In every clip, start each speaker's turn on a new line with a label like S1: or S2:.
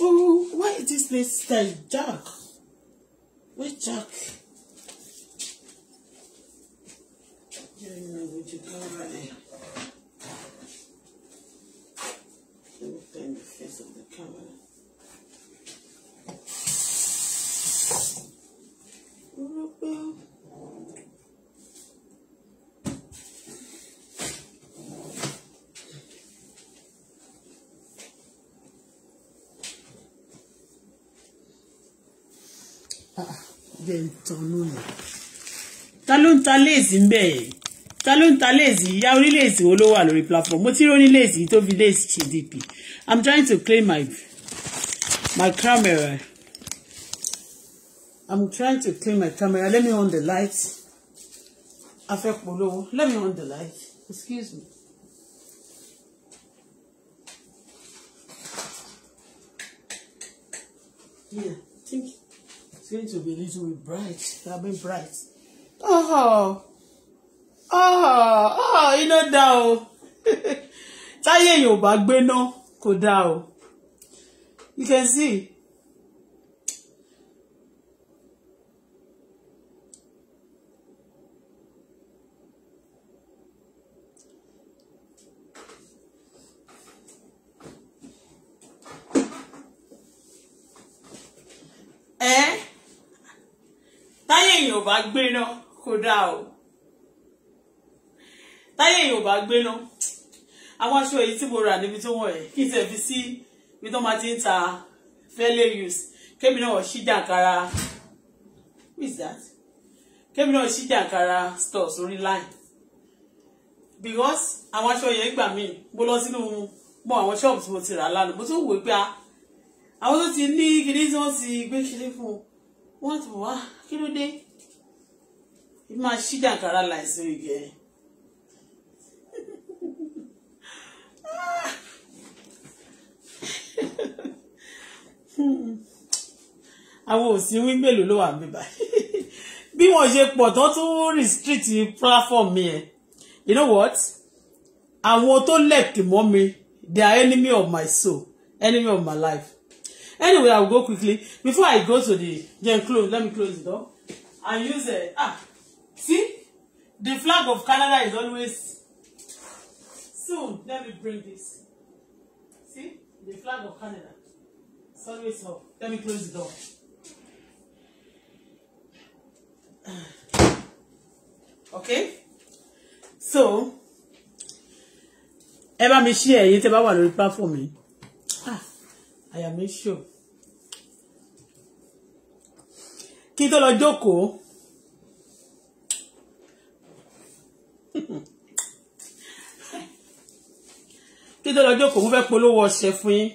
S1: Oh, why is this place style Jack? Where Jack? Yeah, you know, what with your
S2: camera. Let me turn the face of the camera. Oh,
S1: jẹ́ ìtàn lónìí. ta ló ń ta léèsì ń bẹ̀ yẹn ta ló ń ta léèsì ìyá oníléèsì wo ló wà lórí platform mo ti rí oníléèsì tó fi léèsì ṣe dp i'm trying to clean my my camera i'm trying to clean my camera let me on the light a fẹ́ polówó let me on the light excuse me. Yeah, thank you going to be a little bit bright. I mean bright. Ah, ah, ah, oh, oh, oh, You dá o. Táyé èèyàn ò bá gbéná kò o. Oh. You can see. bá gbé náà kó dáa o táyé èèyàn ò bá gbé náà àwọn aṣọ èyí tí mo rà níbi tó wọ̀ ẹ́ kí n tẹ̀ fi sí ibi tó máa ti ń ta fairly use kémi náà ṣí jàǹkàrà who is that kémi náà ṣí jàǹkàrà store sórí line because àwọn aṣọ yẹn gbà mí mo lọ sínú mọ àwọn ṣọ́ọ̀bù tí mo ti rà lánàá mo tún wò pé ah, àwọn tó ti ní kíní tí wọ́n ti gbé ṣeré fún un wọ́n ti wá ah, kí ló dé bí máa ṣí jàǹkárá láìsí ìgẹ. àwọn òsì wíńgbèlú ló wà níbà bí wọ́n ṣe pọ̀ tó tún restrict platform mi ẹ̀ you know what àwọn tó lẹ̀kì mọ́ mi they are enemy of my soul enemy of my life anyway i will go quickly before i go to the then close let me close the door and use a eh, ah. See, the flag of Canada is always. Soon, let me bring this. See, the flag of Canada. It's always up. Let me close the door. Okay? So, ever bá mi ṣí ẹ̀yin tẹ́ bá wà for me. Ah, I am ṣò. Kito n tó kí tó lọ jókòó mo fẹ́ polówó ọṣẹ fún yín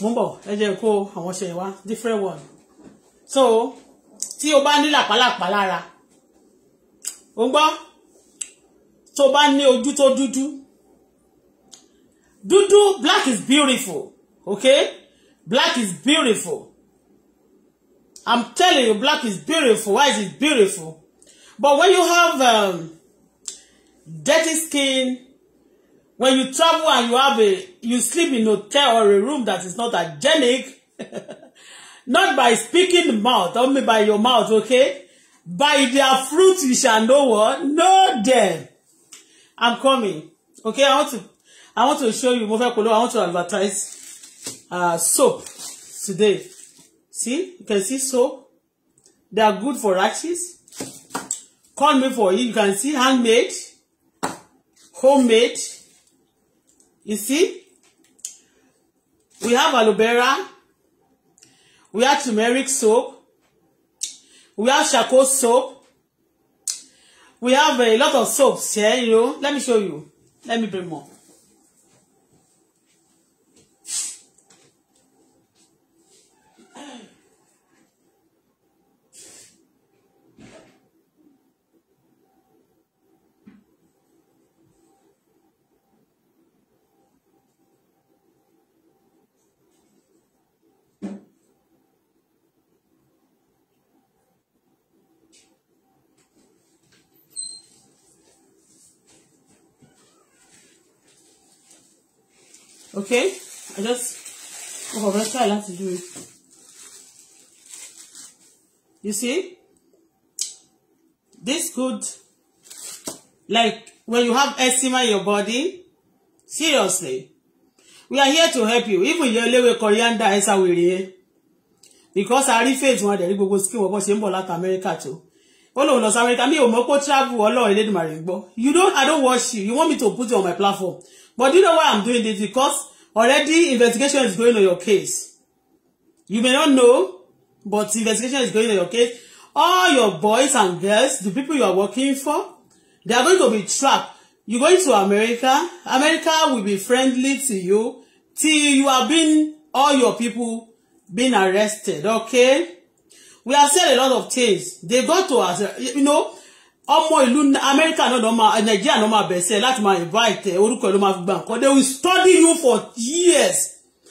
S1: mo ń bọ̀ ẹ jẹ́ kó àwọn ọṣẹ wá different one so tí o bá ní làpálàpá lára o ń gbọ́ tó bá ní ojú tó dúdú dúdú black is beautiful okay black is beautiful I'm telling you black is beautiful why is it beautiful But when you have um, dirty skin, when you travel and you have a you sleep in a hotel or a room that is not hygienic, not by speaking mouth, only by your mouth, okay? By their fruit you shall know what? Know them. I'm coming. Okay, I want to I want to show you I want to advertise uh soap today. See? You can see soap. They are good for rashes call me for you can see handmade homemade you see we have aloe vera we have turmeric soap we have charcoal soap we have a lot of soaps here you know let me show you let me bring more okay i just Oh, that's kàn I try to do it you see this could, like when you have eczema in your body seriously we are here to help you even your eléwé coriander is wèrè yẹn because I refuse one day, àdẹ̀rí gbogbo skin wọn bọ́ ṣe ń bọ̀ láti amẹ́ríkà tó ó lòun lọ sí amẹ́ríkà mi ò mọ́ kó travel ọlọ́run elédùnmarè ń gbọ́ you don't i don't watch you you want me to put you on my platform But do you know why I'm doing this? Because already investigation is going on your case. You may not know, but investigation is going on your case. All your boys and girls, the people you are working for, they are going to be trapped. You're going to America. America will be friendly to you till you have been all your people being arrested. Okay, we have said a lot of things. They go to us, you know ọmọ ìlú amẹ́ríkà náà máa nàìjíríà náà máa bẹ̀rẹ̀ sí ẹ láti máa invite ẹ orúkọ ẹ ló máa fi gbà nǹkan they will study you for years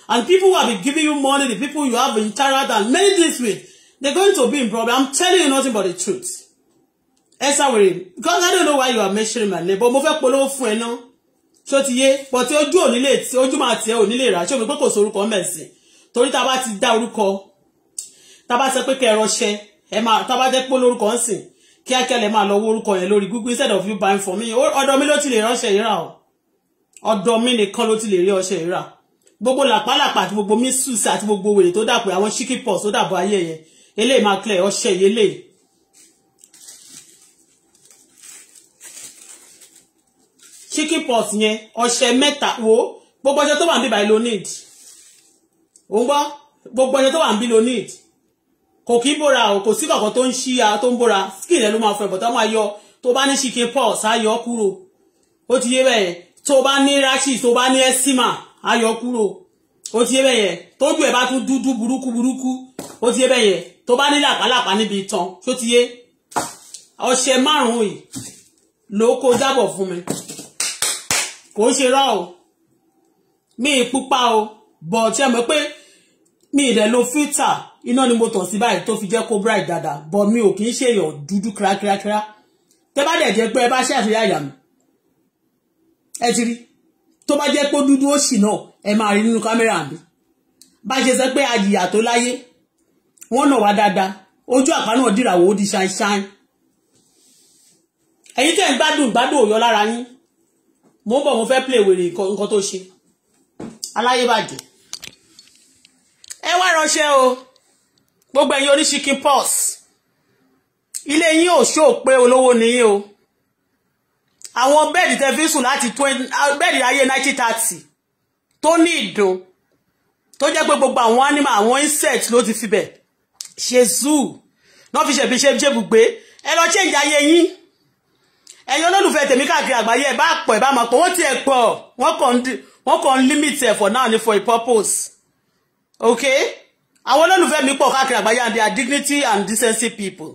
S1: and people who have been giving you money the people you have been tired and many things with they're going to be in problem i'm telling you nothing but the truth ẹ sáwèrè because i don't know why you are mentioning my name but mo fẹ́ polówó fún ẹ náà tó ti yé but ojú ò nílé tí ojú máa tiẹ̀ ò nílé rà ṣé omi pé kò sorúkọ mẹ̀sìn torí tá a bá ti dá orúkọ tá a bá sọ pé kẹ́ ẹ rọṣẹ ẹ máa tá a bá jẹ́ pé lórúkọ ń sìn kíákíá lè máa lọ wo orúkọ yẹn lórí Google instead of you buying for me ọ̀dọ̀ mi ló ti lè rí ọṣẹ yìí rà o ọ̀dọ̀ mi nìkan ló ti lè rí ọṣẹ yìí rà gbogbo làpálàpà àti gbogbo mísùsì àti gbogbo wèrè tó dàpọ̀ àwọn chicken pox tó dàbọ̀ ayé yẹn eléyìí máa clear ọṣẹ yìí eléyìí chicken pox yẹn ọṣẹ mẹ́ta wo gbogbo ọṣẹ tó wà ń bí báyìí ló need òun gbọ́ gbogbo ọṣẹ tó wà ń bí ló need kò kí ń bóra o kò sí kankan tó ń ṣí a tó ń bóra skin ẹ ló máa fọ ẹ̀bọ̀ tó máa yọ tó bá ní ṣìkè pọ́ọ̀sì á yọ kúrò ó ti yé bẹ́ẹ̀ tó bá ní rashi tó bá ní ẹ́símà á kúrò ó ti yé bẹ́ẹ̀ tójú ẹ̀ bá tún dúdú burúkú burúkú ó ti yé bẹ́ẹ̀ tó bá ní làpálàpá níbi ìtàn tó ti yé ọṣẹ márùn yìí ló kó jábọ̀ fún mi kò ń ṣe rá o mi ì pupa o bọ̀ tí a mọ̀ pé mi ì dẹ̀ lo fítà iná ni mo tọ̀ sí báyìí tó fi jẹ́ kó bright dáadáa bọ̀ mi ò kì í ṣe èèyàn dúdú kíákíákíá tẹ bá dẹ̀ jẹ́ pé ẹ bá ṣe àṣeyá àyà mi ẹ ti rí tó bá jẹ́ pé dúdú ó ṣì náà ẹ máa rí nínú kámẹ́rà mi bá ṣe sọ pé àjìyà tó láyé wọ́n nà wá dáadáa ojú àpá náà ó di ṣáínṣáín ẹ̀yin tẹ́ ń gbádùn gbádùn òyọ́ lára yín mo ń bọ̀ mo fẹ́ play wèrè nǹkan tó ṣe aláyébàjẹ́ ẹ wá ránṣẹ́ o gbogbo ẹ̀yin oníṣikin pọ́s ilé yín ò ṣó pé olówó nìyí o àwọn bẹ́ẹ̀dì tẹ fi sùn láti bẹ́ẹ̀dì ayé 1930 tó ní ìdùn tó jẹ́ pé gbogbo àwọn animal àwọn insect ló ti fi bẹ̀ ṣe zoo náà fi ṣẹ̀bi ṣe ṣebùgbé ẹ lọ change ayé yín ẹ̀yin olólùfẹ́ tèmi káàkiri àgbáyé ẹ̀ bá pọ̀ ẹ̀ bá máa pọ̀ wọ́n ti ẹ̀ pọ̀ wọ́n kàn ń limit ẹ̀ for now ni for a purpose okay àwọn olólùfẹ́ mi pọ̀ káàkiri àgbáyé and are dignity and decency people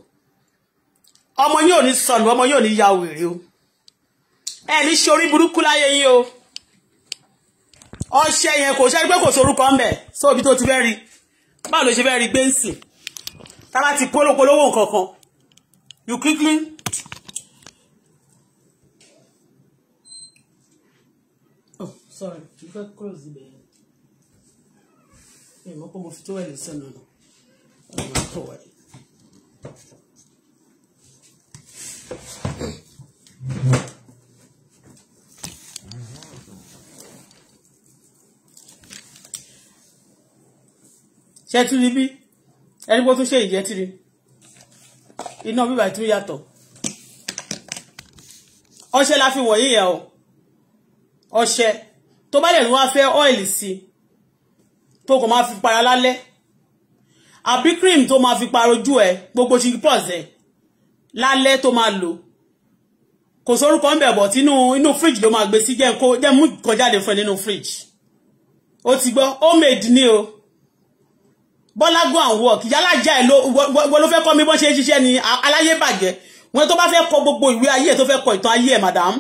S1: ọmọ yín ò ní sọnù ọmọ yín ò ní ya wèrè o ẹ ní ṣe orí burúkú láyé yín o ọṣẹ yẹn kò ṣe pé kò sorúkọ ńbẹ sóbi tó ti fẹ́ rí báwo ló ṣe fẹ́ rí gbẹ́ǹsì tára ti polówó nǹkan kan you quickly Oh, sorry. You got close the bed mi mọ̀ pé mo fi tówẹ̀lì sẹ́nu ọ̀nà máa tọ̀ wáyé. ṣe tún rí bí ẹni bó tún ṣe ìjẹ́ tìrì iná bíbá tún yàtọ̀ ọṣẹ la wọ̀nyí yẹn o ọṣẹ tó bá lè ló wá fẹ́ ọ́ìlì sí i tó kàn máa fi para lálẹ́ àbí cream tó máa fi para ojú ẹ gbogbo ṣìkì pọ̀ sẹ́ lálẹ́ tó máa lò kò sórúkọ ń bẹ̀bọ̀ tí inú fridge ló máa gbé sí jẹ́ kó jẹ́ mú nǹkan fún ẹ nínú fridge ó ti gbọ́ homemade ni o bọ́lá go and work yálà já ẹ wọ́n ló fẹ́ kọ́ mi bọ́n ṣe ṣiṣẹ́ ni aláyé bàjẹ́ wọ́n tó bá fẹ́ kọ gbogbo ìwé ayé ẹ̀ tó fẹ́ kọ ìtàn ayé ẹ̀ madam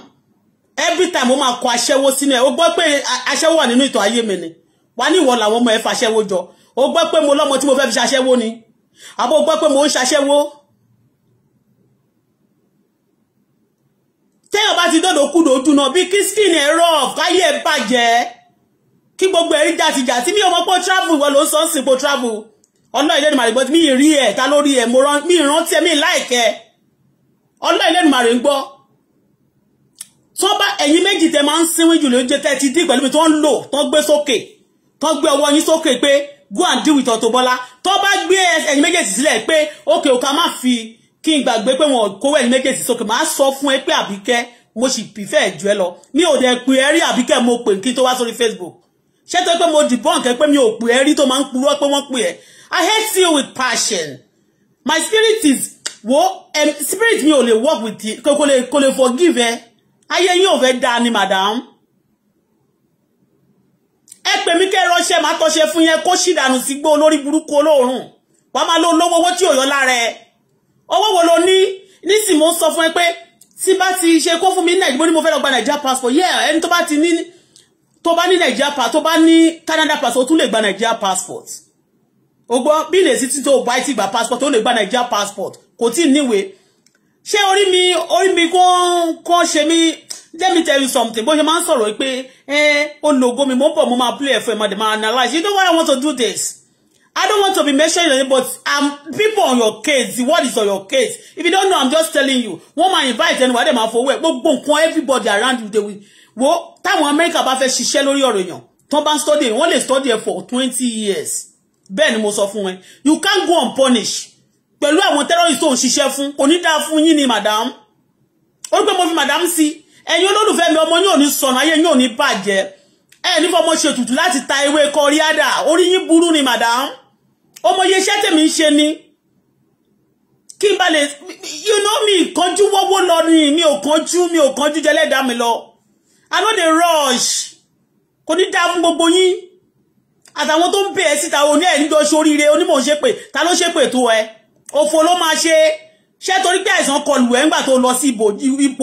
S1: every time ó máa kọ aṣẹ́wó sínú ẹ̀ ó gbọ́ pé aṣẹ́wó wà nínú ìtàn ayé mi ni wá ní ìwọ làwọn ọmọ ẹ fàṣẹwó jọ ó gbọ́ pé mo lọ́mọ tí mo fẹ́ fi ṣaṣẹ́wó ni àbó gbọ́ pé mo ń ṣaṣẹ́wó téèyàn bá ti dọ́dọ̀ kúdò dúnà bí kí skin ẹ̀ rọ̀ káyé ẹ̀ bàjẹ́ kí gbogbo ẹ̀rí jàtìjà tí mi ò mọ̀ pé travel ìwọ ló ń sọ ń sìnkú travel ọlọ́ ìlẹ́nu màrí gbọ́ mi rí ẹ̀ ta lórí ẹ̀ mo rán mi rántí ẹ̀ mi láìkẹ́ ọlọ́ ìlẹ́nu màrí ń gbọ́ tó bá ẹ̀yin méjì tẹ máa ń sínwín jù lóúnjẹ tẹ́ ti dín pẹ̀lú mi tó ń lò tó ń gbé sókè tó gbé ọwọ́ yín sókè pé go and deal with Auto Bola tó bá gbé ẹ̀yin méjèèjì sílẹ̀ pé ókè ò ká má fi kí n gbàgbé pé wọn kówó ẹ̀yin méjèèjì sókè máa sọ fún ẹ pé àbíkẹ́ mo sì pìfẹ́ ẹ̀jọ́ ẹ lọ mi ò dẹ̀ pè ẹ́ rí mo pè kí n tó wá Facebook ṣé tó pé mo dìbọn kẹ́ pé mi ò pè ẹ́ to tó máa ń purọ́ pé wọ́n pè I hate you with passion my spirit is wo um, spirit mi ò lè work with you kò lè kò lè forgive ẹ ayé yín ò fẹ́ dáa ni madam ẹ pè mí kẹ́ ránṣẹ́ máa tọ́ṣe fún yẹn kó ṣìdànù sí gbó olórí burúkú olóòórùn wàá máa lo olówó owó tí ò yọ lára ẹ owó wo lo ní nísìnyí mo ń sọ fún ẹ pé tí bá ti ṣe kó fún mi ní nàìjíríà mo ní mo fẹ́ lọ gba nàìjíríà passport yẹ ẹni tó bá ti ní tó bá ní nàìjíríà passport tó bá ní canada passport ó tún lè gba nàìjíríà passport o gbọ́ bí ilé sí títí bá ti gba passport ó lè gba nàìjíríà passport kò tí ì níwèé ṣé orí mi orí mi kàn kàn ṣe mí let me tell you something bó ṣe máa ń eh? Oh no, go me mo bọ̀ mo máa play ẹ̀fọ́ ẹ̀ máa dẹ̀ you know why I want to do this I don't want to be mentioning, anything but um, people on your case the word is on your case if you don't know I'm just telling you wọ́n máa invite ẹnu wàdẹ̀ for fowó Go go call everybody around you dey win wo táwọn America bá fẹ́ ṣiṣẹ́ lórí ọ̀rọ̀ èèyàn tó bá ń study wọ́n lè study for twenty years Ben most of them. you can't go unpunished pẹ̀lú àwọn terrorists tó ń ṣiṣẹ́ fún kò ní dáa fún yín ni madam Only pé mo madam see ẹ̀yin olólùfẹ́ mi ọmọ yín ò ní sọnù ayé yín ò ní bàjẹ́ ẹ ní fọmọ ṣètùtù láti ta ewé kọríádà orí yín burú ni madam ọmọ iye iṣẹ́ tèmi ń ṣe ni kí n bá lè you know mi ìkanjú wọ́wọ́ lọ ni mi ò kanjú mi ò kanjú jẹ́lẹ́dàá mi lọ i no dey rush kò ní dá fún gbogbo yín àtàwọn tó ń bẹ̀ ẹ́ síta oní ẹ̀ níjọ ṣoríire onímọ̀ ṣépè ta ló ṣépè tó ẹ òfò ló máa ṣe é ṣé torí pé àìsàn kọlù ẹ̀ ńgbà tó lọ sí ipò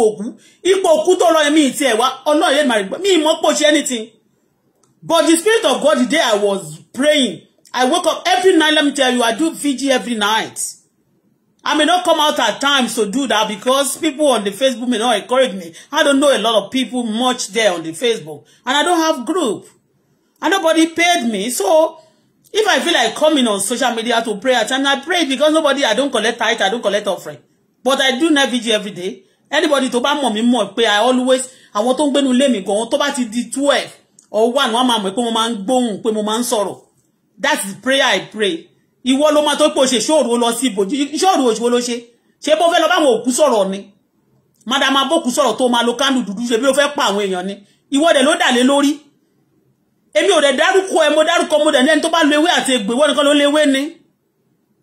S1: òkú ipò òkú tó lọ ẹ̀mí ìtì ẹ̀ wá ọlọ́run yẹn màrí mi mọ́ pò ṣe anything but the spirit of God the day I was praying I woke up every night let me tell you I do vigil every night I may not come out at times to do that because people on the Facebook may not encourage me I don't know a lot of people much there on the Facebook and I don't have group and nobody paid me so If I feel like coming on social media to pray at time, I pray because nobody, I don't collect tithe, I don't collect offering. But I do night vigil every day. Anybody to buy mommy more mọ̀ I always, I want to gbénu lé mi gan-an tó bá ti di twelve or one, One man mọ̀ pé mo máa ń gbóhùn pé mo That's the prayer I pray. Ìwọ ló máa tó pé o ṣe ṣóòrò lọ sí ibòjú, ṣóòrò òṣùwò ló ṣe. Ṣé bó fẹ́ lọ báwọn òkú sọ̀rọ̀ ni? Madam Abókù sọ̀rọ̀ tó máa lo kándù dúdú ṣe bí ó fẹ́ pa àwọn èèyàn ni. Ìwọ dẹ̀ ló dà lé lórí èmi ò dẹ̀ dárúkọ ẹ mo dárúkọ mo dẹ̀ ní ẹni tó bá lo ewé àti egbò ìwọ nìkan ló léwé ni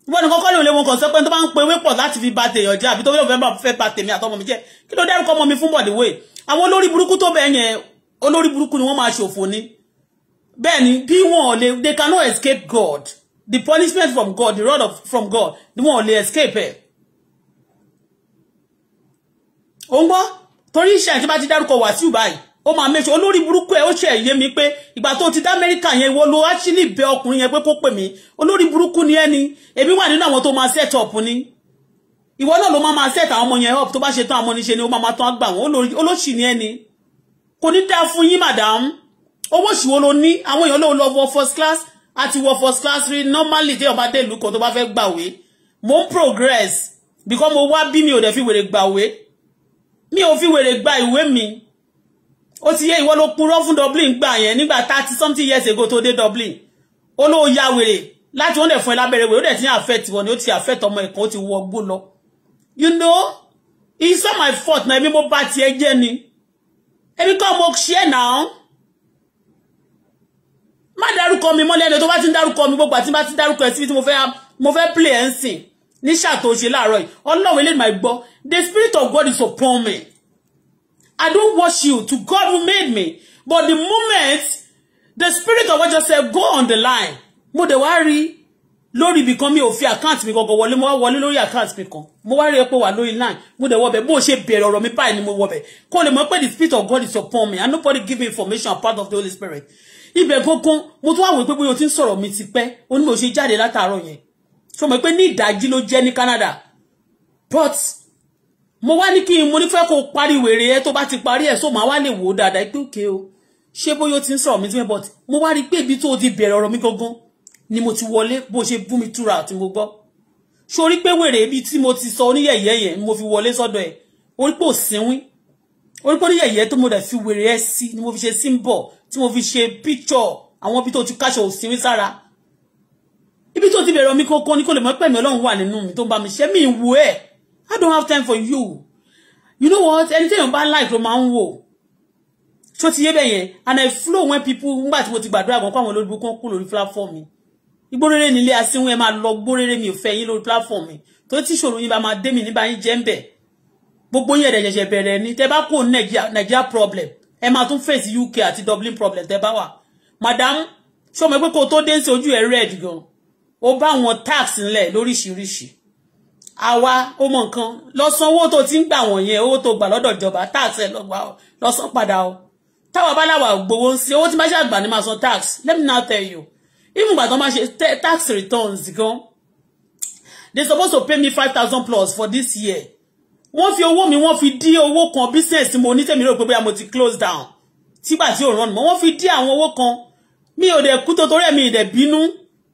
S1: ìwọ nìkan kọ́ ló lé wọn kàn sọ pé tó bá ń pe ewé pọ̀ láti fi ba tèèyàn jẹ́ àbí tó fẹ́ fẹ́ ba tèmi àtọmọ mi jẹ́ kí ló dárúkọ ọmọ mi fún bọ̀dì wé àwọn olórí burúkú tó bẹ̀ yẹn olórí burúkú ni wọ́n máa ṣòfò ni bẹ́ẹ̀ ni bí wọn ò lè they cannot escape God the punishment from God the rod of from God ni wọn ò lè escape ẹ̀ òun gbọ́ torí ìṣàǹtí bá ti dárúkọ wàásù báyìí ó máa mẹ́sọ̀ olórí burúkú ẹ̀ ó ṣe ẹ̀yẹ mi pé ìgbà tó ti dá amẹ́ríkà yẹn ìwọ ló actually bẹ ọkùnrin yẹn pé kó pè mí olórí burúkú ni ẹni èmi wà nínú àwọn tó máa set up ni ìwọ náà ló máa máa set àwọn ọmọ yẹn up tó bá ṣe tán àwọn oníṣe ni ó máa máa tán àgbà wọn olóṣì ni ẹni kò ní dá fún yín madam owó ṣìwó ló ní àwọn èèyàn lóun lọ wọ first class àti wọ first class rí normally téèyàn bá dé ìlú kan tó bá fẹ́ gbàwé mo ń progress because mo wá bí mi ò dẹ̀ fi wèrè gbàwé mi ò fi wèrè gba ìwé mi ó ti yé ìwọ ló purọ́ fún Dublin gbà yẹn nígbà thirty something years ago tó dé Dublin ó ló ya wèrè láti wọ́n dẹ̀ fún ẹ we wèrè ó dẹ̀ ti ń affect wọn ni ó ti affect ọmọ ẹ̀kan ti wọ ọgbó lọ you know it's not my fault na ebi mo bá tiẹ̀ jẹ́ ni ebi kọ́ mo ṣe é náà má dárúkọ mi mọ́lẹ́ ẹni to bá ti ń dárúkọ mi gbogbo àti bá ti ń dárúkọ ẹ síbi tí mo fẹ́ mo fẹ́ play ẹ̀ ń sìn ní ṣàtòṣe láàárọ̀ yìí ọlọ́run eléyìí máa gbọ́ the spirit of God is upon me. I don't watch you to God who made me. But the moment the spirit of what just said, go on the line. Mo dẹ̀ wá rí lórí ibì kan mi ò fi go. mi gangan wọlé mo wá wọlé lórí àkáǹtì mi kan mo wá rí ẹ pé line mo dẹ̀ wọbẹ̀ bó ṣe bẹ̀rẹ̀ ọ̀rọ̀ mi báyìí ni mo wọbẹ̀ kó lè mọ̀ pé the spirit of God is upon me and nobody give me information apart of the Holy Spirit. Ibẹ̀ gangan mo tún wá wò pé bóyá o ti ń sọ̀rọ̀ mi ti pẹ́ onímọ̀ ṣe jáde látàárọ̀ yẹn so mọ̀ pé ní ìdájí ló jẹ́ ní Canada but mo wá ní kí n mo ní fẹ́ kó parí wèrè ẹ tó bá ti parí ẹ̀ so màá wá lè wò ó dáadáa pé òkè o ṣé bóyá o ti ń sọ̀rọ̀ mi tí wọ́n mo wá rí i pé ibi tó o ti bẹ̀rẹ̀ ọ̀rọ̀ mi gangan ni mo ti wọlé bó ṣe bú mi túra àti mo gbọ́ sórí pé wèrè ibi tí mo ti sọ oníyẹ̀yẹ́ yẹn ni mo fi wọlé sọ́dọ̀ ẹ̀ orí pé ò sínwín orí pé oníyẹ̀yẹ́ tó mo dẹ̀ fi wèrè ẹ sí ni mo fi ṣe símbọ̀ tí mo fi ṣe píkṣọ̀ àwọn ibi tó ti káṣọ òsínwín sára ibi tó ti bẹ̀rẹ̀ ọ̀rọ̀ mi kankan ni kò lè mọ́ pẹ̀mí ọlọ́run wà nínú mi tó ń bá mi ṣe mí ìwú ẹ̀ I don't have time for you. You know what? Anything you bá like ló So ń wò. And I flow when people ńgbà tí mo ti gbàdúrà on pàwọn olódùbú kan kú lórí platform mi. Igbórere nílé asínwó ẹ máa lọ gbórere mi ò fẹ́ yín lórí platform mi. Tó tí ìṣòro me. bá máa dé mi níbà yín jẹ́ ń bẹ̀. Gbogbo yín ẹ̀dẹ̀ ṣẹ̀ṣẹ̀ bẹ̀rẹ̀ ni problem. Ẹ máa tún face UK àti Dublin problem tẹ bá wà. Madam, ṣé o mọ̀ pé kó o tó dé ń ṣe ojú ẹ̀ red gan? O bá wọn tax ńlẹ̀ àwa ó mọ nǹkan lọ san owó tó ti ń gbà wọ̀nyẹn owó tó gbà lọ́dọ̀ ìjọba tax ẹ̀ ọ lọ padà o táwa bá láwà gbowó ń sí owó tí má ṣe àgbà ni máa san tax let me now tell you even gbàtàn máa ṣe tax returns gan they supposed to pay me five thousand plus for this year wọ́n fi owó mi wọ́n fi dí owó kan business mo ní tèmi rò pé bóyá mo ti close down tígbà tí ò rán mọ́ wọ́n fi dí àwọn owó kan mi ò dẹ̀ kú tó torí ẹ̀mí ìdẹ̀ bínú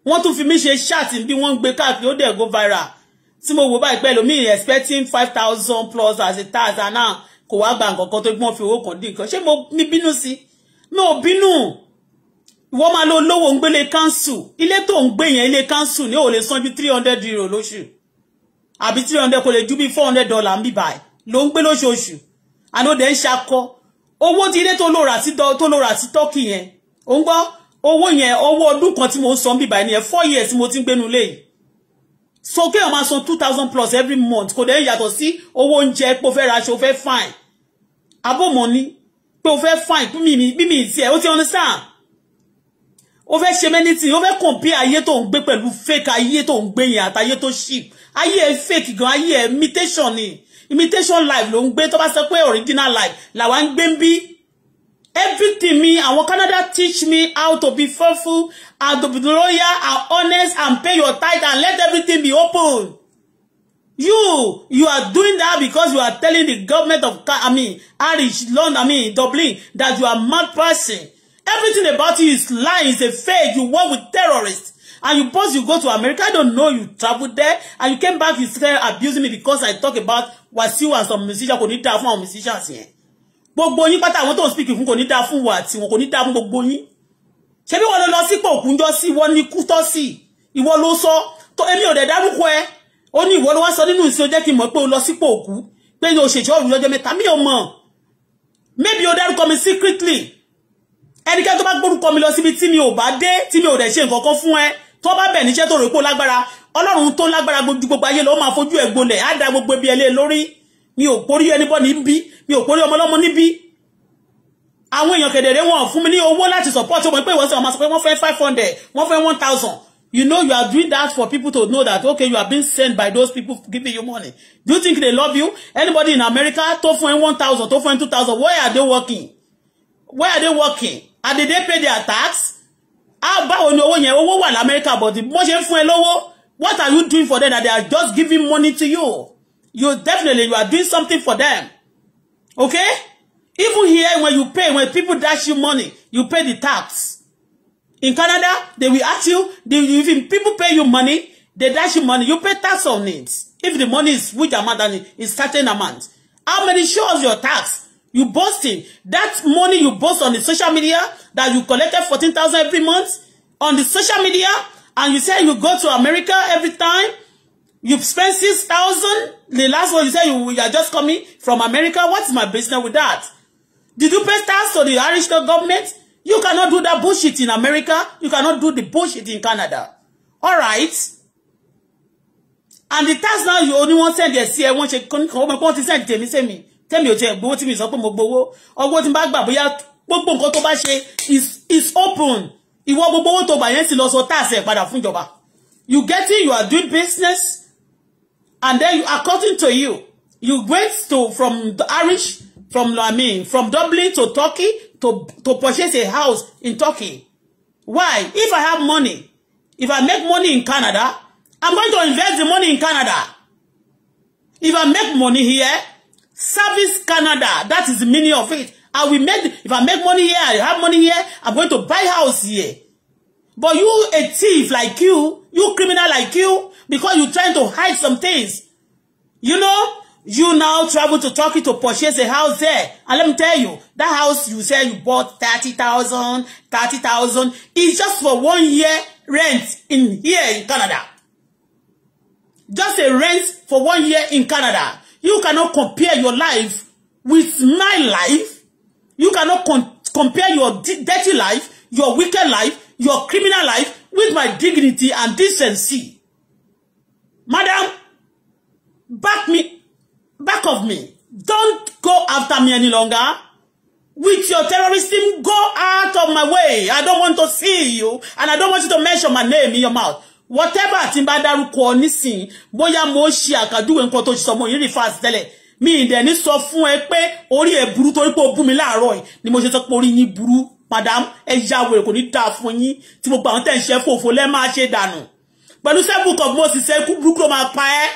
S1: wọ́n tún fi mí ṣe ṣáàtì bí wọ́n ń gbé káàkiri ó dẹ̀ go viral tí mo wò báyìí pé ẹlòmíì expecting five thousand plus as a tax and now kò wá gba nǹkan kan tó gbọ́n fi owó kan dín nǹkan ṣé mi bínú sí mi ò bínú ìwọ́n máa lo lówó ń gbélé ilé tó ń gbé yẹn ilé kánsù ní ò lè san ju three hundred euro lóṣù àbí three hundred kò lè ju bí four hundred dollar ń bì báyìí ló ń gbé lóṣooṣù àná òde ń ṣakọ owó tí ilé tó lò rà sí tó lò tọ́kì yẹn ò gbọ́ owó yẹn owó ọdún kan tí mo ń san bì báyìí nìyẹn four years mo ti ń gbénu léyìí so kéèyàn máa san two thousand plus every month kò dẹ̀ yàtọ̀ sí owó oúnjẹ pé o fẹ́ raṣọ o fẹ́ fine abọ́mọ ni pé o fẹ́ fine bí mi bí mi tiẹ̀ o ti understand o fẹ́ ṣe mẹ́nitì o fẹ́ compare ayé tó ń gbé pẹ̀lú fake ayé tó ń gbé yẹn àtayé tó cheap ayé fake gan ayé ẹ imitation ni imitation life ló ń gbé tó bá sọ pé original life làwa ń gbé ń bí. Everything me and what Canada teach me how to be faithful and to be loyal and honest and pay your tithe and let everything be open. You, you are doing that because you are telling the government of, I mean, Irish, London, I mean, Dublin, that you are mad person. Everything about you is lie, is a fake. You work with terrorists. And you both, you go to America. I don't know you traveled there. And you came back, you still abusing me because I talk about Wasiu and some musicians. Kò ní dáa fún àwọn musicians yẹn gbogbo yín pátá àwọn tó ń speak fún kò ní dáa fún wa àti wọn kò ní dáa fún gbogbo yín ṣebí wọn lọ lọ sípò òkúnjọ sí ìwọ ní kú tọ́ sí ìwọ ló sọ tó èmi ò dẹ̀ dárúkọ ẹ ó ní ìwọ ló wá sọ nínú ìsìn ó jẹ́ kí n mọ̀ pé o lọ sípò òkú pé o ṣèjọ́ òru lọ́jọ́ mẹ́ta mi ò mọ̀ maybe o dárúkọ mi secretly ẹnikẹ́ni tó bá gbórúkọ mi lọ síbi tí mi ò bá dé tí mi ò dẹ̀ ṣe nǹkan kan fún ẹ tó bá bẹ̀ níṣẹ́ tó rò pé ó lágbára ọlọ́run tó lágbára gbogbo ayé lọ máa fojú ẹ̀ gbolẹ̀ á da gbogbo ibi ẹlẹ́ lórí mi ò porí ẹnibọ́ ní bí mi ò pórí ọmọ ọlọ́mọ níbí àwọn èèyàn kẹ̀dẹ̀rẹ́ wọn fún mi ní owó láti support ọmọ pé ìwọ́sẹ̀ ọmọ sọ pé wọ́n fẹ́ five hundred wọ́n fẹ́ one thousand you know you are doing that for people to know that okay you are being sent by those people giving you money do you think they love you anybody in America tó fún ẹ one thousand tó fún ẹ two thousand where are they working where are they working and did they pay their tax ah báwo ni owó yẹn owó wà lamẹ́ríkà but bó ṣe ń fún ẹ lówó what are you doing for them that they are just giving money to you you definitely you are doing something for them Okay? Even here, when you pay, when people dash you money, you pay the tax. In Canada, they will ask you, they, if people pay you money, they dash you money, you pay tax on it. If the money is which amount and is certain amount. How many shows your tax? You boasting. That money you boast on the social media that you collected 14,000 every month on the social media and you say you go to America every time You spend six thousand. The last one you said you, you are just coming from America. What's my business with that? Did you pay tax to the Irish government? You cannot do that bullshit in America. You cannot do the bullshit in Canada. All right. And the tax now you only want send their CA wọ́n ṣe kon kon come ti send tèmi me, tell me, jẹ gbowó tí mi sọ pé mo gbowó. Owó tí n bá gbà bóyá gbogbo nǹkan tó bá ṣe is is open. Ìwọ gbogbo owó tó gbà yẹn sì lọ sọ tax ẹ padà fún ìjọba. You getting you are doing business and then you, according to you, you went to from Irish, from I mean, from Dublin to Turkey to to purchase a house in Turkey. Why? If I have money, if I make money in Canada, I'm going to invest the money in Canada. If I make money here, service Canada. That is the meaning of it. I will make, if I make money here, I have money here, I'm going to buy house here. But you, a thief like you, you criminal like you, because you're trying to hide some things. You know, you now travel to Turkey to purchase a house there. And let me tell you, that house you said you bought 30,000, 30,000 is just for one year rent in here in Canada. Just a rent for one year in Canada. You cannot compare your life with my life. You cannot com compare your dirty life, your wicked life, your criminal life with my dignity and decency madam back me back of me don't go after me any longer with your terrorism go out of my way i don't want to see you and i don't want you to mention my name in your mouth whatever tí n bá dárúkọ nísìn bóyá mo ṣe àkàdúwẹ̀ nǹkan tó ṣe sọ mo yìí rí fast tẹ́lẹ̀ mi ìdẹ̀ ní sọ fún ẹ pé orí ẹ burú torí pé o bú mi láàárọ̀ yìí ni mo ṣe sọ pé orí yín burú madam ẹ yáwèrè kò ní dáa fún yín tí gbogbo àwọn tẹ̀ ń ṣe fòfò lẹ́ máa ṣe dànù pẹ̀lú sẹ́kù kan mo sì sẹ́kù burúkú ló máa pa ẹ́.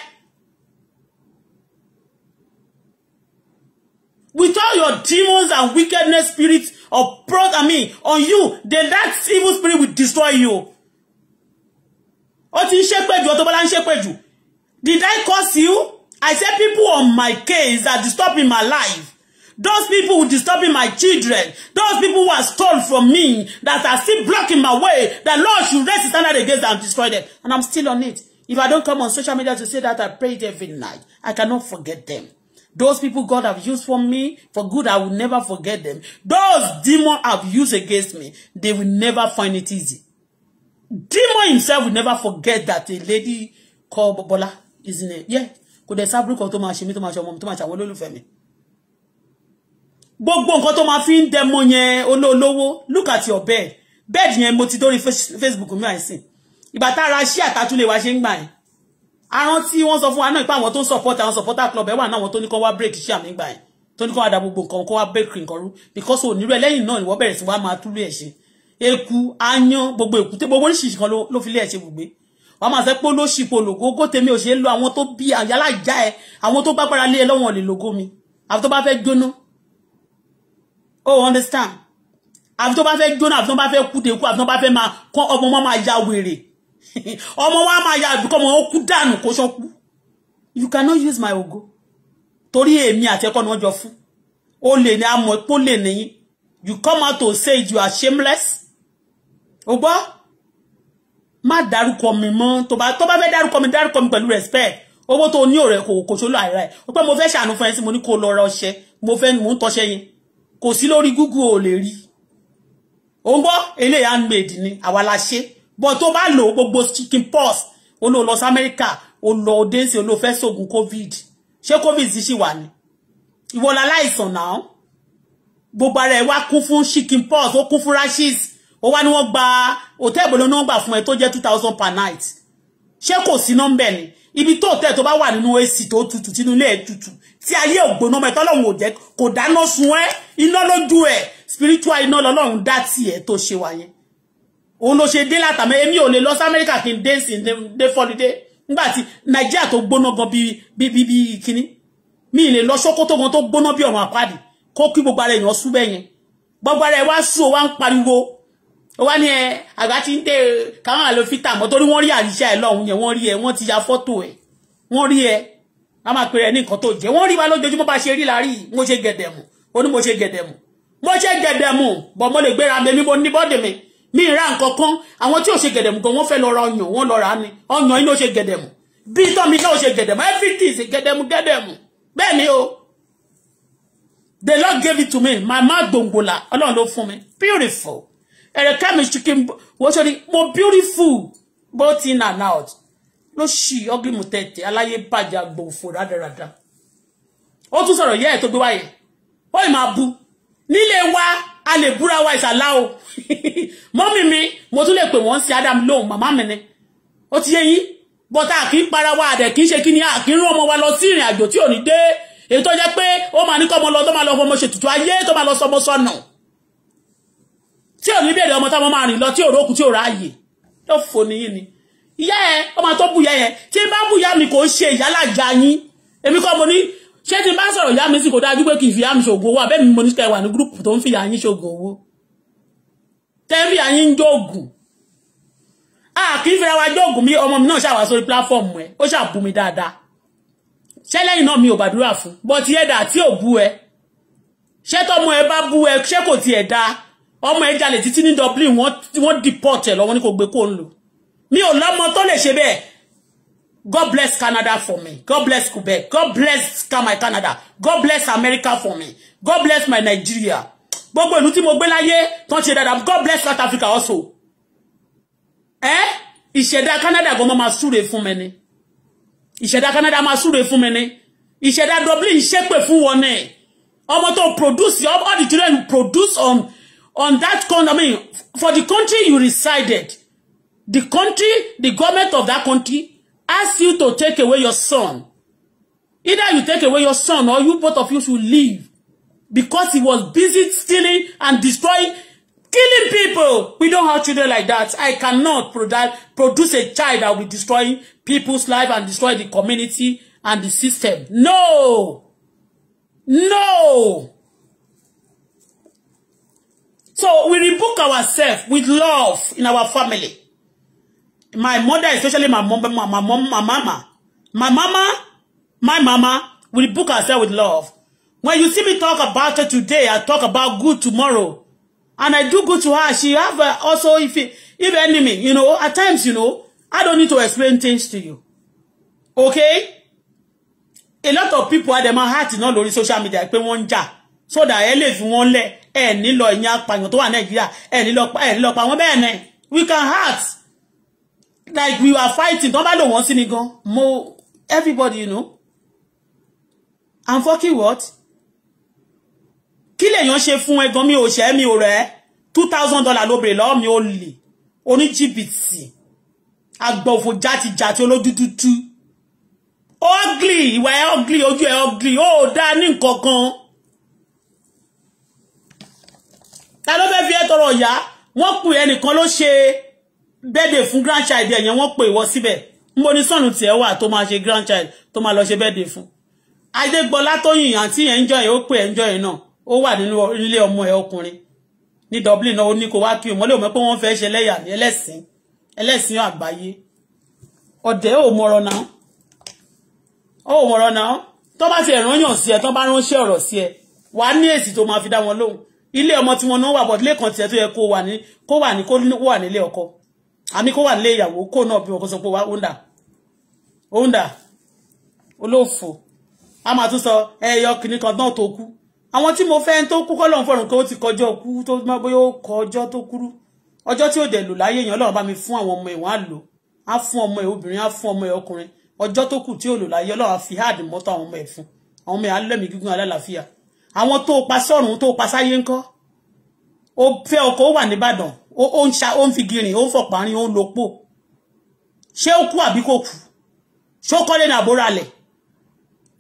S1: with all your demons and wickedness spirits of prod I mean on you then that evil spirit will destroy you. ó ti ń ṣépè jù ó tó bọ́lá ń ṣépè jù did I curse you? I say people on my case are disturbing my life. Those people who disturbing my children, those people who are stolen from me, that are still blocking my way, that Lord should raise his standard against them and destroy them. And I'm still on it. If I don't come on social media to say that, I pray it every night. I cannot forget them. Those people God have used for me, for good, I will never forget them. Those demons have used against me, they will never find it easy. Demon himself will never forget that a lady called Bola, isn't it? Yeah. Kò dẹ̀ sábúrú kan tó máa ṣe mí, tó máa ṣe ọmọ mi, gbogbo nǹkan tó máa fi ń dẹmọ yẹn olólówó look at your bed bed yẹn mo ti dórí facebook mi àìsìn ìgbà tá a ra ṣí àtàtúlẹ̀ wa ṣe ń gbà yẹn aran tí wọ́n sọ fún wa náà ìpá àwọn tó ń support àwọn supporter club ẹ̀ wà náà àwọn tó ní kọ́ wá break ṣí àmì gbà yẹn tó ní kọ́ àdá gbogbo nǹkan kọ́ wá break nǹkan rú because onírú ẹ̀ lẹ́yìn náà ìwọ bẹ̀rẹ̀ sí wa máa túlú ẹ̀ ṣe eku ayan gbogbo eku tí gbogbo oríṣiríṣi kan ló fi lé ẹ̀ ṣe gbogbo wọ́n máa sẹ́ pé ó ló ṣì po lògó ogó tèmi ò ṣe é lo àwọn tó bí àyálà já ẹ àwọn tó bá gbára lé ẹ lọ́wọ́n lè lògó mi àwọn tó bá fẹ́ gbóná Oh, understand àfi tó bá fẹ́ jóná àfi tó bá fẹ́ kú tèkú àfi tó bá fẹ́ máa kọ́ ọmọ wọn máa ya wèrè ọmọ wa máa ya àbíkọ́ ọmọ wọn kú dànù kó ṣọ́kú you cannot use my ogo torí èmi àti ẹ̀kọ́ ni wọ́n jọ fún o lè ní amọ̀ pé lè níyìn you come out to say you are shameless o gbọ́ má dárúkọ mi mọ́ tó bá tó bá fẹ́ dárúkọ mi dárúkọ mi pẹ̀lú respect owó tó ní ọ̀rẹ́ kò kò ṣó lọ àìrà ẹ̀ o pé mo fẹ́ ṣàánú fún ẹ sí mo ní kó lọ ra ọṣẹ mo fẹ́ mò ń tọṣẹ yẹn kò sí lórí Google ò lè rí o ń gbọ́ eléyìí handmade ni àwa la ṣe bọ́ tó bá lò gbogbo chicken pox ó lò lọ sí Amẹ́ríkà ó lọ dénsì ó lò fẹ́ sògùn covid ṣé covid ṣì wà ní ìwọ la láìsàn náà gbogbo ara ẹ wá kún fún chicken pox ó kún fún rashes ó wá ní wọ́n gba hòtẹ́ẹ̀lì gbọ́dọ̀ ní wọ́n gbà fún ẹ tó jẹ́ two thousand per night ṣé kò sí nọ́mbẹ̀ ni ibi tó hòtẹ́ẹ̀lì tó bá wà nínú ac tó tutù tínú ilé ẹ̀ tutù tí ayé ògbóná ọmọ ẹ̀tọ́ lọ́hùn ò jẹ́ kò dáná sun ẹ́ iná lójú ẹ̀ spiritual iná lọ́lọ́run dá tiẹ̀ tó ṣe wà yẹn òun ló ṣe dé látàmẹ́ èmi ò lè lọ sí amẹ́ríkà kí n dé sí dé fọ́lídé nígbà tí nàìjíríà tó gbóná gan bí bí bí bí kíní mi lè lọ sókótó gan tó gbóná bí ọ̀run àpáàdì kó kí gbogbo ara èèyàn sú bẹ́ẹ̀ yẹn gbogbo ara ẹ̀ wá sú o wá ń pariwo ó wá ní ẹ àgbà tí ń dé káwọn àlòfítà mọ́ torí wọ́n rí àríṣà ẹ̀ lọ́hùn yẹn wọ́n rí ẹ wọ́n ti ya fọ́tò ẹ̀ wọ́n rí ẹ a máa pèrè ní nǹkan tó jẹ wọ́n rí wa lójoojúmọ́ bá ṣe rí láàrí mo ṣe gẹ̀dẹ̀mù ó ní mo ṣe gẹ̀dẹ̀mù mo ṣe gẹ̀dẹ̀mù bọ̀ mo lè gbéra mi mi mo ní bọ́dì mi mi ra nǹkan kan àwọn tí ò ṣe gẹ̀dẹ̀mù gan wọ́n fẹ́ lọ ra ọyàn wọ́n lọ rà á ni ọyàn iná ṣe gẹ̀dẹ̀mù bí tán mi náà ṣe gẹ̀dẹ̀mù everything ṣe gẹ̀dẹ̀mù gẹ̀dẹ̀mù bẹ́ẹ̀ ni o the Lord gave it to me my mouth gbòǹgbòlà ọlọ́run ló fún mi beautiful ẹ̀rẹ̀ká mi chicken wo ṣe ni mo beautiful both in and out lóṣì ọgbìmù tẹ̀tẹ̀ aláyé bàjẹ́ àgbòfò rádaràda ó tún sọ̀rọ̀ yẹ́ ẹ̀ tó gbé wáyé ó ì máa bu nílé wa a lè búra wa ìsàlá o mọ́mì mi mo tún lè pè wọ́n sí Adam lóhùn màmá mi ni ó ti yé yín bọ́tà kì í para wa àdẹ̀ kì í ṣe kí ni a kì í rán ọmọ wa lọ sí ìrìn àjò tí ò ní dé èyí tó jẹ́ pé ó máa ní kọ́ ọmọ lọ tó máa lọ fọmọ ṣètùtù ayé tó máa lọ sọmọ sọnà tí ò ní bèrè ọmọ táwọn máa rìn lọ tí ò rókù tí ò ráàyè tó fò ni ìyá ẹ ọmọ tó bùyá yẹn tí bá bùyá mi kò ṣe ìyálàjà yín èmi kọ́ mo ní ṣé tí bá sọ̀rọ̀ ìyá mi sì kò dájú pé kì í fi ìyá mi ṣògo owó abẹ́ mi mo ní kẹ́ wà ní gúrùpù tó ń fi ìyá yín ṣògo owó tẹ́ńfì ìyá yín jóògùn a kì í fẹ́ra wa jóògùn mi ọmọ mi náà ṣàwà sórí pláfọ́ọ̀mù ẹ ó ṣàbù mi dáadáa ṣẹ́lẹ́yìn náà mi ò gbàdúrà fún bọ́tí ẹ̀dà tí ò bú ẹ ṣé tọmọ ẹ bá bú ẹ ṣé kò tiẹ̀ dáa ọmọ ẹ jalè títí ní Dublin wọ́n deport ẹ lọ́wọ́ ní kò gbé kó ń lò mi ò lọ́mọ tó lè ṣe bẹ́ẹ̀ God bless Canada for me. God bless Quebec. God bless my Canada. God bless America for me. God bless my Nigeria. Gbogbo ìlú tí mo gbé láyé tán ṣe dáadáa. God bless South Africa also. Eh? Ìṣẹ̀dá Canada gan máa súre fún mi ni. Ìṣẹ̀dá Canada máa súre fún mi ni. Ìṣẹ̀dá Dublin ṣépè fún wọn ni. Ọmọ tó produce all the children produce on on that country I mean for the country you resided the country, the government of that country asks you to take away your son. Either you take away your son or you both of you should leave because he was busy stealing and destroying, killing people. We don't have children like that. I cannot produce a child that will be destroying people's life and destroy the community and the system. No! No! So we rebuke ourselves with love in our family my mother, especially my mom, my mom, my mama, my mama, my mama will book herself with love. When you see me talk about her today, I talk about good tomorrow. And I do good to her. She have uh, also, if if enemy, you know, at times, you know, I don't need to explain things to you. Okay? A lot of people had My heart not only social media pé wọ́n ń jà so that ẹ lè fi wọ́n lẹ̀ ẹ ní lọ ìyẹn apààyàn tó wà Nàìjíríà ẹ ní pa ẹ ní lọ pa wọ́n bẹ́ẹ̀ ni we can hearts like we were fighting don bá lò wọ́n sí ni mo everybody you know i'm fucking what Kill lèèyàn ṣe fún ẹ gan mi ò ṣe mi ò rẹ two thousand dollar ló bèrè lọ́wọ́ mi ò lè oní jìbìtì agbọ̀fọ̀ játijàti olójú dúdú ugly ìwà ẹ ugly ojú ẹ ugly ó dáa ní nǹkan kan ta ló fẹ́ fi ẹ tọrọ ìyá wọ́n pè ẹnìkan ló ṣe birthday fún grandchild ẹ̀yẹn wọ́n pè wọ́ síbẹ̀ mo ní sọ̀nù tiẹ̀ wà tó máa ṣe grandchild tó máa lọ ṣe birthday fún adégbọlá tóyìn àǹtí yẹn ń jọ yẹn ó pè ẹ̀ ń jọ yẹn náà ó wà nínú ilé ọmọ ẹ̀ ọkùnrin ní Dublin náà ó ní kó wá kí òun lè mọ̀ pé wọ́n fẹ́ ṣe lẹ́yà ní ẹlẹ́sìn ẹlẹ́sìn àgbáyé ọ̀dẹ́ ò mọ̀rọ̀ náà ó mọ̀rọ̀ náà tó bá ti ẹ̀rányàn sí ẹ tó bá ránṣẹ́ ọ̀rọ̀ sí ẹ wà ní èsì tó máa fi dá wọn lóhùn ilé ọmọ tí wọn náà wà bọ̀ lẹ́kàn tiẹ̀ tó yẹ kó wà ní kó wà ní kó wà nílé ọkọ àní kó wà nílé ìyàwó kó náà bí wọn kó sọ pé wá onda onda olófò a máa tún sọ ẹyọ kìnìún kan náà tó kú àwọn tí mo fẹ́ tó kú kọ́ lọ́n fọ̀rùn pé ó ti kọjọ́ kú tó má bóyá ó kọ ọjọ́ tó kúrú ọjọ́ tí ó dẹ̀ lò láyé èèyàn Ọlọ́run bá mi fún àwọn ọmọ ẹ̀ wọ́n á fún ọmọ ẹ̀ obìnrin á fún ọmọ ẹ̀ ọkùnrin ọjọ́ tó kù tí ó lò láyé Ọlọ́run á fi háàdì mọ́tò àwọn ọmọ ẹ̀ fún àwọn ọmọ ẹ̀ á lẹ́mìí gígùn alálàáfíà àwọn tó pa sọ́run tó pa sáyé ńkọ́ ó fẹ́ ọkọ ó wà nìbàdàn o ń ṣa ó ń fi girin ó ń fọ̀pá o ó ń lopò ṣé ó kú àbí kò kú ṣó kọ́lé ní àbúrò alẹ̀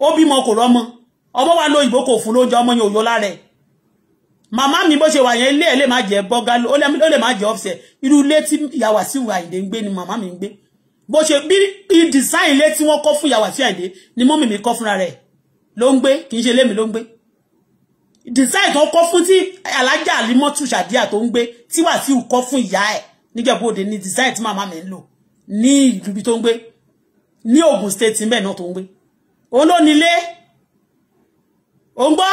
S1: ó bímọ kò rọ́mọ ọmọ wa lóyìnbó kò fún lóúnjẹ ọmọ yẹn ò yọ lára ẹ̀ màmá mi bó ṣe wà yẹn ilé ẹ̀ lè má jẹ bọ́gá ó lè má jẹ ọ́fíìsì irú ilé tí ìyàwó sí ìwà ìdè ń gbé ni màmá mi ń gbé bó ṣe bí ìdìsáìn ilé tí wọ́n kọ́ fún ìyàwó sí àìdè ni mọ́mì mi kọ́ fúnra rẹ̀ ló ń gbé kì í ṣe lémi ló design tó kọ́ fún tí alájà alimọ́tù ṣàdíà tó ń gbé tí Wàsíù kọ́ fún ìyá ẹ̀ níjẹ̀bú ni design tí màmá mi ń lò ní ìlú tó ń gbé ní Ògùn state níbẹ̀ náà tó ń gbé olónílé ò ń gbọ́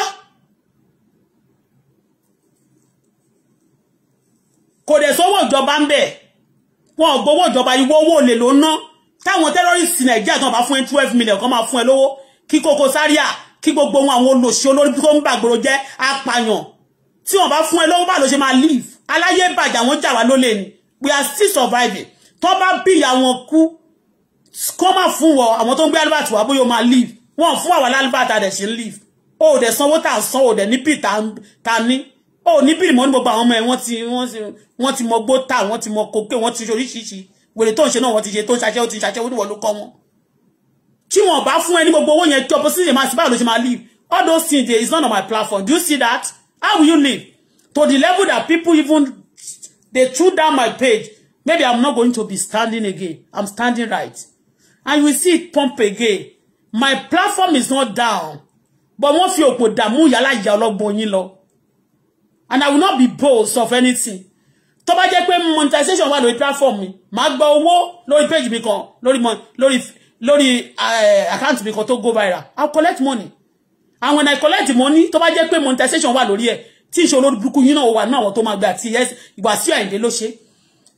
S1: kò dẹ̀ sówó ìjọba ń bẹ̀ wọn ò gbowó ìjọba ìwọ owó olè ló ná táwọn tẹ́lọ́rìsì Nàìjíríà tán bá fún ẹ twelve million kan máa fún ẹ lówó kí Koko kí gbogbo wọn àwọn olòṣì olórí tó ń gbàgbòrò jẹ́ apààyàn tí wọ́n bá fún ẹ lọ́wọ́ bá ló ṣe máa leave aláyé bàjẹ́ àwọn jà wá lólè ni we are still surviving tó bá bí ìyá wọn kú kó má fún wọn àwọn tó ń gbé albert wá bóyá o máa leave wọn fún àwọn albert adẹ̀ ṣe ń leave o ò dẹ̀ sanwó tà san o ò dẹ̀ ní bì ta ní o ò ní bì mọ́ ní gbogbo àwọn ọmọ ẹ wọ́n ti mọ gbó tà wọ́n ti mọ kókè wọ́n ti ṣe oríṣiríṣi wèrè tó ń ṣe náà wọ́n ti ṣe tó ń ṣaṣẹ́ ó ti ṣaṣẹ́ ó ní wọ́n ló kọ́ wọn tí wọ́n bá fún ẹni gbogbo owó yẹn tí opposition máa ṣe báwo ló ṣe máa live all those things there is not on my platform do you see that how will you live to the level that people even they threw down my page maybe i'm not going to be standing again i'm standing right and you see it pump again my platform is not down but wọ́n fi òpò dààmú yàrá ìyá ọlọ́gbọ́n yín lo, and i will not be bold of anything tó bá jẹ́ pé monetization wà lórí platform mi màá gba owó lórí page mi kan lórí lórí lórí àkáǹtì eh, mi kan tó go viral i collect money and when i collect money tó bá jẹ́ pé monetization wà lórí ẹ̀ tí ìṣòro olórí burúkú yín náà wà ní àwọn tó máa gbé àti Wàsíù Àyìndé ló ṣe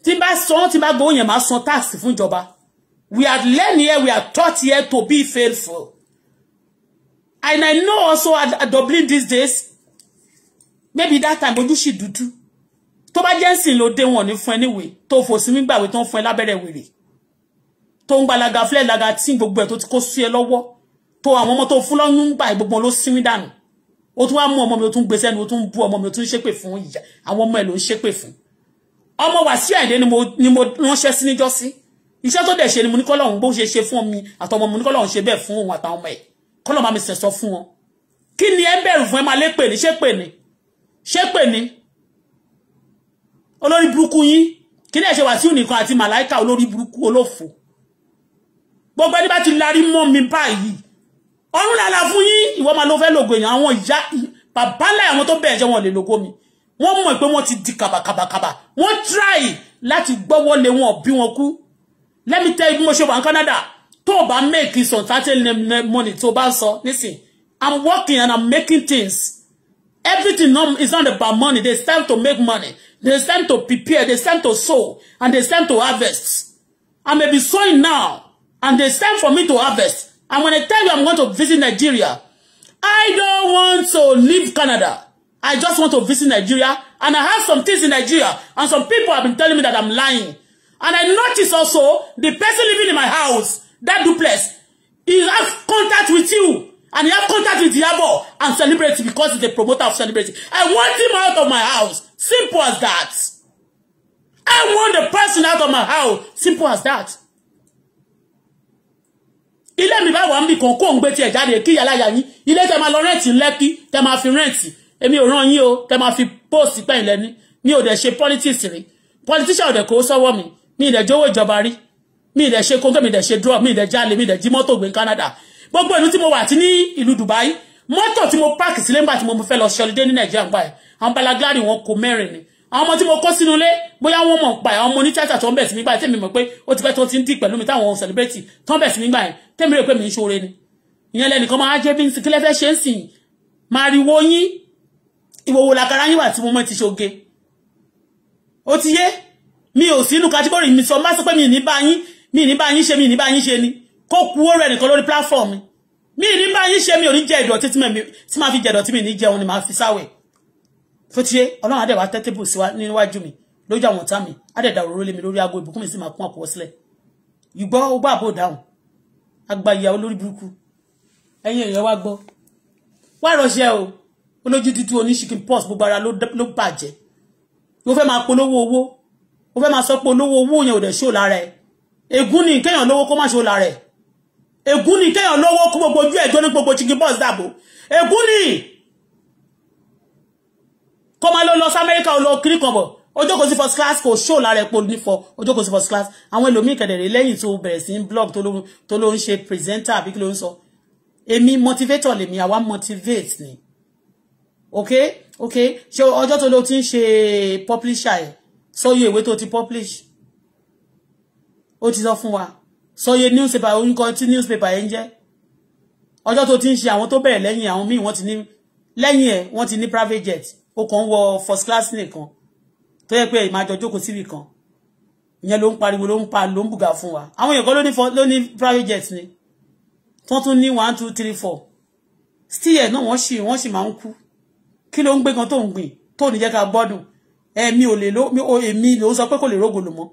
S1: tí bá san tí bá gbowó yẹn máa san tax fún ìjọba we are learning here we are taught here to be faithful and i know also at, Dublin these days maybe that time ojú sì dúdú tó bá jẹ́ ń sìn ló dé wọn ní fún ẹ níwèé tó fò sí nígbàwé tó ń fún ẹ lábẹ́rẹ́ wèrè tó ń gbalaga fúlẹ̀ laga tí gbogbo ẹ̀ tó ti kó sí ẹ lọ́wọ́ tó àwọn ọmọ tó fún lọ́yún ń bà gbogbo ló sínú dànù ó tún wá mú ọmọ mi ó tún gbé sẹ́nu ó tún bú ọmọ mi ó tún ṣépè fún ìyá àwọn ọmọ ẹ̀ ló ń ṣépè fún ọmọ Wàsíù Àyìndé ni mo ránṣẹ́ sí níjọ́sí iṣẹ́ tó dẹ̀ ṣe ni mo ní kọ́lọ́hún bó ṣe ṣe fún mi àtọmọ mo ní kọ́lọ́hún ṣe bẹ́ẹ̀ fún òun àtàwọn ọmọ ẹ̀ kọ́lọ́ máa mi sẹ̀ sọ fún wọn kí ni ẹ ń bẹ̀rù fún ẹ máa lépè ní ṣépè ní ṣépè ní olórí burúkú yín kí ni ẹ ṣe Wàsíù nìkan àti màláìkà olórí burúkú olófòó gbogbo ẹni bá ti larí mọ́ mi báyìí ọ̀run làlà fún yín ìwọ máa ló fẹ́ lògo èèyàn àwọn ìyá bàbá láì àwọn tó bẹ̀ẹ̀ jẹ́ wọn lè lògo mi wọ́n mọ̀ pé wọ́n ti di kàbàkàbàkàbà wọ́n try láti gbọ́wọ́ lé wọn bí wọn kú let me tell you bí mo ṣe wà ní Canada tó o bá make some thirty money tó o bá sọ nísìn I'm working and I'm making things everything is not about money They time to make money They time to prepare They time to sow and they time to harvest I may be sowing now and it's time for me to harvest. And when I tell you I'm going to visit Nigeria, I don't want to leave Canada. I just want to visit Nigeria. And I have some things in Nigeria. And some people have been telling me that I'm lying. And I notice also the person living in my house, that duplex, he has contact with you. And he has contact with Diabo and celebrity because he's a promoter of celebrity. I want him out of my house. Simple as that. I want the person out of my house. Simple as that ilé mi bá wà ń bì kan kó ń gbé tiẹ̀ jáde kí yàláyà yín ilé tẹ máa lọ rẹ́ǹtì lẹ́kí tẹ máa fi rẹ́ǹtì èmi ò ràn yín o tẹ máa fi póòsì pẹ̀yìn lẹ́ni mi ò dẹ̀ ṣe politics rí politician ò dẹ̀ kó sọ́wọ́ mi mi ì dẹ̀ jówó ìjọba rí mi ì dẹ̀ ṣe kóńgé mi ì dẹ̀ ṣe drug mi ì dẹ̀ jalè mi ì dẹ̀ jí mọ́tò gbé Canada gbogbo ìlú tí mo wà tí ní ìlú Dubai mọ́tò tí mo páàkì sílé ńgbà tí mo fẹ́ lọ ṣọlidé ní Nàìjíríà ńgbà yẹn àwọn balaglari wọn kò mẹ́rin ni àwọn ọmọ tí mo kó sínú ilé bóyá wọ́n mọ̀ pa àwọn ọmọ onítìátà tó ń bẹ̀ sí mi báyìí tẹ́mi mọ̀ pé ó ti pẹ́ tó ti ń dì pẹ̀lú mi táwọn sẹ̀lẹ́bẹ̀tì tó bẹ̀ sí mi báyìí tẹ́mi rè pé mi ń ṣoore ni ìyẹn lẹ́nìkan máa jẹ́ bí kílẹ̀ fẹ́ ṣe ń sìn máa rí wo yín ìwòwò làkàrà yín wà tí mo mọ̀ ti ṣoge ó ti yé mi ò sínú kátígórì mi sọ má sọ pé mi ní bá mi ní bá yín mi ní ni kó ku ó rẹ̀ platform mi mi ní bá yín ṣe mi ò ní jẹ ìdọ̀tí tí màá fi jẹ ìdọ̀tí mi ní jẹun ni màá fi sáwẹ̀ tó ti yé ọlọ́run adẹ́wà tẹ́tẹ́bù sí wa níwájú mi lójú àwọn ọ̀tá mi adẹ́dà òróró lé mi lórí aago ìbùkún mi sì máa kún àpò sílẹ̀ ìgbọ́ ogbó àbò dáhùn agba ìyàwó lórí burúkú ẹ̀yin èèyàn wá gbọ́ wá rọṣẹ́ o olójú dúdú oni chicken pox gbogbo ara ló bàjẹ́ o fẹ́ máa polówó owó o fẹ́ máa sọ pé olówó owó yẹn ò dẹ̀ ṣó lára ẹ̀ ègún ni kéèyàn lówó kó má ṣó lára ẹ̀ ègún ni kéèyàn lówó kó gbogbo ojú ẹ̀ jóná gbogbo chicken pox dàbò ègún ni kó lo lọ America, lo amẹ́ríkà ó lọ kiri kan bọ̀ ojókòó sí first class kò ṣó lára epo nífọ ojókòó sí first class àwọn ẹlòmíì kẹdẹrẹ lẹ́yìn tó bẹ̀rẹ̀ sí blog tó ló ń ṣe presenter àbí kí ló ń sọ èmi motivator lèmi àwa motivate ni Okay, okay, ṣe ojo tó ló ti ń ṣe publisher ẹ̀ sọyẹ ìwé tó ti publish ó ti So fún wa sọyẹ newspaper orúkọ tí newspaper ẹ̀ ń jẹ́ ọjọ́ tó ti ń ṣe àwọn tó bẹ̀rẹ̀ lẹ́yìn àwọn míì wọ́n ti ní lẹ́yìn ẹ̀ wọ́n ti ní private jet o kàn ń wọ first class nìkan tó yẹ pé ẹ máa jọ jókòó síbì kan ìyẹn ló ń pariwo ló ń pa ló ń bùgà fún wa àwọn èèyàn kan ló ní ló ní private jet ni tó tún ní one two three still ẹ̀ náà wọ́n sì wọ́n sì máa ń kú kí ló ń gbé kan tó ń gbìn tó ní jẹ́ ká gbọ́dùn ẹ̀mí ò lè ló èmi ló sọ pé kò lè rógòlò mọ́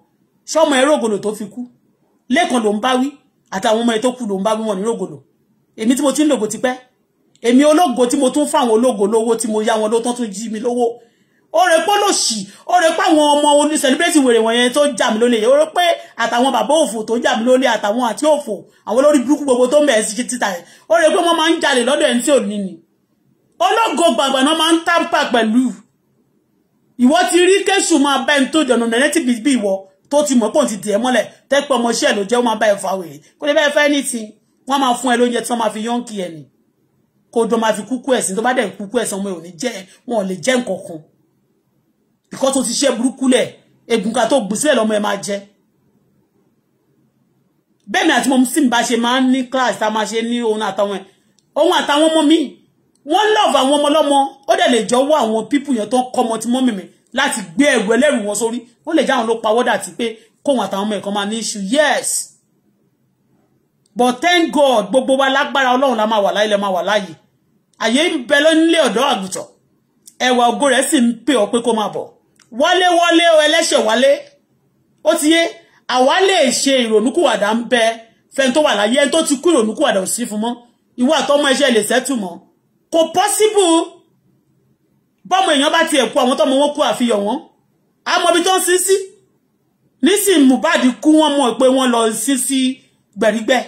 S1: ṣọ́mọ ẹ rógòlò tó fi kú lẹ́ẹ̀kan ló ń bá wí àtàwọn ọmọ ẹ tó kú ló ń bá wí wọn ní rógòlò èmi tí mo ti ń lògò tipẹ́ èmi ológo tí mo tún fáwọn ológo lówó tí mo yá wọn ló tán tún jí mi lówó ó rẹ pé lòṣì ó rẹ pé àwọn ọmọ oní celebrate wèrè wọ̀nyẹn tó jà mí lólè ó rẹ pé àtàwọn bàbá òfò tó jà mí lólè àtàwọn àti òfò àwọn olórí burúkú gbogbo tó mẹ̀ sí títà ẹ̀ ó rẹ pé wọ́n máa ń jalè lọ́dọ̀ ẹni tí ò ní ni ológo gbàgbà náà máa ń tàǹpà pẹ̀lú ìwọ ti rí késù máa bá ẹni tó jọ̀nà nẹ́nẹ́tì bí ìwọ tó ti mọ̀ pọ̀ ti dì ẹ́ mọ́lẹ̀ tẹ́pẹ́ ọmọ iṣẹ́ ló jẹ́ ó máa bá ẹ̀ fà wèrè kó lè bẹ́ẹ̀ fẹ́ ní ti wọ́n máa fún ẹ lóúnjẹ tí wọ́n máa fi yọ́ǹkì ẹ̀ nìí kó jọ máa fi kúkú ẹ̀sìn tó bá dẹ̀ kúkú ẹ̀sìn ọmọ ẹ̀ ò ní jẹ́ wọn ò lè jẹ́ nǹkan kan ti ṣe burúkú lẹ̀ egunka tó gbìn sílẹ̀ lọ́mọ ẹ̀ máa jẹ́ bẹ́ẹ̀ ni àti mọ̀ sí mi bá ṣe máa ń ní class tá a máa ṣe ní òun àtàwọn ẹ̀ òun àtàwọn ọmọ mi wọ́n lọ́ọ̀bù àwọn ọmọ ọlọ́mọ ó dẹ̀ lè jọ́wọ́ àwọn pípù yẹn tó kọ́ ọmọ tí mọ́ mímì láti gbé ẹ̀rù ẹlẹ́rù wọn sórí ó lè jáwọn ló pawọ́dà tí pé kóhun àtàwọn ọmọ ẹ̀kan máa ní yes but thank God gbogbo wa lágbára ọlọ́run la máa wà láyé lẹ́ máa wà láyé àyè ń bẹ lónílé ọ̀dọ́ àgùntàn ẹwà ògo rẹ̀ sì ń pè ọ́ pé kó máa bọ̀ wálé wálé o ẹlẹ́ṣẹ̀ wálé ó ti yé àwa lè ṣe ìrònúkúwàdà ń bẹ fẹ́ni tó wà láyé ẹni tó ti kú ìrònúkúwàdà ò sí fún mọ́ ìwọ àtọmọ iṣẹ́ lè sẹ́tù mọ́ kò pọ́síbù bọ́mọ èèyàn bá ti ẹ̀kú àwọn tọ́mọ wọn kú àfihàn wọn àmọ́bi tó ń sin sí nísìn Mohbad kú wọ́n mọ̀ pé wọ́n lọ sin sí gbẹ̀rígbẹ́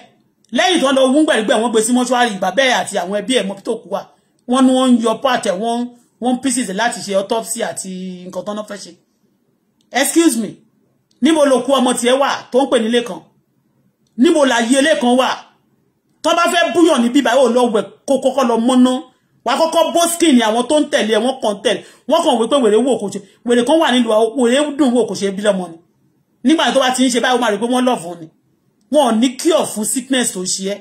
S1: lẹ́yìn tó ń lọ wú gbẹ̀rígbẹ̀ wọ́n gbé sí mọ́ṣúárì bàbá ẹ̀ àti àwọn ẹbí ẹ̀ mọ́ tó kú wa wọ́n ní wọ́n ń yọ pàtẹ wọ́n wọ́n pieces láti ṣe autopsy àti nǹkan tó ń fẹ́ ṣe excuse me níbo lo kú ọmọ tiẹ̀ wà tó ń pè nílé kan níbo la yí ilé kan wà tó bá fẹ́ búyàn ní bíbá yóò lọ wẹ̀ kó kọ́kọ́ lọ mọ́ná wà kọ́kọ́ bó skin ni àwọn tó ń tẹ̀lé ẹ̀ wọ́n kàn tẹ̀lé wọ́n kàn wí pé wèrè wò kò ṣe wèrè kan wà nílùú wèrè dùn wò kò ṣe bí lọ́mọ ni nígbà tó bá ti ń ṣe báyìí ó máa rí pé wọ́n lọ́ọ̀fù ni wọn ò ní cure fún sickness tó ń ṣe ẹ́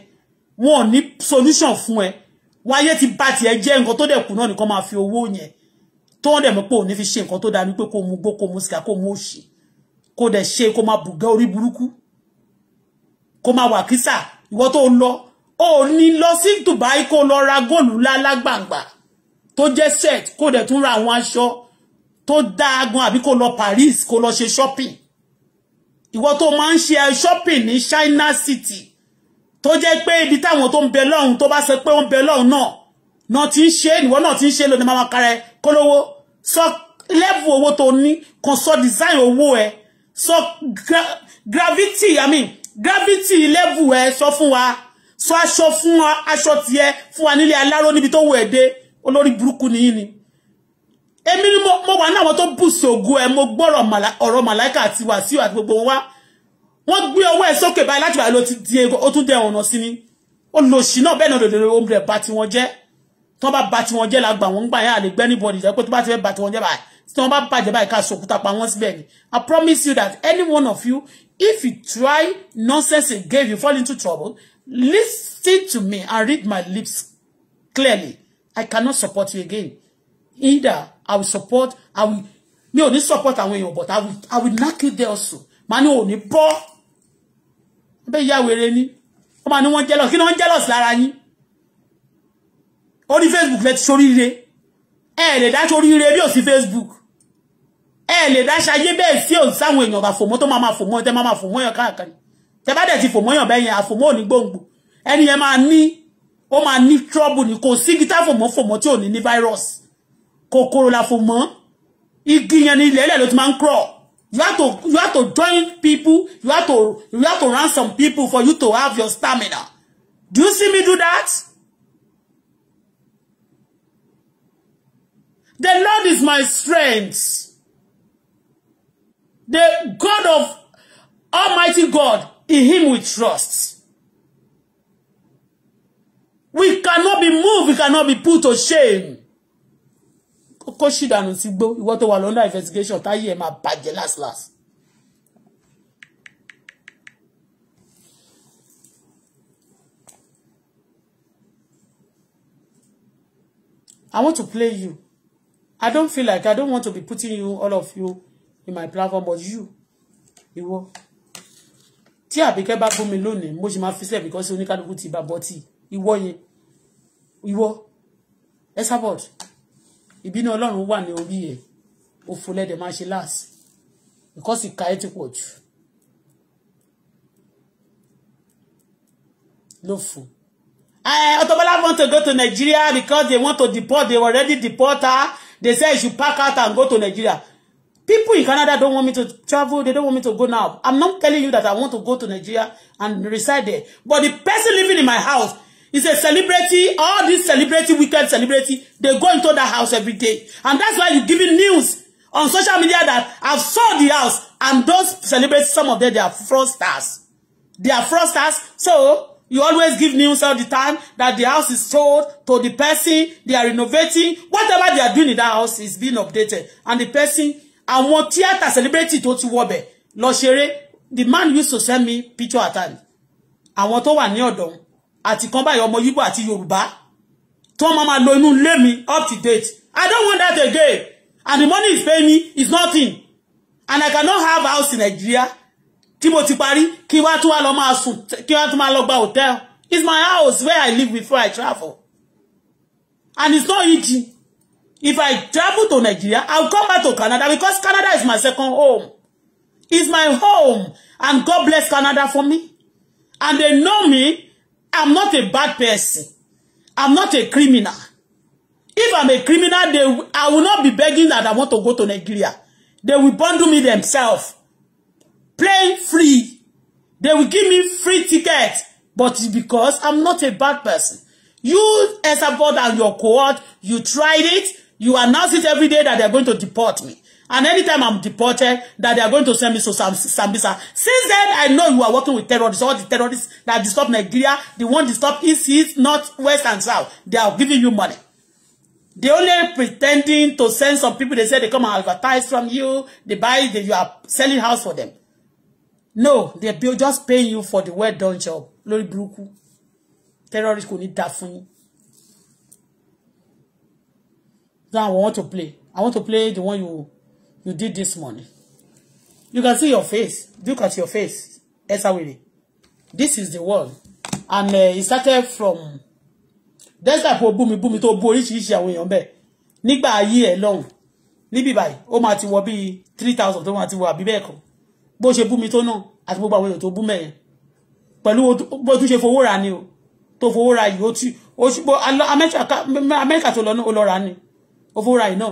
S1: wọn ò ní solution fún ẹ wáyé ti bá tiẹ̀ jẹ́ nǹkan tó dẹ̀ kù náà nìkan máa fi owó yẹn tó wọ́n dẹ̀ mọ̀ pé òun ní fi ṣe nǹkan tó dáa ní pé kó mu gbó kó mu sìkà kó mu òṣì kó dẹ̀ ṣe kó máa bùgẹ́ orí burúkú kó máa wà kísà ìwọ tó lọ ó ní lọ sí Dubai kó lọ ra góòlù ńlá lágbàǹgbà tó jẹ́ set kó dẹ̀ tún ra àwọn aṣọ tó dáa gan àbí kó lọ Paris kó lọ ṣe shopping ìwọ tó máa ń ṣe shopping ní China City tó jẹ́ pé ibi táwọn tó ń bẹ lọ́hùn tó bá sọ pé ó ń bẹ lọ́hùn náà náà ti ń ṣe ìwọ náà ti ń ṣe lónìí máa máa kárẹ kólówó sọ level owó tó ní kàn sọ design owó ẹ sọ gravity i mean gravity level ẹ sọ fún wa sọ aṣọ fún aṣọ tiẹ̀ fún wa nílé aláró níbi tó wù ẹ dé olórí burúkú nìyí ni èmi ni mo wà ní àwọn tó bùsì ògùn ẹ mo gbọ́rọ̀ ọ̀rọ̀ màláìkà àti wàsíù àti gbogbo wa wọ́n gbé ọwọ́ ẹ̀ sókè báyìí láti wà ló ti di ó tún dẹ ọ̀nà sí ni olùsí náà bẹ́ẹ̀ náà lòdì lórí oúnjẹ bá tiwọn jẹ́ tí wọ́n bá ba tiwọn jẹ́ la gbà wọ́n gbà yẹn àlè gbẹ́ni jẹ́ pé tó bá ti fẹ́ ba tiwọn jẹ́ báyìí tí wọ́n bá bàjẹ́ báyìí ká sòkúta pa wọ́n síbẹ̀ ni I promise you that any one of you if you try nonsense again you fall into trouble listen to me and read my lips clearly I cannot support you again either I will support I will mi ò support àwọn èèyàn but I will I will knock you there also màá ní òní bọ́ bẹ́ẹ̀ ya wèrè ni wọ́n máa ní wọ́n jealous kí no one jealous lára yín orí Facebook show lẹ ti ṣoríire ẹ lè dá ṣoríire bí ò sí Facebook Eh, lè that ṣayé bẹ́ẹ̀ be ò sáwọn èèyàn bá fòmọ́ tó máa Mama fòmọ́ tẹ́ máa máa fòmọ́ yàn káàkiri tẹ́ bá dẹ̀ ti fòmọ́ yàn bẹ́ẹ̀ yẹn àfòmọ́ ò ní gbòǹgbò ẹni yẹn máa ní ó máa ní trouble ni kò sí gítà fòmọ́ fòmọ́ tí ò ní ní virus kòkòrò la fò mọ́ igi yẹn ni ilẹ̀ ló ti máa ń crawl you have to you have to join people you have to you have to run some people for you to have your stamina do you see me do that the Lord is my strength the God of Almighty God in him we trust. We cannot be moved. We cannot be put to shame kó ṣì dànù sí gbó ìwọ tó wà lọ́ndà investigation táyé ẹ̀ máa bàjẹ́ last I want to play you. I don't feel like I don't want to be putting you all of you in my platform but you ìwọ tí àbíkẹ́ bá fún mi lónìí mo ṣe máa fi sílẹ̀ bíkọ́ sí oníkálukú ti bá bọ́ tí ìwọ yẹn ìwọ ẹ sábọ̀dù ìbínú ọlọ́run wà ní orí ẹ̀ òfò lẹ́dẹ̀ máa ṣe láàsì because ìka ẹ̀ ti pọ̀ jù lófo. Auto Bola want to go to Nigeria because they want to deport. They already deport her. They say she pack out and go to Nigeria. People in Canada don't want me to travel. They don't want me to go now. I'm not telling you that I want to go to Nigeria and reside there. But the person living in my house, It's a celebrity. All these celebrity, weekend, celebrity, they go into that house every day. And that's why you're giving news on social media that I've sold the house. And those celebrities, some of them, they are fraudsters. They are fraudsters. So, you always give news all the time that the house is sold to the person, they are renovating. Whatever they are doing in that house is being updated. And the person, àwọn theater celebrity tó ti wọbẹ̀ lọ ṣeré. The man used to send me picture at time. Àwọn tó wà ní ọ̀dọ̀ àti kan báyìí ọmọ Yíbò àti Yorùbá tó wọ́n máa lo inú ilé mi up to date I don't want that again and the money is paying me is nothing and I cannot have house in Nigeria tí mo ti parí kí wá tún wá lọ máa sùn kí wá tún máa lọ gba hotel is my house where I live before I travel and it's not easy if I travel to Nigeria I'll come back to Canada because Canada is my second home it's my home and God bless Canada for me and they know me I'm not a bad person. I'm not a criminal. If I'm a criminal, they, I will not be begging that I want to go to Nigeria. They will bundle me themselves. Play free. They will give me free tickets. But because I'm not a bad person. You, as a board and your cohort, you tried it. You announce it every day that they're going to deport me. And anytime I'm deported, that they are going to send me to Sambisa. Since then, I know you are working with terrorists, all the terrorists that disturb Nigeria, the one disturb East, East, North, West, and South. They are giving you money. They only pretending to send some people, they say they come and advertise from you, they buy, they, you are selling house for them. No, they are just paying you for the well done job. Lórí Bruku, Terrorists kò need that fún yín. Now I want to play. I want to play the one you you did this morning. You can see your face. Look at your face. Esawere. This is the world. And uh, it started from that's like for bumi bumi tó bo oríṣiríṣi àwọn èèyàn bẹ́ẹ̀. Nígbà ayé ẹ̀ lọ́hùn. Níbi báyìí ó máa ti wọ bí 3000 tó máa ti wọ àbí bẹ́ẹ̀ kọ́. Bó ṣe bumi tó náà àti gbogbo àwọn èèyàn tó bú mẹ́yẹn. Pẹ̀lú bó tún ṣe fowó rà ni o. Tó fowó rà yìí ó ti ó ṣùgbọ́n Amẹ́ríkà tó lọ náà ó lọ rà ni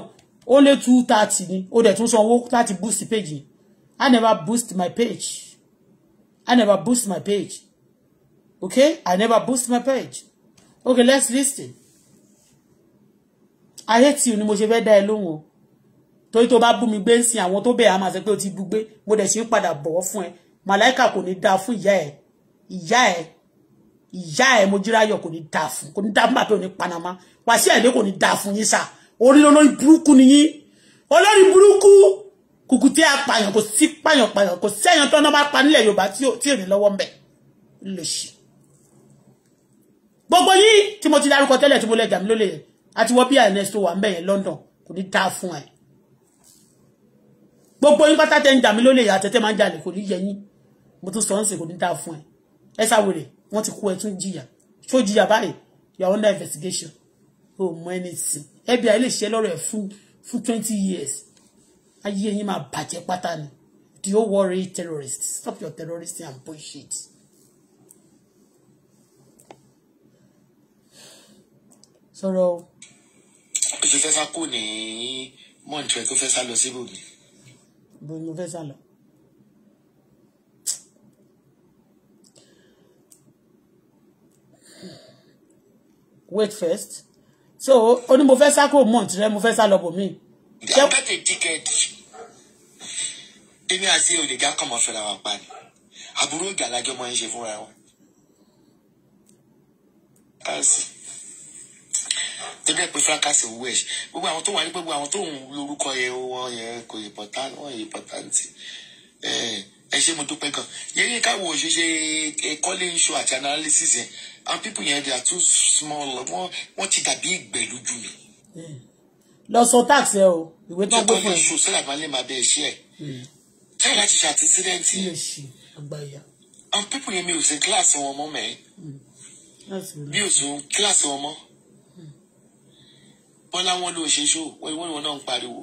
S1: only two thirty ni ó dẹ̀ tún sanwó láti boost page yẹn I never boost my page I never boost my page okay I never boost my page okay let's list it. I hate you ni mo ṣe fẹ́ dá ẹ lóhùn o torí tó bá bú mi gbé ń sin àwọn tó bẹ̀ á máa sọ pé o ti bú gbé mo dẹ̀ ṣe ń padà bọ̀wọ̀ fún ẹ màláìkà kò ní dáa fún ìyá ẹ ìyá ẹ ìyá ẹ Mojíráyọ̀ kò ní dáa fún kò ní dáa fún bàbá òní Panama Wàsíù Àyìndé kò ní dáa fún yín sáà orí olórí burúkú nìyí olórí burúkú kùkù tí a pààyàn kò sí pààyàn pààyàn kò sí èèyàn tó náà bá pa nílẹ̀ Yorùbá tí ò ní lọ́wọ́ mbẹ̀ lòṣì gbogbo yìí tí mo ti dárúkọ tẹ́lẹ̀ tí mo lẹ̀ jàmí lólè àti wọ́n bí àìnẹ́sì tó wà ń bẹ̀yẹn London kò ní dáa fún ẹ̀ gbogbo yín pátá tẹ́ ń jàmí lólè àtẹ́tẹ́ máa ń jalè kò ní yẹ yín mo tún sọ ń sè kò ní dáa fún ẹ̀ ẹ sáwèrè wọ́n ti kó ẹ tún jìyà ṣó jìyà báyìí you are under investigation oh mọ FBI lè ṣe lọ́rọ̀ ẹ̀ fún fún twenty years ayé yín máa bàjẹ́ pátá ni do you worry terrorists stop your terrorism and bullshit.
S3: sọ̀rọ̀ o. ìfẹ́ fẹ́ sá kú ní mọ́ǹtì rẹ̀ tó fẹ́ sá lọ sí ibùdó.
S1: bó fẹ́ sá lọ. wait first so ó ní mo fẹ́ sá kó mọ̀ tirẹ̀ mo fẹ́ sá lọ bò mí.
S3: àbẹ̀tẹ̀ tíkẹ́ẹ̀tì èmi àti olùgá kọ̀mọ̀ fẹ́ra wa pa ni àbúrò ìgbà lájọ́ máa ń ṣe fúnra wọn. tó dẹ̀ pé fracas owó ẹ̀ gbogbo àwọn tó wà ní gbogbo àwọn tó ń lórúkọ yẹn wọn yẹn kò important wọn yẹn important. Eh, ẹ ṣé mo dúpẹ́ gan yẹ́yẹ́ káwọ́ òṣìṣẹ́ calling show àti analysis yẹn and people yẹn they are too small wọ́n wọ́n ti dàbí ìgbẹ́ lójú mi.
S1: Hmm. lọ sọ tax ẹ o ìwé tó gbé fún ẹ. calling show
S3: sẹ́lá máa lè máa bẹ ẹṣẹ́ ẹ̀ táyì láti ṣe àtisídẹ́ǹtì and people yẹn mi ò sin kíláàsì wọn mọ́ mẹ́ẹ́ hmm. mi ò sin kíláàsì wọn mọ́ hmm. wọn láwọn ló ṣe ṣó wọn ìwọ náà ń pariwo.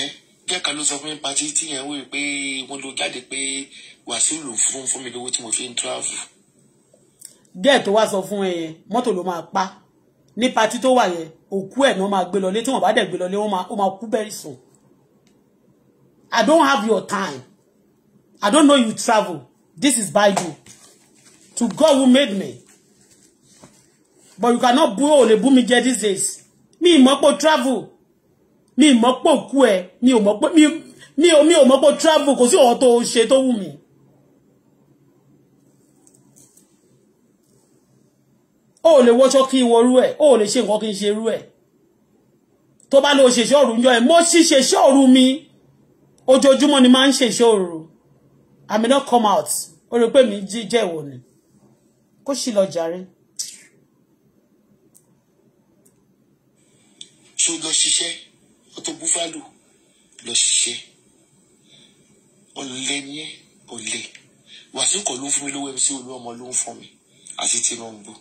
S3: Eh? gẹ́gẹ́ kan ló sọ fún mi pati tí yẹn wí pé wọ́n lọ jáde pé wàsíù ló fún fún mi lówó tí mo fi ń travel.
S1: gẹ́ẹ̀ tó wá sọ fún ẹ yẹn mọ́tò ló máa pa ní pati tó wà yẹn òkú ẹ̀ náà máa gbé lọlé tí wọ́n bá dẹ̀ gbé lọlé ó máa kú bẹ́ẹ̀ sùn. I don't have your time. I don't know you travel. This is by you To God who made me. But you cannot bú òlè bú mi jẹ these days. Me, Mi ìmọ̀pọ̀ travel mi mọ̀ pé ku ẹ mi ò mọ̀ pé mi mi ò mi ò mọ̀ pé travel kò sí ọ̀rọ̀ to ṣe tó wù mí. o ò lè wọṣọ kí n wọrú ẹ o ò lè ṣe nǹkan kí n ṣe irú ẹ tó bá lè o ṣèṣe òru ń yọ ẹ mo sì ṣèṣe òru mi ojoojúmọ́ ni máa ń ṣèṣe òru àmì náà come out ó rí pé mi jẹ́ ìwò ni kó sì lọ jàre.
S3: ṣó ṣiṣẹ́ mọ́tò búfálò lọ ṣiṣẹ́ ọ̀lẹ ni ẹ́ ọ̀lẹ wàásù kọ̀ ló ń fún mi lówó MC Olúọmọ ló ń fún mi àti Tinubu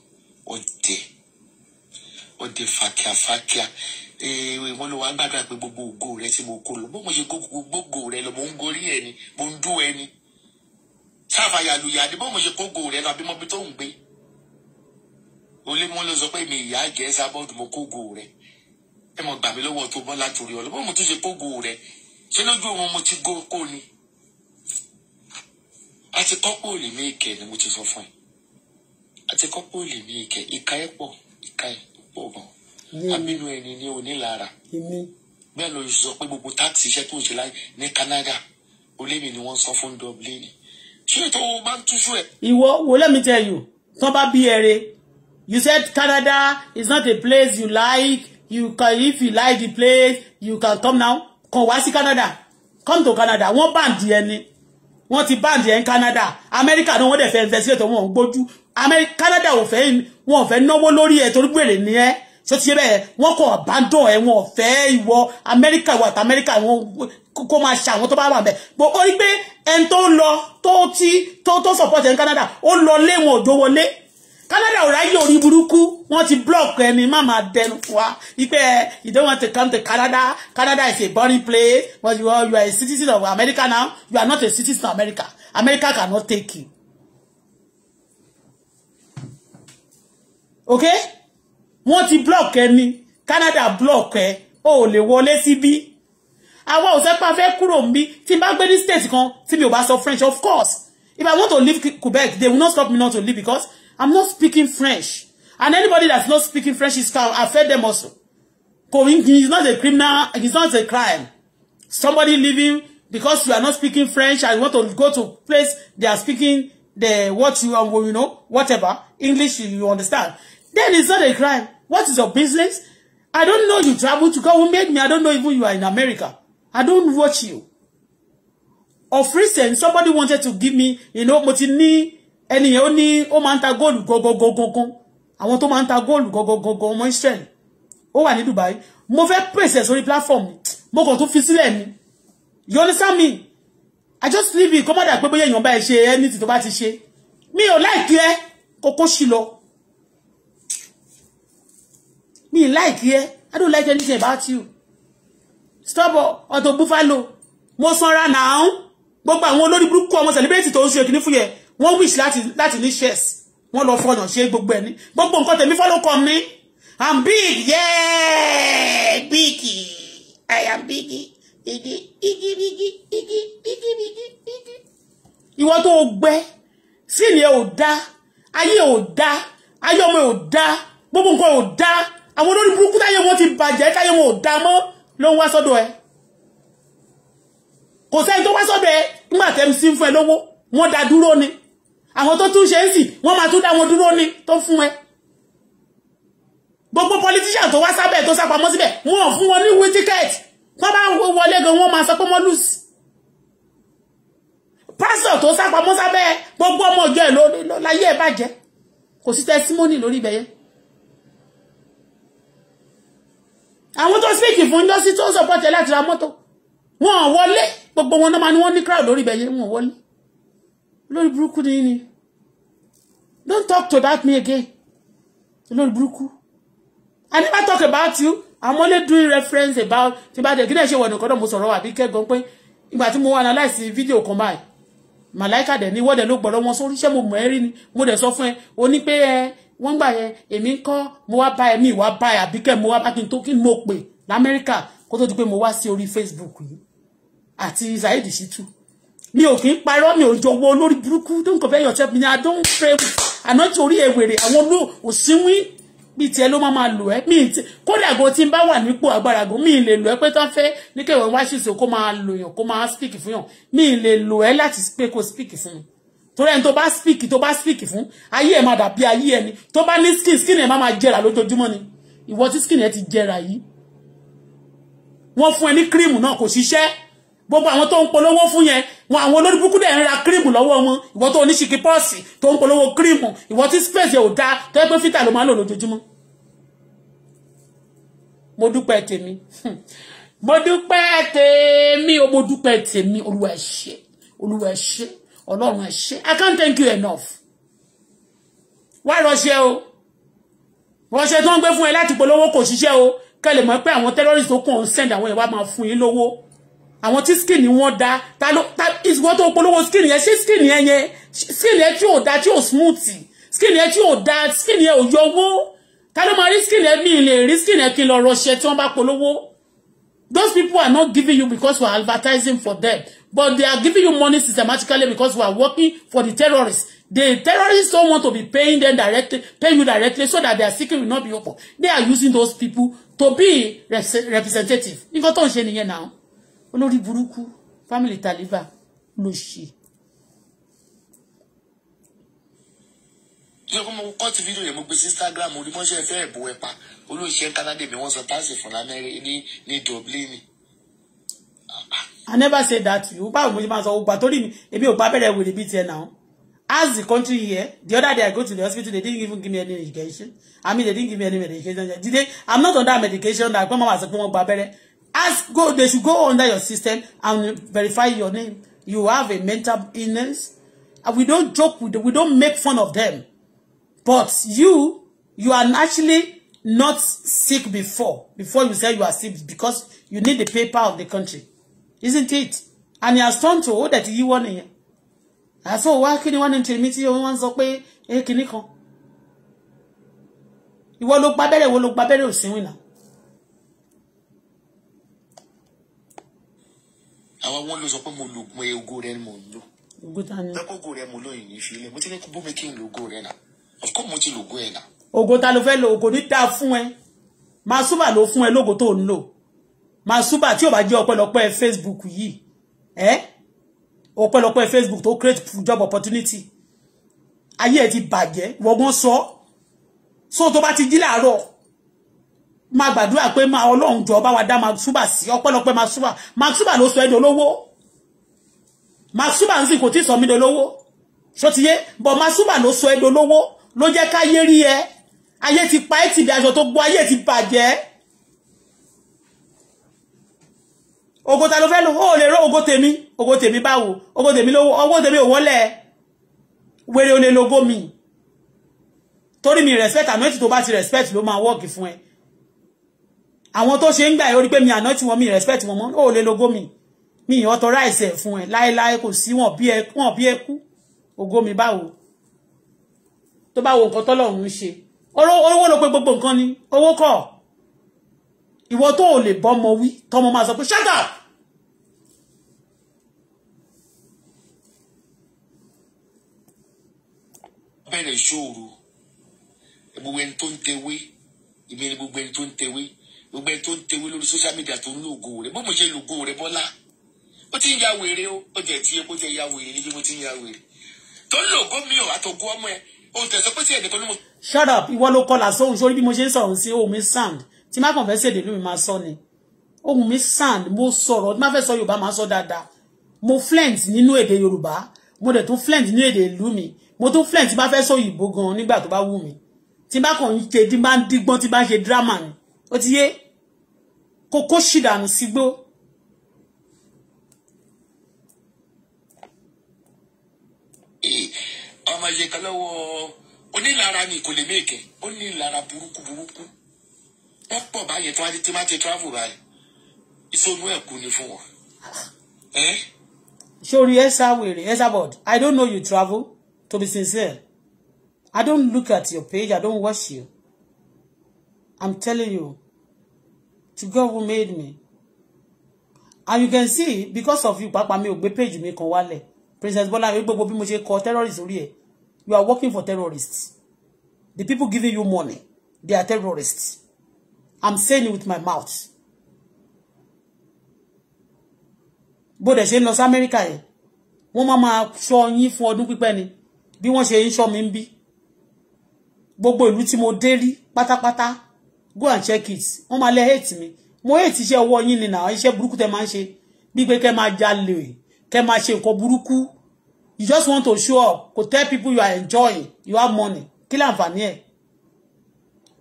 S3: ọ̀dẹ̀ ọ̀dẹ̀ fàkíàfàkíà wọn ló wá gbàdúrà pé gbogbo ògo rẹ tí mo kó lọ bó mo ṣe gbogbo rẹ lọ mo ń gorí ẹni mo ń dún ẹni sáfàyàlùyà ni bó mo ṣe kó ògo rẹ lọ àbí mọbi tó ń gbé olé mo ń lọ sọ pé mi ìyá jẹ sábọọdù mo kó ògo rẹ ẹ mọ̀ gbà mí lọ́wọ́ tó bọ́lá torí ọlọ́wọ́ mo tún ṣe kógo rẹ ṣé lójú òun mo ti gó ni àti kọ́pọ̀ òlì mí ìkẹ́ ni mo ti sọ fún ẹ àti kọ́pọ̀ òlì mí ìkẹ́ ìka ẹ pọ̀ ìka ẹ pọ̀ gan abínú ẹni ní onílára bẹ́ẹ̀ ló sọ pé gbogbo táàkì iṣẹ́ tó ń ṣe láyé ní Canada olémi ni wọ́n sọ fún Dublin ṣé ètò owó máa ń túṣú ẹ.
S1: ìwọ wo let me tell you tán bá bí ẹrẹ you said Canada is not a place you like you can if you like the place you can come now Come wá sí Canada come to Canada wọ́n báǹdì ẹni wọ́n ti báǹdì ẹni Canada America náà wọ́n dẹ̀ fẹ́ investigate wọn ò gbójú Canada ò fẹ́ wọn ò fẹ́ náwó lórí ẹ̀ torí gbèrè ni ẹ́ ṣó ti ṣe bẹ́ẹ̀ wọ́n kọ̀ àbádọ́ ẹ̀ wọn ò fẹ́ ìwọ America ìwọ àti America wọn kó máa ṣe àwọn tó bá wà bẹ́ẹ̀ bó o rí pé ẹni tó lọ tó ti tó tó support ẹni Canada ó lọ lé wọn òjò wọlé
S3: Canada ò ráyè orí
S1: burúkú wọ́n ti block ẹni má máa dẹnu fún wa wípé you don't want to come to Canada Canada is a boring place but you are, you are a citizen of America now you are not a citizen of America America cannot take you. okay wọ́n ti block ẹni Canada block ẹ o ò lè wọlé síbí àwa ò sẹ́pà fẹ́ kúrò ń bí tí n bá gbé ní state kan tí mi ò bá sọ French of course if I want to leave Quebec they will not stop me not to leave because I'm not speaking French. And anybody that's not speaking French is can affect them also. It's not a criminal, it's not a crime. Somebody leaving because you are not speaking French and want to go to place they are speaking the what you are, um, you know, whatever, English you understand. Then it's not a crime. What is your business? I don't know you travel to go. who made me. I don't know even you are in America. I don't watch you. Of recent, somebody wanted to give me, you know, mo ti ní ẹnìyẹn ó ní ó máa ń ta góòlù gọgọgọgọgán àwọn tó máa ń ta góòlù gọgọgọgọ ọmọ Israel ó wà ní Dubai mo fẹ́ pèsè sórí platform mo kàn tún fi sílẹ̀ ni you understand me I just leave it kọ́mọ́dà pé bóyá èèyàn bá ẹ ṣe anything tó bá ti ṣe mi ò láìkí ẹ kókó sí lọ mi láìkí ẹ I don't like anything about you stop Auto Buffalo mo sanra now gbogbo àwọn olórí burúkú ọmọ celebrate tó ń ṣe kìíní yẹn wọ́n wish láti láti ní shares wọ́n lọ fọyàn ṣe gbogbo ẹ̀ ní gbogbo nǹkan tèmi fọ́ ló kọ mi i'm big yeah biggy. i am biggy. igi igi igi igi igi igi igi. ìwọ tó gbẹ sílì ẹ ò dá ayé ò dá ayé ọmọ ò dá gbogbo nǹkan ò dá àwọn olórí burúkú táyé wọn ti bàjẹ́ táyé wọn ò dá mọ́ ló ń wá sọ́dọ̀ ẹ kò sẹ́ni tó wá sọ́dọ̀ ẹ nígbà tẹ́ ń sin fún ẹ lówó wọ́n dá dúró ni àwọn tó tún ṣe ń sì wọ́n máa tún dá wọn dúró ní tó fún ẹ gbogbo politician tó wá sábẹ̀ tó sápamọ́ síbẹ̀ wọn ò fún wọn ní wí tíkẹ́ẹ̀tì wọ́n bá wọlé gan wọ́n máa sọ pé wọ́n lùsì pásítọ̀ tó sápamọ́ sábẹ́ gbogbo ọmọ ìjọ ẹ̀ láyé ẹ̀ bàjẹ́ kò sí tẹsímọ́nì lórí ibẹ̀ yẹn àwọn tó síkì fún indọ́sí tó sọ̀pọ̀tẹ̀ láti ra mọ́tò wọn ò wọlé gbogbo wọn náà máa ní wọ́n ní crowd lórí ibẹ̀ yẹn wọn ò wọlé lórí burúkú ni ni don't talk to that me again lórí burúkú i never talk about you i'm only doing reference about tí bá dẹ̀ kí náà ṣe wọ̀nà kan náà mo sọ̀rọ̀ wà bí kẹ́gàn pé ìgbà tí mo analyze fídíò kan báyìí màláìka dẹ̀ ní wọ́dẹ̀ ló gbọ́dọ̀ wọn sórí ṣé mo mọ̀ ẹ́ rí ni mo dẹ̀ sọ fún ẹ o ní pé ẹ wọ́n gbà yẹn èmi ń kọ́ mo wá bá ẹ mi ìwà bá ẹ àbíkẹ́ mo wá bá kí n tó kí n mo pè lamẹ́ríkà kó tó di pé mo wá sí orí Facebook yìí àti Saheed Shittu mi ò kì í parọ́ mi ò jọ̀wọ́ olórí burúkú don't compare yourself mi ni i don't pray anointing orí ewèrè àwọn olú òsínwín bíi tiẹ̀ ló máa máa lò ẹ́ mi ti kódà go tí n bá wà nípò go mi lè lò ẹ́ pé tán fẹ́ ní kéwọ́n wá ṣùṣe kó máa lò yàn kó máa speak fún yàn mi lè lò ẹ́ láti pé kó speak fún mi torí ẹni tó bá speak tó bá speak fún ayé ẹ̀ máa dàbí ayé ẹni tó bá ní skin skin ẹ̀ máa máa jẹrà lójoojúmọ́ ni ìwọ tí skin ẹ̀ ti jẹrà yìí wọ́n fún ẹ ní kírìmù náà kò ṣiṣẹ́ gbogbo àwọn tó ń polówó fún yẹn wọn àwọn olórí burúkú dẹ̀ ń ra kírìmù lọ́wọ́ wọn ìwọ tó oníṣìkì pọ́ọ̀sì tó ń polówó kírìmù ìwọ tí space ò dáa tó yẹ fítà ló máa ń lò lójoojúmọ́ mo dúpẹ́ tèmi hmm. mo dúpẹ́ tèmi o mo dúpẹ́ tèmi olúwa ẹ olúwa ẹ ọlọ́run ẹ i can't thank you enough wá rọṣẹ́ o rọṣẹ́ tó ń gbé fún ẹ láti polówó kò ṣiṣẹ́ o kẹ́ lè mọ̀ pé àwọn terrorists tó kàn ń send àwọn ìwà àwọn tí skin wọn da ta ló ta ìṣùgbọ́n tó polówó skin yẹn ṣé skin yẹn yẹn skin yẹn tí ò da tí ò smooth skin yẹn tí ò da skin yẹn ò yọwó ta ló máa rí skin yẹn mi lè rí skin yẹn kí n lọ rọṣẹ tí wọ́n bá polówó those people are not giving you because we are advertising for them but they are giving you money systematically because we are working for the terrorists the terrorists don't want to be paying them directly paying you directly so that their secret will not be open they are using those people to be representative nǹkan tó ń ṣe nìyẹn now olórí burúkú family taliba ló ṣe.
S3: yẹ kó mo kọ́ fídíò yẹn mo gbé sí Instagram onímọ̀ṣẹ́ fẹ́ ẹ̀bù ẹ̀pà olóṣìṣẹ́ Canada mi wọ́n sọ táàsì fún lamẹ́rẹ́ ní ní Dublin.
S1: I never say that to you báwo mo ṣe máa sọ ọgbà torí mi èmi ò bá bẹ̀rẹ̀ wèrè bíi tiẹ̀ náà as the country here the other day I go to the hospital they didn't even give me any medication I mean they didn't give me any medication Today, I'm not on that medication na pé mama sọ pé wọ́n gba abẹ́rẹ́ Ask go, they should go under your system and verify your name. You have a mental illness. And we don't joke with we don't make fun of them. But you, you are actually not sick before, before you say you are sick because you need the paper of the country. Isn't it? And he has turned to all that you want here. And so why can you want to meet you once up eh, kini kan. Ìwọ ló gba bẹ̀rẹ̀, ìwọ better. gba bẹ̀rẹ̀ osinwin náà.
S3: àwọn wọn ló sọ pé mo lògùn ego rẹ ni mo lò lọ́kọ̀gò rẹ mo lóyìn ní ìfilẹ̀ mo ti ní kó bómi kí n lògò rẹ nà of course mo ti lògò ẹ̀ nà.
S1: ògo ta ló fẹ́ lo ògo ní dáa fún ẹ màsúbà ló fún ẹ lógo tó ń lò màsúbà tí ò bá jẹ́ ọpẹ́lọpẹ́ Facebook yìí ẹ ọpẹ́lọpẹ́ Facebook tó create job opportunity ayé ẹ ti bàjẹ́ wọ́gbọ́n sọ so tó bá ti jí láàárọ̀ Ma gbàdúrà pé ma ọlọ́run jọ bá wa dá Mark Suba sí ọpẹ́lọpẹ́ Mark Suba Mark Suba ló sọ ẹni olówó Mark Suba ń sìn kò tí ì sọ mí dolówó ṣó ti yé bọ̀ Mark Suba ló sọ ẹni olówó ló jẹ́ káyé rí ẹ ayé ti pa ẹ́ tìbí aṣọ tó gbọ́ ayé ti bàjẹ́ ogo ta ló fẹ́ lò ó lè rọ ogo tèmi ogo tèmi báwo ogo tèmi lówó ogo tèmi ò wọlé wèrè ò lè logo mi torí mi respect àmọ́ ètò tó bá ti respect ló máa wọ́ọ̀kì fún ẹ àwọn tó ṣe ń gbà orí pé mi àná tí wọn mi respect wọn mọ́ ó lè logó mi mi authorize ẹ̀ fún ẹ láéláé kò sí wọn bí ẹ wọn bí ẹ kú ògo mi báwo tó bá wo nǹkan tọ́lọ́run ń ṣe owó ló pé gbogbo nǹkan ni owó kọ̀ ìwọ tó ò lè bọ́mọ wí tọmọ máa sọ pé shut up
S3: bẹ̀rẹ̀ ìṣòro gbogbo ẹni tó ń tewé ìmí ni gbogbo ẹni tó ń tewé gbogbo ẹni tó ń tewé lórí social media tó ń lo ògo rẹ bó mo ṣe lo ògo rẹ bọ́lá ó ti ń ya wèrè o ó jẹ tí epo jẹ ya wèrè níbi mo ti ń ya wèrè tó ń lo ògo mi ò àtògo ọmọ ẹ o tẹ̀sán pé tí ẹ̀ nìkan ló mọ.
S1: shut up ìwọ ló kọlà sóhun sórí bí mo ṣe ń sọ̀rọ̀ sí ohun mi sound tí má kàn fẹ́ ṣèdè lómi máa sọ ni ohun mi sound mo sọ̀rọ̀ tí má fẹ́ sọ yorùbá máa sọ dáadáa mo flint nínú èdè yorùbá mo dẹ̀ tún flint nínú èdè ìlú mi mo tún flint tí má fẹ́ sọ òyìnbó gan nígbà tó bá wù mí tí bá kàn ń ṣe tí bá ń dígbọ́n tí bá ń ṣe drama ni ó ti yé kò kó ṣìdànù sígbó.
S3: ọmọ yìí kan lọ́wọ́ onílara ni kò lè mèkè onílara burúkú burúkú ẹ pọ̀ báyìí tí wọ́n ti máa ti travel báyìí ìṣòro ẹ̀ kú ni fún wọn.
S1: sori ẹsà wèrè ẹsà board I don't know you travel to be sincere I don't look at your page I don't watch you I'm telling you to God who made me and you can see because of you pàápàá mi ò gbé page mi kan Princess Bola mi gbogbo bí mo ṣe kọ terrorist you are working for terrorists the people giving you money they are terrorists I'm saying it with my mouth bó they say North America. sí Amẹ́ríkà yẹn wọ́n máa máa ṣọ́ yín fún ọdún pípẹ́ ni bí wọ́n ṣe ń ṣọ́ mi ń bí gbogbo ìlú tí mo dé rí pátápátá go and check it wọ́n máa lẹ hate me. mo hate iṣẹ́ ọwọ́ yín ni na. iṣẹ́ buruku te máa ń ṣe bíi pé kẹ́ máa jalè kẹ́ máa ṣe nǹkan you just want to show up to tell people you are enjoying you have money kí láǹfààní ẹ̀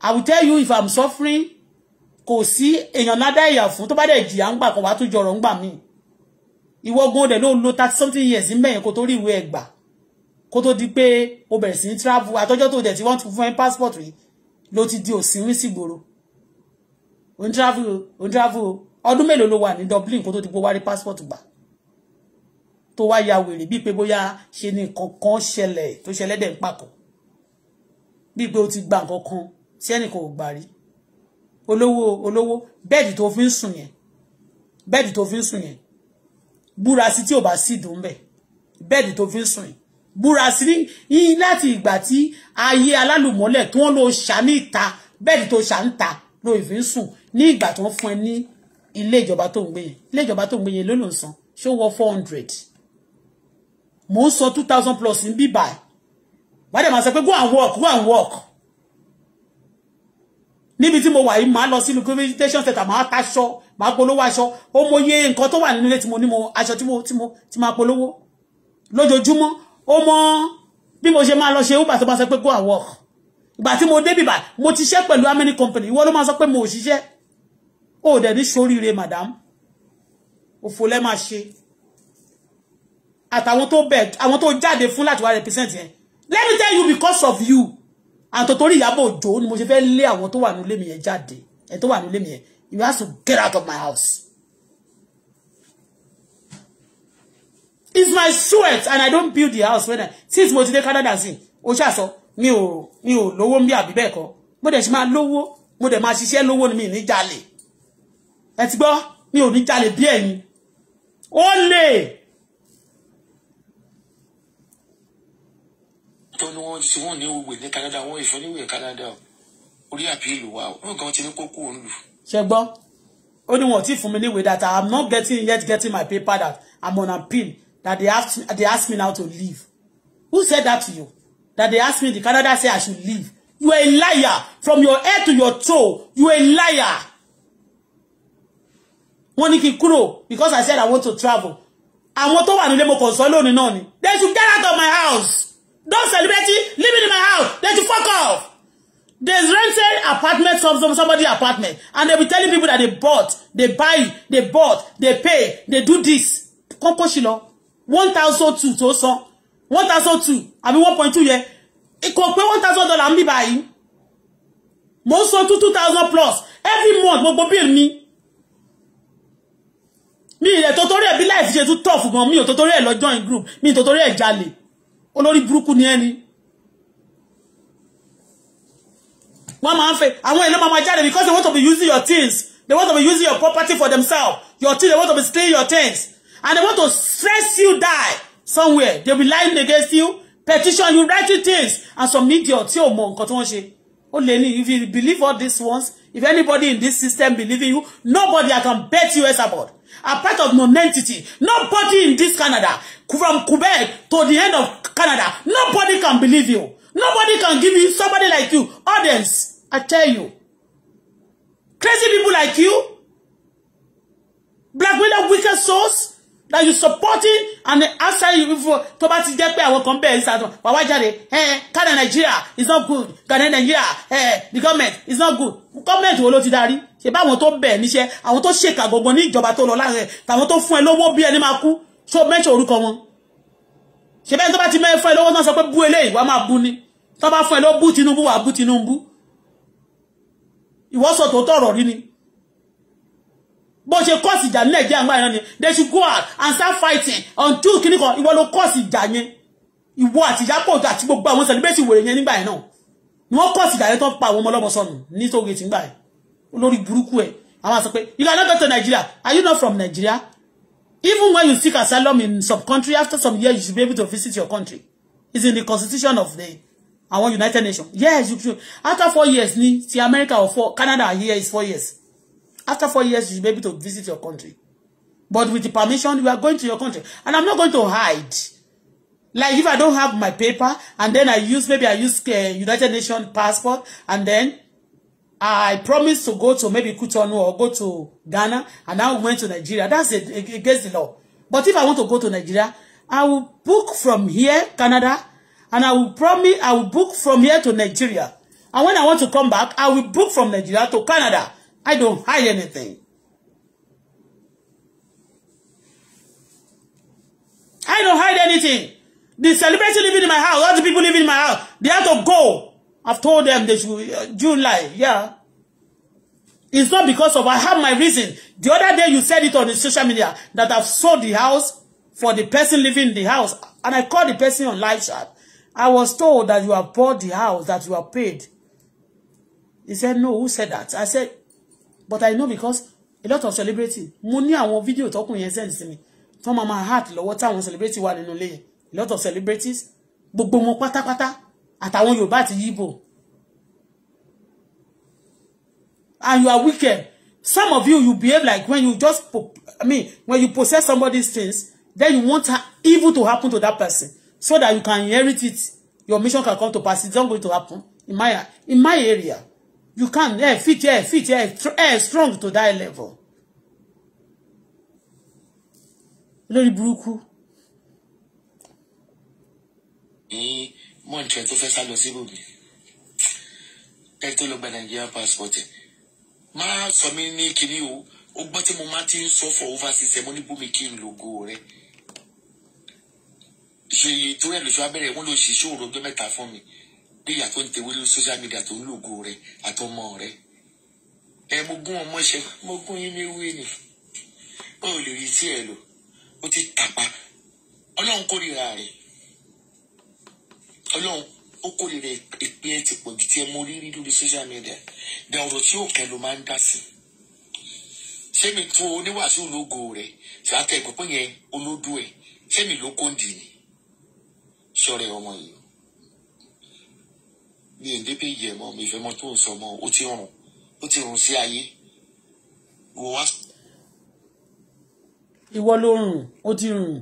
S1: i will tell you if i'm suffering kò sí èèyàn ládá èèyàn fún tó bá dẹ̀ jìyà ń gbà kan wá tó jọrọ̀ ń gbà míì ìwọ gan dẹ̀ lo thirty something years ń bẹ̀yẹn kó tó rí ìwé ẹ̀gbà kó tó di pé o bẹ̀rẹ̀ sí ní travel àtọ́jọ́ tó dẹ̀ tí wọ́n ti fún passport rí lo ti di òsínwí sígboro òun travel on travel ọdún melo ló wà ní Dublin kó tó ti gbówárí passport gbà tó wá ya wèrè bíi pé bóyá ṣe ni nǹkan kan ṣẹlẹ̀ tó ṣẹlẹ̀ dẹ̀ ń pàkọ́ bíi pé ó ti gba nǹkan kan tí ẹnìkan ò gbà rí olówó olówó bẹ́ẹ̀dì tó fi ń sùn yẹn bẹ́ẹ̀dì tó fi ń sùn yẹn búra sí tí ò bá sì dùn bẹ́ẹ̀ bẹ́ẹ̀dì tó búra sí ní láti ìgbà tí ayé alálùmọ́lẹ̀ tí wọ́n lọ ṣà ní ìta bẹ́ẹ̀dì tó ṣà ń ta ló ìfi ń sùn ní ìgbà tó ń fún ẹ ní ilé ìjọba tó ń gbé yẹn ilé ìjọba tó ń gbé yẹn ló ló ń san ṣó wọ four hundred mò ń sọ two thousand plus ń bí báyìí wàá dẹ̀ sọ pé go and work go and work níbi tí mo wà yìí màá lọ sínú communication center màá taṣọ màá polówó aṣọ ó mọ iye nǹkan tó wà nínú ilé tí mo ní mo aṣọ tí mo tí mo ti máa polówó lójoojúmọ́ ó mọ bí mo ṣe máa lọ ṣe uber tó bá sọ pé go and work ìgbà tí mo débì bá mo ti ṣe pẹ̀lú how many company ìwọ ló máa sọ pé mo ò ṣiṣẹ́ ó dẹ̀ ní ṣoríire madam òfò lẹ́ máa ṣe àtàwọn tó bẹ̀ àwọn tó jáde fún láti wá represent yẹn let me tell you because of you àtòtórí Ìyábọ̀ Òjó ni mo ṣe fẹ́ lé àwọn tó wà nílé mi yẹn jáde ẹ̀ tó wà nílé mi yẹn you have to get out of my house. it's my sweat and i don't build the house when i since mo ti dé Canada sin o ṣá sọ mi ò mi ò lówó nbi àbí bẹ́ẹ̀ kọ́ mo dẹ̀ ṣe máa lówó mo dẹ̀ máa ṣiṣẹ́ lówó ni mi ni jalè ẹ ti gbọ́ mi ò ní jalè bí ẹ̀yin ó lè
S3: tó ní wọ́n ti wọ́n ní òwe ní Canada wọ́n ìfọ́ ní òwe Canada orí àpìlù wa wọ́n gan ti ní kókó òun lù.
S1: ṣe gbọ́ ó ní wọn ò tí fún mi níwèé data i'm not getting yet getting my paper that i'm on appeal that they asked they asked me now to leave. Who said that to you? That they asked me the Canada say I should leave. You are a liar from your head to your toe. You are a liar. Wọ́n ní because I said I want to travel. Àwọn tó wà nílé mo kàn sọ lónìí They should get out of my house. Don't celebrate it. Leave it in my house. They should fuck off. There's rented apartments from some, somebody apartment and they be telling people that they bought, they buy, they bought, they pay, they do this. Kọ́kọ́ one thousand two tó san one thousand two àbí one point two yẹn kò pé one thousand dollar ń bì báyìí mo ń san two two thousand plus every month gbogbo bill mi mi ilẹ̀ tòtórí ẹ̀ bí láì fi ṣe tún tọ̀ fùgbọ́n mi ò tòtórí ẹ̀ lọ join group mi tòtórí ẹ̀ jalè olórí burúkú ni ẹni wọ́n máa ń fẹ́ àwọn ìlú máa jáde because they want to be using your things they want to be using your property for themselves your things they want to be stealing your things and they want to stress you die somewhere they be lying against you petition you writing things and some idiot tí ò mọ nǹkan tí wọ́n ṣe ó if you believe all this ones if anybody in this system believe in you nobody i can bet you as about a part of non-entity nobody in this Canada from Quebec to the end of Canada nobody can believe you nobody can give you somebody like you audience i tell you crazy people like you black widow wicked souls that you supporting and outside you for tó bá ti jẹ́ pé àwọn kan bẹ́ẹ̀ ìsàtọ̀ wà wá jáde eh Canada Nigeria is not good Canada Nigeria eh the government is not good government wo ló ti darí ṣe báwọn tó bẹ̀ níṣẹ́ àwọn tó ṣèkà gbogbo ní ìjọba lo lọ láàrin tàwọn tó fún ẹ lówó bí ẹni máa kú so mẹ́tò orúkọ wọn ṣe bẹ́ẹ̀ tó bá ti mẹ́ fún ẹ lówó náà sọ pé bú eléyìí wàá máa bú ni tó bá fún ẹ ló bú Tinubu wàá bú Tinubu ìwọ́sọ̀ tó tọ̀rọ̀ rí ni bó ṣe kọ́ọ̀sì ìjà nílẹ̀ jẹ́ àgbà ìran ni they should go out and start fighting until kìnnì kan ìwọ ló kọ́ọ̀sì ìjà yẹn ìwọ àti ìyápọ̀ ọ̀dọ̀ àti gbogbo àwọn celebrate wèrè yẹn nígbà yẹn náà ni wọ́n kọ́ọ̀sì ìjà yẹn tó ń pa àwọn ọmọ ọlọ́mọ sọnù ní tó retí gbà yẹn olórí burúkú ẹ̀ àwọn àṣọ pé you are not go to Nigeria are you not from Nigeria even when you seek asylum in some country after some years you should be able to visit your country it's in the constitution of the àwọn United Nations yes you should after four years ni ti America or four Canada here is four years After four years, you may be to visit your country. But with the permission, you are going to your country. And I'm not going to hide. Like if I don't have my paper, and then I use, maybe I use uh, United Nations passport, and then I promise to go to maybe Cotonou or go to Ghana, and now went to Nigeria. That's it, against the law. But if I want to go to Nigeria, I will book from here, Canada, and I will promise I will book from here to Nigeria. And when I want to come back, I will book from Nigeria to Canada. I don't hide anything. I don't hide anything. The celebrity living in my house, all the people living in my house, they have to go. I've told them they should, uh, July, yeah. It's not because of, I have my reason. The other day you said it on the social media that I've sold the house for the person living in the house. And I called the person on live chat. I was told that you have bought the house, that you have paid. He said, no, who said that? I said, but I know because a lot of celebrity mo ní àwọn video tọkùn yẹn send sí mi tí wọ́n máa máa heart lọ́wọ́ táwọn celebrity wà nínú ilé yẹn a lot of celebrities gbogbo wọn pátápátá àtàwọn Yorùbá àti Yíbò and you are wicked some of you you behave like when you just I mean when you possess somebody's things then you want evil to happen to that person so that you can inherit it your mission can come to pass it's not going to happen in my in my area you can eh, fit yeah. fit eh, eh, strong to that level lórí burúkú.
S3: ní mọ́ǹtì to fẹ́ sá lọ sí ibòmí ẹ tó lọ gba Nigerian passport Ma, máa sọ ni kini kinní o ó gbọ́ tí mo máa ti ń for overseas ẹ mo ní bómi kí n lògo rẹ ṣe torí ẹ lóṣù abẹ́rẹ́ wọn ló ṣiṣẹ́ òròjọ́ mẹ́ta fún mi bí ìyá tó ń tewé lórí social media tó ń lògo rẹ àtọmọ rẹ ẹ mo gún ọmọ ṣe mo gún yín méwé ni ó lè rí tí ẹ lò ó ti tàpá ọlọ́run kórìíra rẹ ọlọ́run ó kórìíra ìpín ẹ ti pọ̀ ju tí ẹ mọ rírí lórí social media dá ọ̀rọ̀ tí ó kẹ́ ló máa ń dá sí sẹ́mi tó oníwàásù lógo rẹ̀ sàtẹ̀ ìgbọ́pọ̀ yẹn olódó ẹ̀ sẹ́mi ló kó ń dì ní sọ̀rọ̀ ọmọ yìí mi ò débè yẹ mọ mi fẹ́ mọ tó ń sọ mọ ó ti rùn ó ti rùn sí ayé wò wá.
S1: ìwọ ló rùn ó ti rùn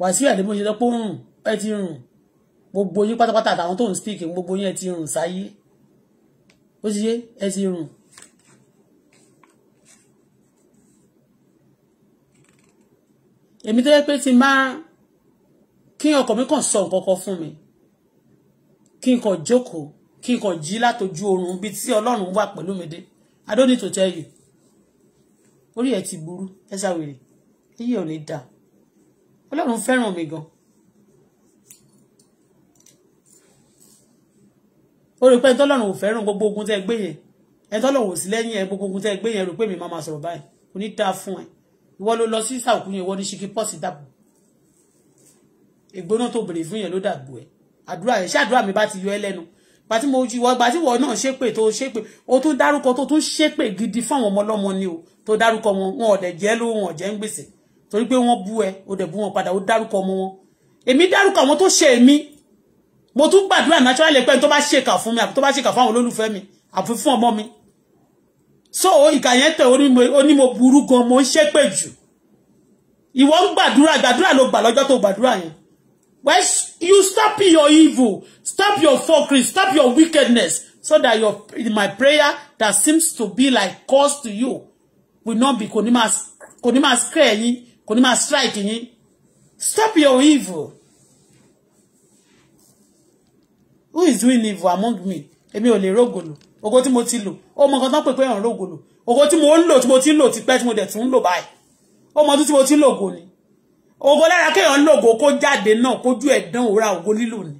S1: Wàsíù Àdébóyè sọ pé ó rùn ẹ ti rùn gbogbo yín pátápátá àtàwọn tó ń speak gbogbo yín ẹ ti rùn sáyé ó ti yé ẹ ti rùn. èmi tó yẹ pé ti máa kí ọkọ mi kàn sọ nǹkan kan fún mi kí n kàn jókòó kí n kàn jí látojú oorun bí tí ọlọ́run wà pẹ̀lú mi dé I don't need to tell you orí ẹ̀ ti burú ẹ ṣàwèrè eyín ò ní dà ọlọ́run fẹ́ràn mi gan ó rí pé ẹni tọ́lọ́run ò fẹ́ràn gbogbo ogun tẹ́ gbé yẹn ẹni tọ́lọ́run ò sí lẹ́yìn ẹ gbogbo ogun tẹ́ gbé yẹn rò pé mi máa ma sọ̀rọ̀ báyìí kò ní dáa fún ẹ ìwọ ló lọ sí sàkú yẹn ìwọ ní ṣíkí pọ́ọ̀sì dàbò ìgbóná tó bèrè fún yẹn ló dàbò ẹ àdúrà yẹn ṣé àdúrà mi bá ti yọ ẹ lẹ́nu gbàtí mo ju ìwọ gbàtí ìwọ náà ṣépè tó ṣépè o tún dárúkọ tó tún ṣépè gidi fún àwọn ọmọ ọlọ́mọ ni o tó dárúkọ wọn wọn ọ̀dẹ̀ jẹ́ ló wọn ọ̀jẹ̀ ń gbèsè torí pé wọ́n bú ẹ o dẹ̀ bú wọn padà o dárúkọ ọmọ wọn èmi dárúkọ àwọn tó ṣe èmi mo tún gbàdúrà naturally pé tó bá ṣèkà fún mi àbí tó bá ṣèkà fún àwọn olólùfẹ́ mi àfi fún ọmọ mi so ìkà yẹn tẹ̀ onímọ̀ burú gan mo ń ṣépè jù ìwọ ń gbàdúrà gbàdúrà ló gbà lọ́jọ́ tó gbàdúrà yẹn When you stop your evil, stop your fuckery, stop your wickedness, so that your my prayer that seems to be like cause to you will not be kò ní máa kò ní scare yín kò strike yín. Stop your evil. Who is doing evil among me? Èmi o lè rògòlò. Ogo tí mo ti lò. O mọ nǹkan tán pè pé ọ̀rọ̀ rògòlò. Ògo tí mo nlo ti tí mo ti ń lò tipẹ́ tí mo dẹ̀ tún ń lò báyìí. Ó mọ tún mo ti ń lò ni ògo lára kéèyàn lògo kó jáde náà kójú ẹ̀ dán òwúrà ògo lílò ni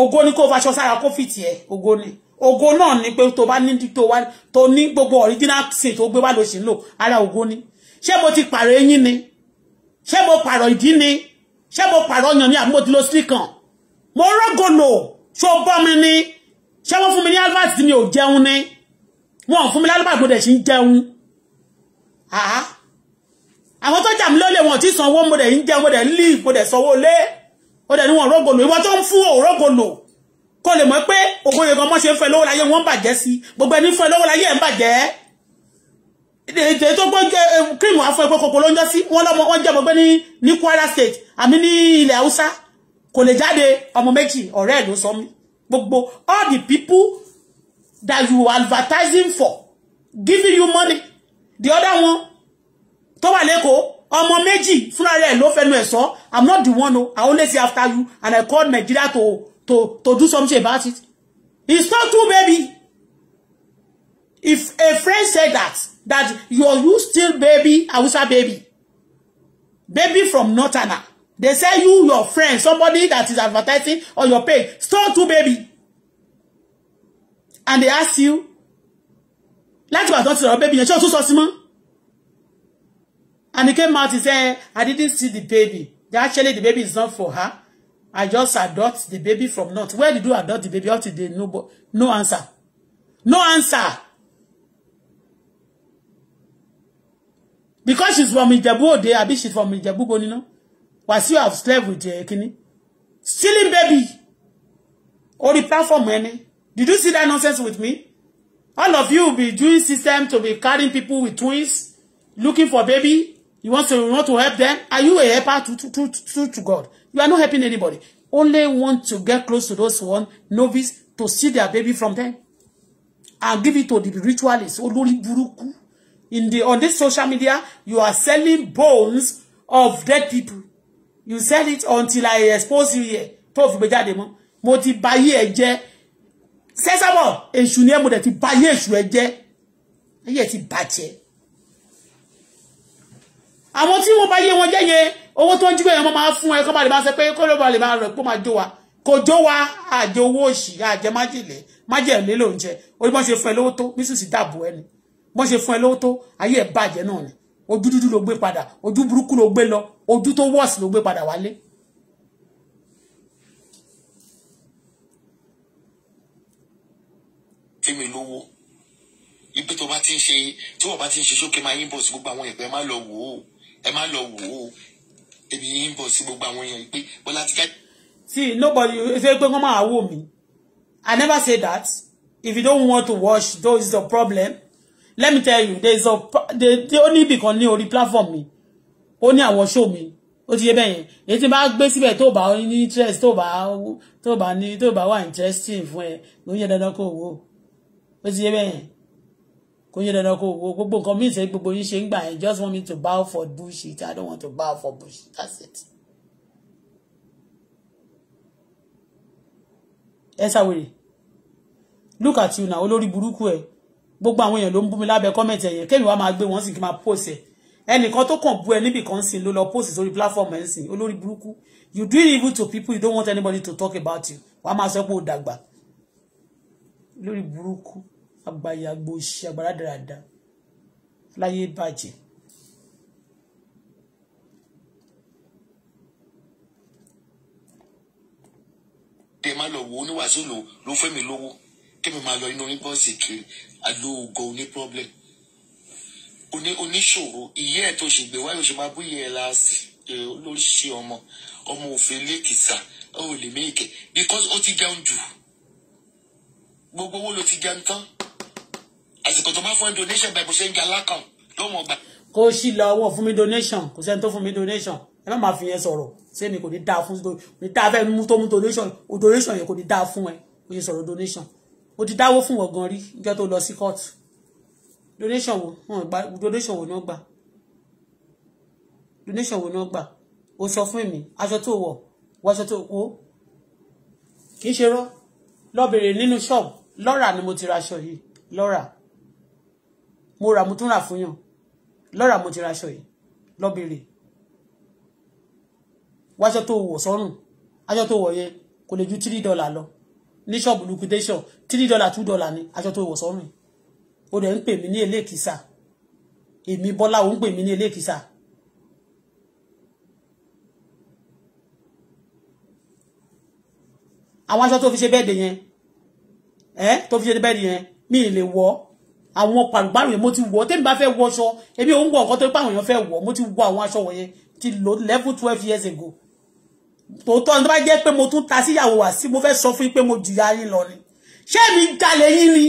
S1: ògo ni kó faṣọ sára kó fìtì ẹ̀ ògo ni ògo náà ni pé tó bá ní tó wá tó ní gbogbo original sin tó gbé wá ló ṣì ń lò ara ògo ni ṣé mo ti pààrọ̀ eyín ni ṣé mo pààrọ̀ ìdí ni ṣé mo pààrọ̀ ọyàn ni àbí mo ti lo silicon mo rọ́gọ̀nà ṣó bọ́ mi ni ṣé wọ́n fún mi ní albert mi ò jẹun ni wọ́n fún mi ní albert gbọ́dọ̀ ṣì ń jẹun àwọn tó jà mí lólè wọn ò tí sanwó mo dẹ̀ ń jẹun mo dẹ̀ ń lì mo dẹ̀ sanwó lé mo dẹ̀ ní wọn rògbòlò ìwọ tó ń fún òrógbòlò kó lè mọ̀ pé ògo yẹn gan mọ́ ṣe ń fẹ́ lówó láyé wọn ń bàjẹ́ sí gbogbo ẹni fẹ́ lówó láyé ẹ̀ ń bàjẹ́ ètò tó gbọ́ kírìmù afọ epo kòkó ló ń jọ sí wọn lọ́mọ wọn jẹ́ gbogbo ní ní Kwara State àmì ní ilẹ̀ Haúsá kò lè jáde ọmọ méjì ọ̀rẹ́ ẹ̀ ló sọ mí gbogbo all the people that you advertising for giving you money the other one tó wà lẹ́kọ̀ọ́ ọmọ méjì fúnra rẹ̀ ló fẹnu ẹ̀ sọ i'm not the one Oh, i only see after you and i called nigeria to to to do something about it it's not true baby if a friend said that that you're you still baby hausa baby baby from northerner they say you your friend somebody that is advertising on your page stone two baby and they ask you láti wà tán ti sọ̀rọ̀ bébí yẹn ṣé o tún And he came out, he said, I didn't see the baby. Actually, the baby is not for her. I just adopt the baby from not. Where did you adopt the baby? Up to the no, no answer. No answer. Because she's from Ijebu They are she's from you know. Was you have slept with uh, eh, Kini. Stealing baby. Or the platform, any. Did you see that nonsense with me? All of you will be doing system to be carrying people with twins, looking for baby. You want to you want to help them? Are you a helper to, to, to, to, to God? You are not helping anybody. Only want to get close to those one novice to see their baby from them and give it to the ritualists. Olórí burúkú. In the on this social media, you are selling bones of dead people. You sell it until I expose you here. Tó fi gbé jáde mọ́. Sesamo, èṣù mo dẹ̀ ti bayé èṣù ẹ jẹ́. ti bàjẹ́ àwọn tí wọ́n bá yé wọn jẹ́ yẹn owó tó ń jí bẹ́ẹ̀ wọ́n máa fún ẹ kó bá lè máa sọ pé kó ló bá lè máa rẹ̀ kó máa jó wa kò jó wa àjẹ owó òṣì àjẹ májèlé májèlé ló ń jẹ orí bọ́n ṣe fún ẹ lówó tó mísùsì dàbò ẹni bọ́n ṣe fún ẹ lówó tó ayé ẹ̀ bàjẹ́ náà ni ojú dúdú ló gbé padà ojú burúkú ló gbé lọ ojú tó wọ́ọ̀sì ló gbé padà wálé
S3: fẹ́mi lówó ibi tó bá ti ń ṣe tí wọ́n bá ti ń ṣe sókè máa yín bọ̀ sí gbogbo àwọn ìpẹ́ máa lọ wò ó ẹ má lọ wò ó èmi ń bọ̀ sí gbogbo àwọn èèyàn pé Bọ́lá Tinubu.
S1: see nobody ṣe pé wọ́n máa wò mí I never say that if you don't want to watch those is your problem let me tell you there is a ó only ibìkan ní orí platform mi ó ní àwọn show mi ó ti yé bẹ́ẹ̀ yẹn èyí tí bá gbé síbẹ̀ tó bá ní interest tó bá tó bá ní tó bá wà interesting fún ẹ ló ń yẹ dandan kó wò ó ti yé bẹ́ẹ̀ yẹn kò yẹ dandan kò gbogbo nǹkan mi ṣe gbogbo yín ṣe ń gbà ẹ just want me to bow for bullshit I don't want to bow for bullshit that's it. ẹ ṣàwèrè look at you now olórí burúkú ẹ gbogbo àwọn èèyàn ló ń bú mi lábẹ́ kọ́mẹ̀tì ẹ̀yẹ kémi wá máa gbé wọn sì kí máa post ẹ ẹnìkan tó kàn bú ẹ níbì kan sìn ló lọ post sórí platform ẹ sìn olórí burúkú you do evil to people you don't want anybody to talk about you wàá máa sọ pé o dàgbà lórí burúkú àgbàyàgbò òṣì àgbàrá dáradá láyé bàjẹ́.
S3: kí ẹ máa lọ wo oníwàásù lò ló fẹ́ mi lówó kí mi máa lọ inú yín bọ́ọ̀sì kiri alóògùn oní problem oní oníṣòro ìyẹ́ ẹ̀ tó ṣe gbé wáyé òṣèlú máa bú ìyẹ́ ẹ̀ láàsì olóṣì ọmọ ọmọ òfin lẹ́kìsà ó lè mí ìkẹ́ because ó ti jẹun jù gbogbo owó ló ti jẹun tán àsìkò tó bá fún donation bẹ́ẹ̀ bó ṣe ń jẹ alákàn ló mọ̀ gbà.
S1: kó o lọ owó fún mi donation kò sẹ́ni tó fún mi donation ẹ má máa fi yẹn sọ̀rọ̀ sẹ́ni kò ní dáa fún ní dáa fẹ́ mú tó mú donation o donation yẹn kò ní dáa fún ẹ kò ṣe sọ̀rọ̀ donation o ti dáwó fún wọn gan rí níjọ́ tó lọ sí court donation wo wọn gba donation wo ni wọn gbà donation wo ni wọn gbà o sọ fún mi aṣọ tó wọ̀ wọṣọ tó kó kì í ṣe rọ lọ bèrè nínú ṣọ́ọ̀bù lọ́ra ni mo ti raṣọ yìí lọ́ra mo rà mo tún rà fún yàn lọ́ra mo ti raṣọ yìí lọ́bẹ̀rẹ̀ wáṣọ tó wọ̀ sọ́rùn aṣọ tó wọ̀ yẹn kò lè ju three dollar lọ ní ṣọ́ọ̀bù liquidation three dollar two dollar ni aṣọ tó wọ̀ sọ́rùn o dẹ̀ ń pè mí ní eléèkìsà èmi Bọ́lá ò ń pè mí ní eléèkìsà àwọn fi ṣe bẹ́ẹ̀dì yẹn ẹ́ tó fi ṣe bẹ́ẹ̀dì yẹn mi ì lè àwọn pàrùbárù yẹn mo ti wọ̀ tẹ́mi bá fẹ́ wọṣọ ebi òun wọ̀ ọ̀kan tó pàwọn èèyàn fẹ́ wọ̀ mo ti wọ̀ àwọn aṣọ wọ̀nyẹn ti lò level twelve years ago tòótọ́ ní tó bá jẹ́ pé mo tún ta síyàwó wá sí mo fẹ́ sọ fún yín pé mo jìyà yín lọ ni ṣé mi jalè yín ni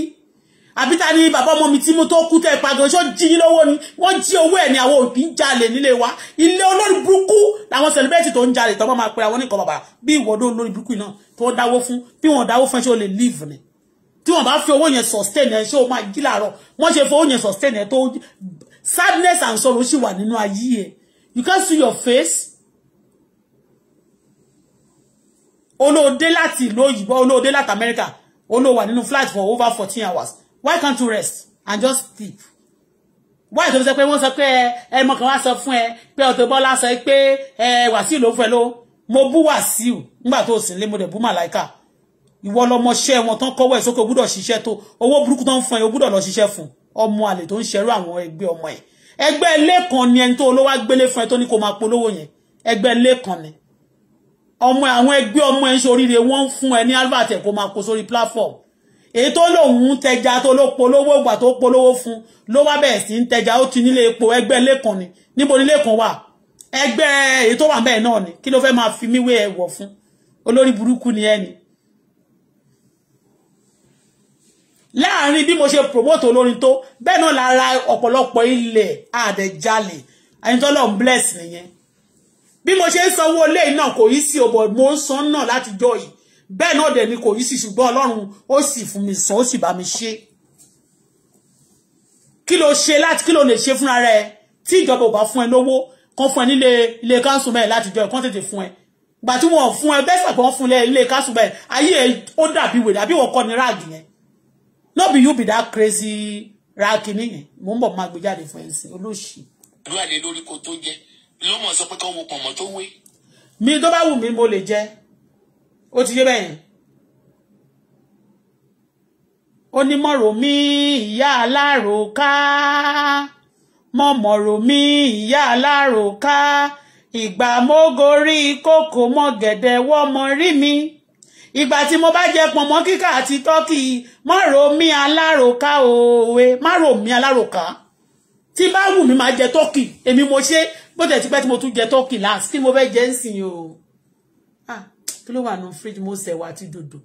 S1: àbí ta ni bàbá ọmọ mi tí mo tó kú tẹ́ ìpàgọ́ ṣó jí yín lọ́wọ́ ni wọ́n jí owó ẹ̀ ní àwọn òbí ń jalè nílé wa ilé olórí burúkú làwọn sẹlẹbẹ́tì tó ń jalè tọ́ bá máa pe àwọn nìkan bàbá bí ìwọ́dọ̀ olórí burúkú náà tó dáwó fún bí wọ́n dáwó fún ẹ ṣé o lè leave ni tí wọ́n bá fi owó yẹn sustain ẹ̀ ṣé o máa jí làárọ̀ wọ́n ṣe fi owó sustain ẹ̀ tó sadness and sorrow ṣì wà nínú ayé ẹ̀ you can see your face olóòdé láti ìlú òyìnbó olóòdé láti America olóòwà nínú flight for over 14 hours why can't you rest and just sleep why tó fi sọ pé wọ́n sọ pé ẹ mọ̀kàn wá sọ fún ẹ pé Auto Bola sọ pé ẹ Wàsíù ló fẹ́ ló mo bú Wàsíù nígbà tó sì ń lé mo dẹ̀ bú màláìka ìwọ lọmọṣẹ́ wọn tán kọ́wọ́ ẹ̀ sókè gbúdọ̀ ṣiṣẹ́ tó owó burúkú tán ń fún ẹ gbúdọ̀ lọ ṣiṣẹ́ fún ọmọ àlè tó ń ṣerú àwọn ẹgbẹ́ ọmọ ẹ̀ ẹgbẹ́ ilé kan ni ẹni tó olówó agbélé fún ẹ tó ní kó máa polówó yẹn ẹgbẹ́ ilé kan ni ọmọ àwọn ẹgbẹ́ ọmọ ẹ̀ ń ṣoríire wọ́n ń fún ẹ ní albert ẹ̀ kó máa kó sórí platform èyí tó lòun tẹja tó ló polówó ìgbà tó polówó fún ló wá bẹ̀rẹ̀ sí ń tẹja ó ti nílé epo ẹgbẹ́ ilé kan ni níbo nílé kan wà ẹgbẹ́ èyí tó wà bẹ́ẹ̀ náà ni kí ló fẹ́ máa fi mí wé ẹ̀wọ̀ fún olórí burúkú ni ẹni láàrin bí mo ṣe promote olórin tó bẹ́ẹ̀ náà la ra ọ̀pọ̀lọpọ̀ ilẹ̀ àdẹ̀jalè àyíntọ́lọ̀ ń bless nìyẹn bí mo ṣe ń sanwó ilé náà kò yí sí ọ̀bọ̀ mo ń san náà láti jọ yìí bẹ́ẹ̀ náà dẹ̀ ni kò yí sí ṣùgbọ́n ọlọ́run ó sì fún mi san ó sì bá mi ṣe kí ló ṣe láti kí ló lè ṣe fúnra rẹ tí ìjọba ò bá fún ẹ lówó kan fún ẹ nílé ilé káńsù mẹ́rin láti jọ ìkan tètè fún ẹ gbà tí wọn fún ẹ bẹ́sẹ̀ pé fún ilé káńsù mẹ́rin ayé ó dàbí wèrè àbí wọ́n kọ́ ni ráàgì yẹn no be you be that crazy rakini yẹn mo ń bọ̀ máa gbé jáde fún ẹ̀sìn olóṣì.
S3: àdúrà lé lórí kó tó jẹ ló mọ̀ sọ pé kí wọ́n wo pọ̀nmọ́ tó wé.
S1: mi tó bá wù mí mo lè jẹ ó ti yé bẹ́ẹ̀ yẹn. onímọ̀rọ̀ mi ìyá aláròká mọ̀mọ̀rọ̀ mi ìyá aláròká ìgbà mógorí kókò mọ̀gẹ̀dẹ̀ wọ́mọ rí mi ìgbà tí mo bá jẹ pọ̀nmọ́ kíkà àti tọ́kì má rò mí aláròká òwe má rò mí aláròká tí bá wù mí máa jẹ tọ́kì èmi mo ṣe bó tẹ̀ tipẹ́ tí mo tún jẹ tọ́kì last kí mo fẹ́ jẹ́ ń sìn o kí ló wà nù fridge mo ṣẹ̀wà àti dòdò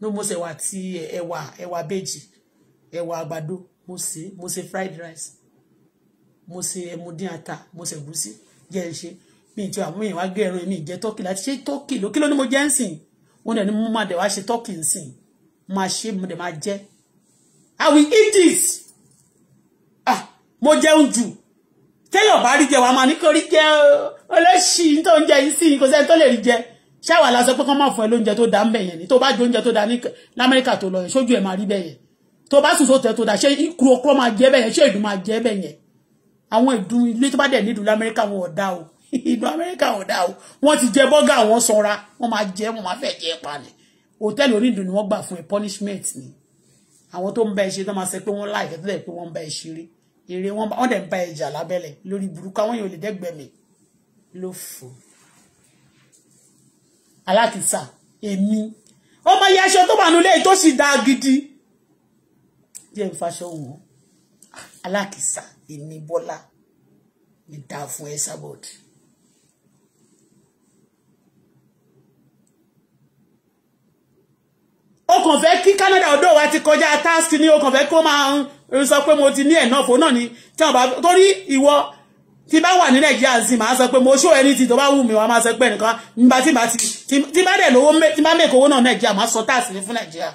S1: no mo ṣẹ̀wà àti ẹ̀wà ẹ̀wà bèjì ẹ̀wà àgbàdo mo ṣe mo ṣe fried rice mo ṣe ẹmu ata mo ṣe ẹ̀gúsí jẹ́ ń ṣe mi ìtura mi ìwà gẹ̀rọ mi ìjẹ́ tọ́kì láti ṣe tọ́kì ló kí ló ní mo jẹ́ ń sìn wọ́n dẹ̀ ní mo máa dẹ̀ wá ṣe tọ́kì nsìn máa ṣe mo dẹ̀ máa jẹ́ i will eat this ah mo jẹun jù téèyàn bá rí jẹ wàá máa ní kó rí jẹ ọlọ́ṣì tó ń jẹ yìí sí kò sẹ́ni tó lè rí jẹ ṣáwà la sọ pé kán máa fún ẹ lóúnjẹ tó dáa ń bẹ̀ yẹn ni tó bá jẹ oúnjẹ tó dáa ní lamẹ́ríkà tó lọ yẹn sójú ẹ̀ máa rí bẹ́ẹ̀ yẹn tó bá sùn sóòtẹ́ tó dáa ṣé ikú ọkọ máa jẹ́ bẹ́ẹ̀ yẹn ṣé ìdùn máa jẹ́ bẹ́ẹ̀ yẹn àwọn ìdun ilé tó bá dẹ̀ nídùú lamẹ́ríkà wọn ò dá o ìlú amẹ́ríkà ò dáa o wọ́n ti jẹ bọ́gà wọn sanra wọ́n máa jẹ wọ́n máa fẹ́ jẹ palẹ̀ hòtẹ́ẹ̀lì onídùn ni wọ́n gbà fún ẹ punishment ni àwọn tó ń bá ẹ ṣe tó máa ṣe pé wọ́n láìpẹ́ tó dẹ̀ pé wọ́n ń bá ẹ ṣeré eré wọn wọ́n dẹ̀ ń bá ẹ jà lábẹ́lẹ̀ lórí burúkú àwọn èèyàn ò lè dẹ́gbẹ̀mí ló fò alákìsà èmi ọmọ ìyá aṣọ tó wà nílé tó sì dáa gidi jẹ́ ń faṣọ wọn alákìsà èmi bọ́lá mi dáa fún ẹ sábọ̀dì. ó kàn fẹ́ kí Canada ọ̀dọ̀ wa ti kọjá task ni ó kàn fẹ́ kó máa ń sọ pé mo ti ní ẹ̀nà fò náà ni tí wọn bá torí ìwọ tí bá wà ní Nàìjíríà sí màá sọ pé mo ṣó ẹni tí tó bá wù mí wàá máa sọ pé nìkan nígbà tí bá tí bá dẹ̀ lówó tí bá mẹ́kọ̀ owó náà Nàìjíríà máa sọ task ní fún Nàìjíríà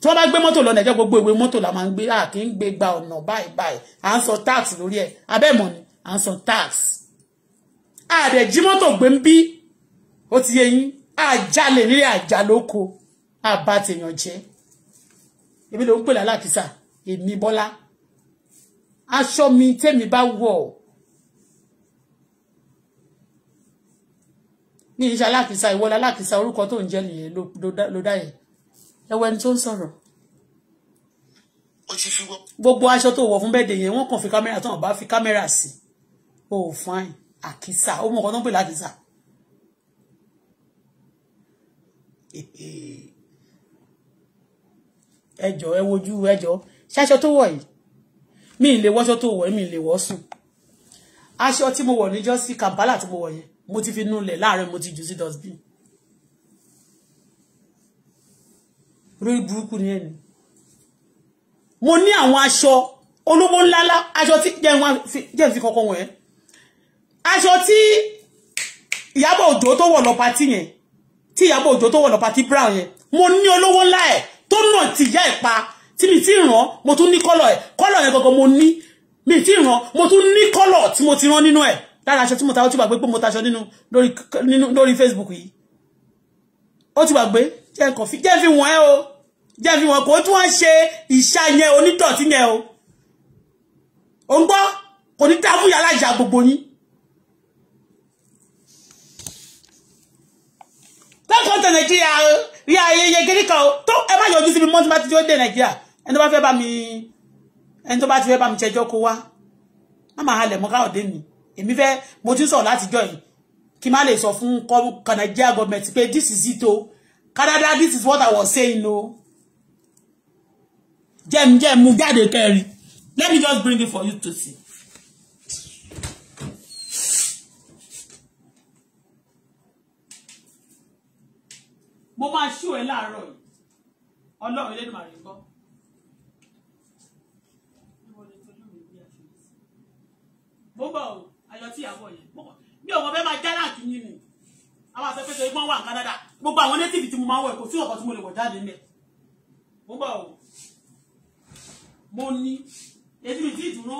S1: tí wọ́n bá gbé mọ́tò lọ Nàìjíríà gbogbo ìwé mọ́tò la máa ń gbé àkí ń gbé gba ọ̀nà báyìí báyìí à ń sọ tax lórí ẹ̀ abẹ́mọ̀ ni à ń sọ tax àdẹ̀jí mọ́tò àbá tèèyàn jẹ́ èmi ló ń pè lálàkísà èmi bọ́lá aṣọ mi tèmi bá wọ̀ ní iṣẹ́ alákìsà ìwọlẹ̀ alákìsà orúkọ tó ń jẹ́ nìyẹn ló dá yẹn ẹwẹ́ ni tó ń sọ̀rọ̀ gbogbo aṣọ tó wọ̀ fún bẹ́ẹ̀dẹ̀ yẹn wọ́n kàn fi kámẹ́rà tó wọ́n bá fi kámẹ́rà sí o ò fine àkìsà ó mọ̀ nǹkan tó ń pè lákìsà ẹjọ ẹ wojú ẹjọ ṣaṣọ tó wọ̀ yìí mi ì lè wọṣọ tó wọ̀ mi ì lè wọ̀ sùn aṣọ tí mo wọ̀ níjọ́ sí Kampala tí mo wọ̀ yẹn mo ti fi nulẹ̀ láàrin mo ti jù sí dustbin lórí burúkú ni ẹni mo ní àwọn aṣọ olówó ńláńlá aṣọ tí jẹ́ fi kọ́kọ́ wọ̀nyẹn aṣọ tí Ìyábọ̀ Òjó tó wọ̀ lọ patí yẹn tí Ìyábọ̀ Òjó tó wọ̀ lọ patí brown yẹn mo ní olówó ńlá ẹ̀ tó ràn ti ìyá ẹ̀ pa tí mi ti ràn mo tún ní kọ́lọ̀ ẹ̀ kọ́lọ̀ yẹn gangan mo ní mi ti ràn mo tún ní kọ́lọ̀ tí mo ti rán nínú ẹ̀ lára aṣọ tí mo ta ó ti gbàgbé pé mo taṣọ nínú lórí Facebook yìí ó ti gbàgbé jẹ́ nǹkan fi jẹ́ fi wọ́n ẹ́ o jẹ́ fi wọ́n kò tún wọ́n ṣe ìṣá yẹn onídọ̀tí yẹn o ò ń gbọ́ kò ní dáhùn yàrá gbogbo yín welcome to Nigeria rí ayẹyẹ kiri kan o tó ẹ má yọjú síbi mọ́tí bá ti tó dé Nigeria ẹni tó bá fẹ́ bá mi ẹni tó bá ti fẹ́ bá mi ṣẹjọ́ kó wá má máa halẹ̀ mọ́ káwọ̀ mi èmi fẹ́ mo ti sọ̀rọ̀ látijọ́ yìí kí má lè sọ fún Nigeria government pé this is it o Canada this is what I was saying o jẹ́mu jẹ́mu jáde kẹrin let me just bring it for you to see. mo máa ṣú ẹ láàárọ̀ yìí ọlọ́run ilé ìmọ̀ rẹ̀ gbọ́. mo bọ̀ o ayọ̀ tí ìyàwó yẹn mi ò mọ bẹ́ẹ̀ máa jálá kí yín ni àwọn afẹ́fẹ́ tó wà Canada gbogbo àwọn native tí mo máa ń wọ̀ kò sí ọ̀kan tí mo lè wọ̀ jáde nílẹ̀ mo bọ̀ o mo ní ètí mi tí ìdúró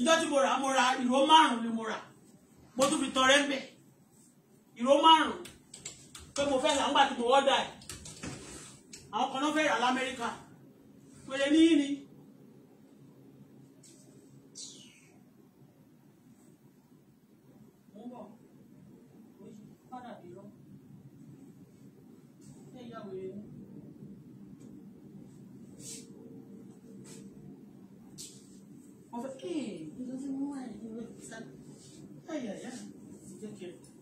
S1: ìjọ tí mo rà mo ra ìró márùn-ún ni mo rà mo tún fi tọrẹ ń ìró márùn-ún pé mo fẹ́ làǹgbà tí mo ọ́dà ẹ̀ àwọn kan náà fẹ́ rà lamẹ́ríkà pèrè níyì ni.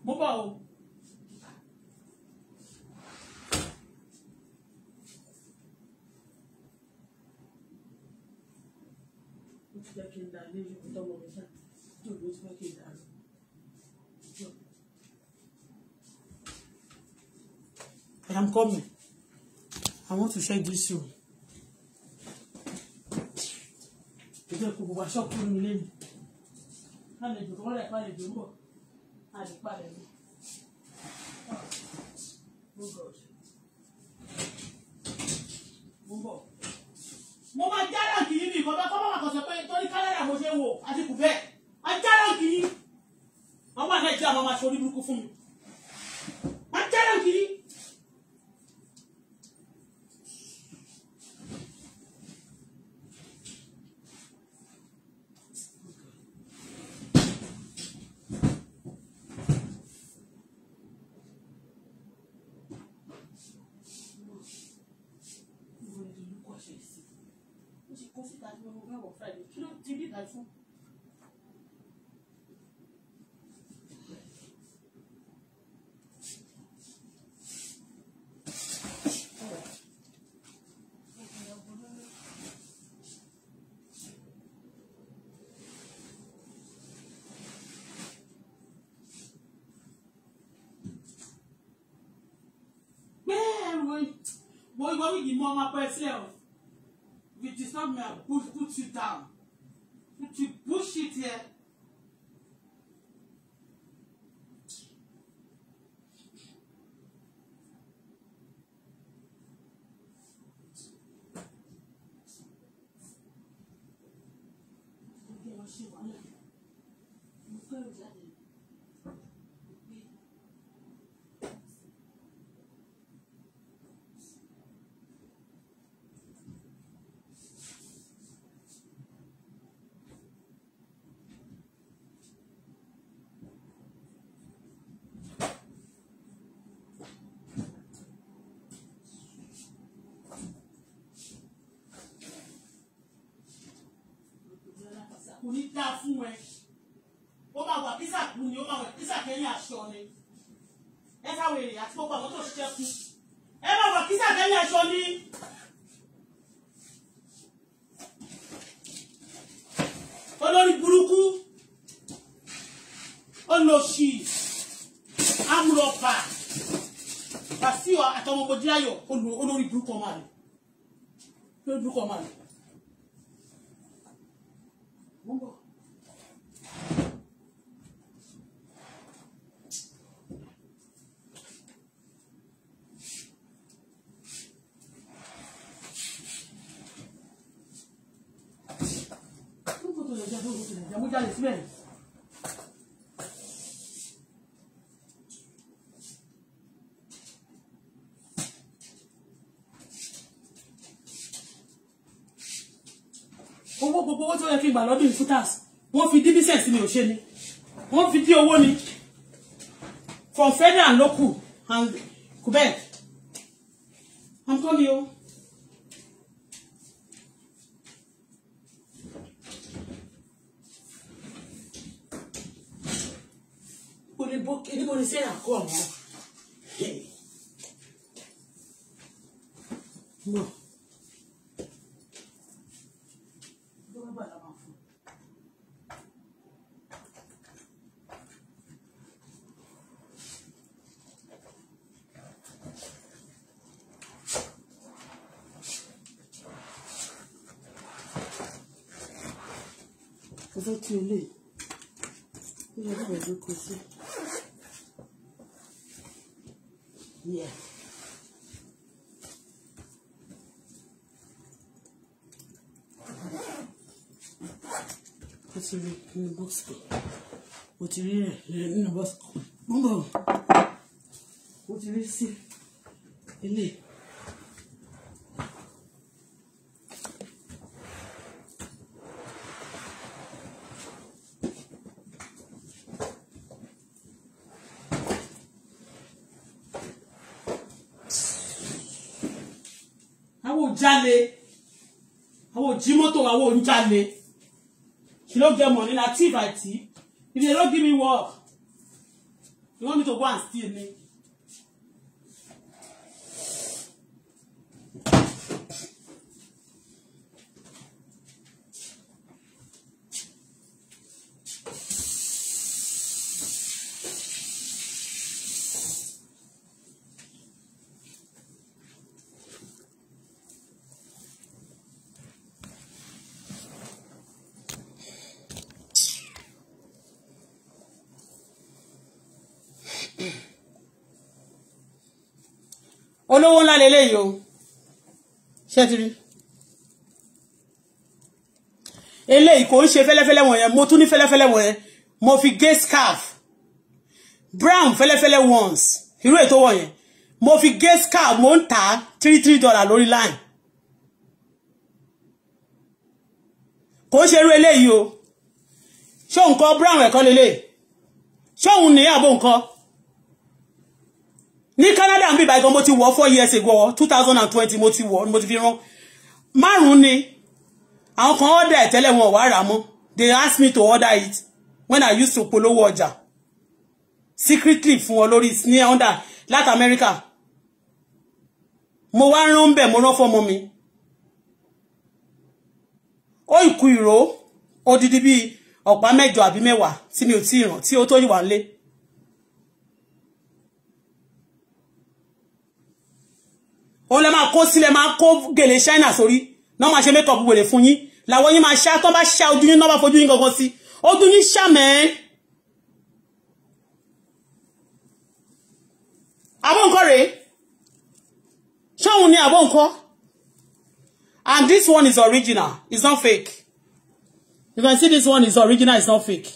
S1: mo bá o I'm coming. I want to check this room. ìjọ kò wá ṣọ́ọ̀kù nínú ilé mi àlejò kọ́ lẹ̀ pa àlejò ń bọ̀ àlejò pa àlejò. mo máa já ránkì yín ní bá kọ́ bá kọ̀ sọ pé torí kálẹ́rà mo ṣe wò àti kù bẹ́ẹ̀ máa já ránkì àwọn àgbẹ̀ jẹ́ àwọn máa ṣe orí fún mi máa já ránkì nǹkan fún. wọ́n wọ́n yìí mama ọmọ apẹ́ sílẹ̀ o if you disturb me I will put you down. Who shit here? kò ní dáa fún ẹ ó máa wà kísà kú ni ó máa wà kísà kẹ́yìn aṣọ ni ẹ sáwọn èrè àti gbogbo àwọn tó ṣiṣẹ́ kú ẹ máa wà kísà kẹ́yìn aṣọ ni. olórí burúkú olóṣì amúlọpà Wàsíù àtọmọ olórí burúkú ọmọ rẹ olórí burúkú ọmọ rẹ. Move on. gbà lọ́dún footers wọ́n fi dividends mi ò ṣe ni wọ́n fi dí owó ni from federal and local and Quebec wọ́n kọ́ mi o. Ibo ni sẹ́yà kọ́ àwọn.
S2: fẹ́ tú eléyìí kí ló bẹ̀rẹ̀ ló kó sí. Yeah. mo ti rí nínú bọ́ọ̀sì kan mo ti rí rẹ̀ nínú bọ́ọ̀sì kan mo ti rí sí eléyìí.
S1: ó ń jalè she no get money na thief i thief if they no give me work you want me to go and steal me olówó ńlá lélẹ́yìí o ṣẹ́tìrí eléyìí kò ń ṣe fẹ́lẹ́fẹ́lẹ́ wọ̀nyẹn mo tún ní fẹ́lẹ́fẹ́lẹ́ wọ̀nyẹn mo fi gé scarf brown fẹ́lẹ́fẹ́lẹ́ ones irú ètò wọ̀nyẹn mo fi gé scarf mo ń tà three three dollar lórí line kò ń ṣe irú eléyìí o ṣé òun kọ́ brown ẹ̀kọ́ lélẹ̀ ṣé òun ní àbò nǹkan ní Canada ń bí báyìí gan mo ti wọ̀ four years ago two thousand and twenty mo ti wọ̀ mo ti fi rán márùn-ún ni àwọn kan order ẹ̀ tẹ́lẹ̀ wọn ò wá rà mọ́ they ask me to order it when I used to polówó ọjà secretly fún wọn lórí ní under Latin America mo wá rán ń mo rán fọmọ mi ó ìkú ìró odidi bíi ọ̀pá mẹ́jọ àbí mẹ́wàá tí mi ò tí ì ràn tí ó tó yìí wà lé On lẹ máa kó sílẹ̀ máa kó gèlè china sórí náà máa ṣe mékọ̀pù wèrè fún yín làwọn yín máa ṣá tán bá ṣá ojú yín náà bá fojú yín kankan sí ojú yín ṣàmẹ́. àbọ̀ nǹkan rèé ṣọ́hun ni àbọ̀ nǹkan and this one is original it's not fake you can see this one is original it's not fake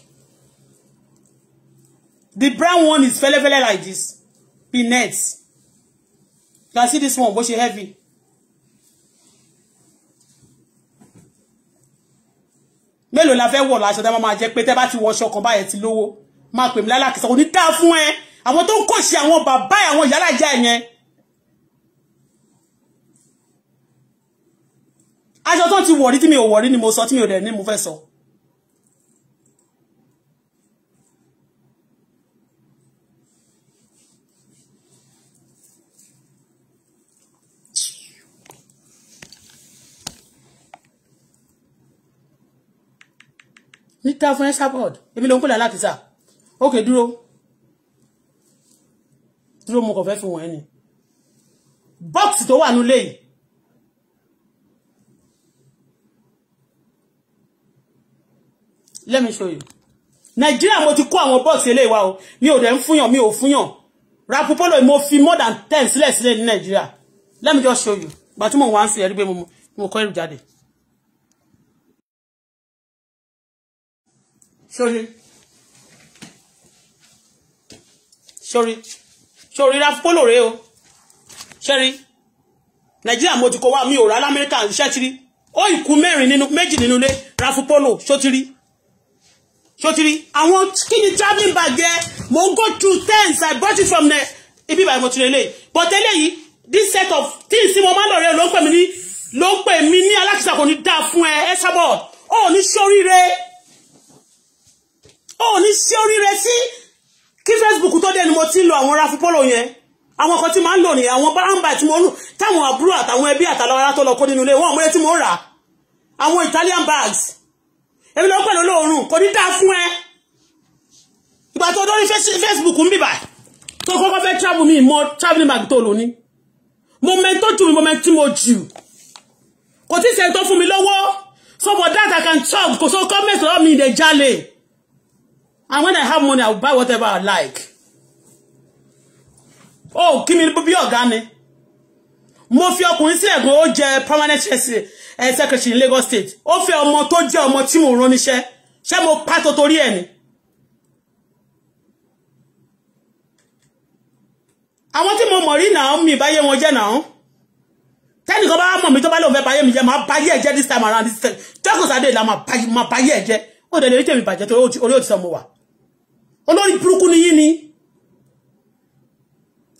S1: the brown one is fẹlẹfẹlẹ like this Pinets. You can see this one bó ṣe heavy. mélòó la fẹ́ wọ̀ láṣọ dáná máa jẹ́ pé tẹ́ bá ti wọṣọ kan báyẹn ti lówó máa pè mí lálàkìsọ kò ní dá fún ẹ àwọn tó ń kò ṣe àwọn bàbá ẹ àwọn ìyálà ìjà ẹ yẹn. aṣọ tó ti wọ̀ rí tí mi ò wọ̀ rí ni mo sọ tí mi ò dẹ̀ ní mo fẹ́ sọ. So. níta fún ẹ́sà board èmi ló ń kúlẹ̀ láti sà ókè dúró dúró mo kàn fẹ́ fi wọ̀n ẹ́ ni bọ́ọ̀sì tó wà nílé yìí let me show you Nigeria, mo ti kó àwọn bọ́ọ̀sì eléyìí wá o mi ò dẹ̀ ń fúnyàn mi ò fúnyàn rapopolo mo fi more than ten sílẹ̀ sílẹ̀ ní nàìjíríà let me just show you But mo wá ń sílẹ̀ rí pé mo kọ́ ẹrù jáde. Sorry, sorry, sorry. ra polo rèé o sẹ́rí nàìjíríà mo ti kọ wá mi ò rà lamẹ́ríkà ṣẹ́tìrí ó ìkú mẹ́rin nínú méjì nínú ilé rafu polo ṣótìrí ṣótìrí àwọn kíni travelling bag yẹ mo go to tents. i bought it from there. ibi ìbàdàn mo ti rẹ but eléyìí this set of things tí mo máa ń lọ rẹ ló ń pè mí ní ló ń pè mí ní alákìsà kò ní dáa fún ẹ ẹ sábọ ó ní sí orí rẹ sí kí Facebook tó dé ni mo ti ń lo àwọn rafu polo yẹn àwọn kan tí máa ń lò nìyẹn àwọn báńbà tí mo ń lò táwọn àbúrò àtàwọn ẹbí àtàlọ́wọ́ tó lọ kó nínú ilé wọn àwọn tí mo ń rà àwọn Italian bags èmi ló pẹ̀lú olóòórùn kò ní dáa fún ẹ ìgbà tó dórí Facebook ń bìbà tó kọ́kọ́ fẹ́ travel mi mọ traveling bag tó lò ní mo mẹ́tò jù mi mo mẹ́tò mo jù kò tí ì sẹ́ni tó fún mi lọ́wọ́ so for that chop kò so mẹ́sàn-án mi ìdẹ̀ and when I have money I will buy whatever I like Oh, kí mi bí ọ̀gá ni mo fi ọkùnrin sí ẹ̀gbọ́n ó jẹ permanent eh, secretary in Lagos State ó fẹ́ ọmọ tó jẹ́ ọmọ tí mo rán níṣẹ́ ṣé mo pàtó torí ẹ̀ ni. àwọn tí mo mọ̀ rí náà mi ìbáyé wọn jẹ́ náà tẹ́nìkan bá mọ̀ mi tó bá lóun fẹ́ báyé mi jẹ́ máa báyé ẹ̀ jẹ́ this time around this time jọ́kùsádé la máa báyé ẹ̀ jẹ́ ó dẹ̀ lè rí tèmi bàjẹ́ torí orí òtítọ́ mo wà olórí burúkú ni yín ni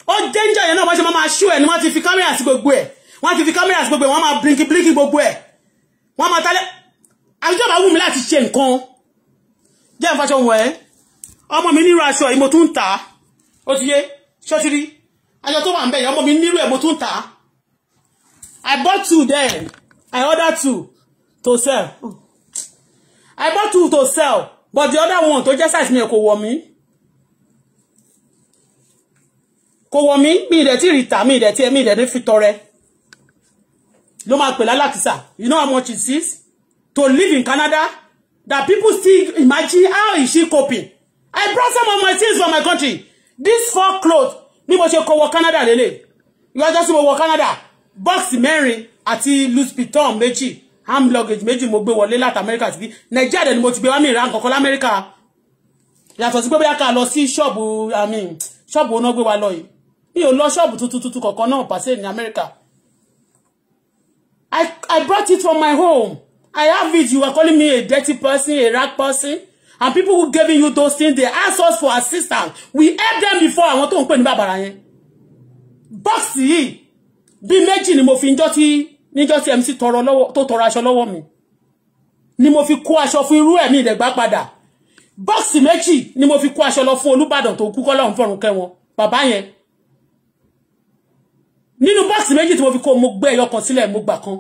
S1: ó dẹ́njà yẹn náà wọ́n ṣe máa ṣú ẹ̀ ni wọ́n ti fi kámẹ́rà sí gbogbo ẹ̀ wọ́n ti fi kámẹ́rà sí gbogbo ẹ̀ wọ́n máa blinky blinky gbogbo ẹ̀ wọ́n máa tálẹ̀ àjọ bá wù mí láti ṣe nǹkan jẹ́ ìfàṣọ wọ̀ ẹ́ ọmọ mi nírú aṣọ yìí mo tún ń tà á ó ti yé ṣọ́ṣírí aṣọ tó wà ń bẹ̀ yẹn ọmọ mi nírú ẹ̀ mo tún ń tà á I bought two then I ordered two to sell I bought two to sell but the other one tó jẹ́ size mi kò wọ̀ mí kò wọ̀ mí mi ìdẹ̀ tí rìtà mi ìdẹ̀ tí ẹ̀mí ìdẹ̀ ní fi tọrẹ ló máa pè lálàkísà you know how much it is to live in Canada that people still imagine how is she coping I brought some of my things from my country this four clothes bí mo ṣe kó wọ Canada lélẹ̀ ìwájú sí mo wọ Canada box mẹ́rin àti louis vuitton méjì Hand luggage méjì mo gbé wọlé láti amẹ́ríkà síbí nàìjíríà dẹ̀ ni mo ti gbé wá mi ìran kankan lamẹ́ríkà yàtọ̀ sí pé bóyá ká lọ sí ṣọ́ọ̀bù àmì ṣọ́ọ̀bù no gbé wa lọ yìí mi ò lọ ṣọ́ọ̀bù tuntun tuntun kankan náà pàṣẹ ní America. I, I brought it from my home I have it you are calling me a dirty person a rag person and people who giving you those things they ask us for assistance we help them before àwọn tó ń pè ní bàbàrà yẹn bọ́ọ̀sì yìí bíi méjì ni mo fi ń jọ́ níjọ́ tí MC tọrọ lọ́wọ́ tó tọrọ aṣọ lọ́wọ́ mi ni mo fi kó aṣọ fún irú ẹ̀mí ìdẹ̀gbá padà bọ́ọ̀sì méjì ni mo fi kó aṣọ lọ fún Olúbàdàn tó kú kọ́lọ́run fọ̀run kẹwọn bàbá yẹn nínú bọ́ọ̀sì méjì tí mo fi kó mo gbé ẹyọ kan sílẹ̀ mo gbà kan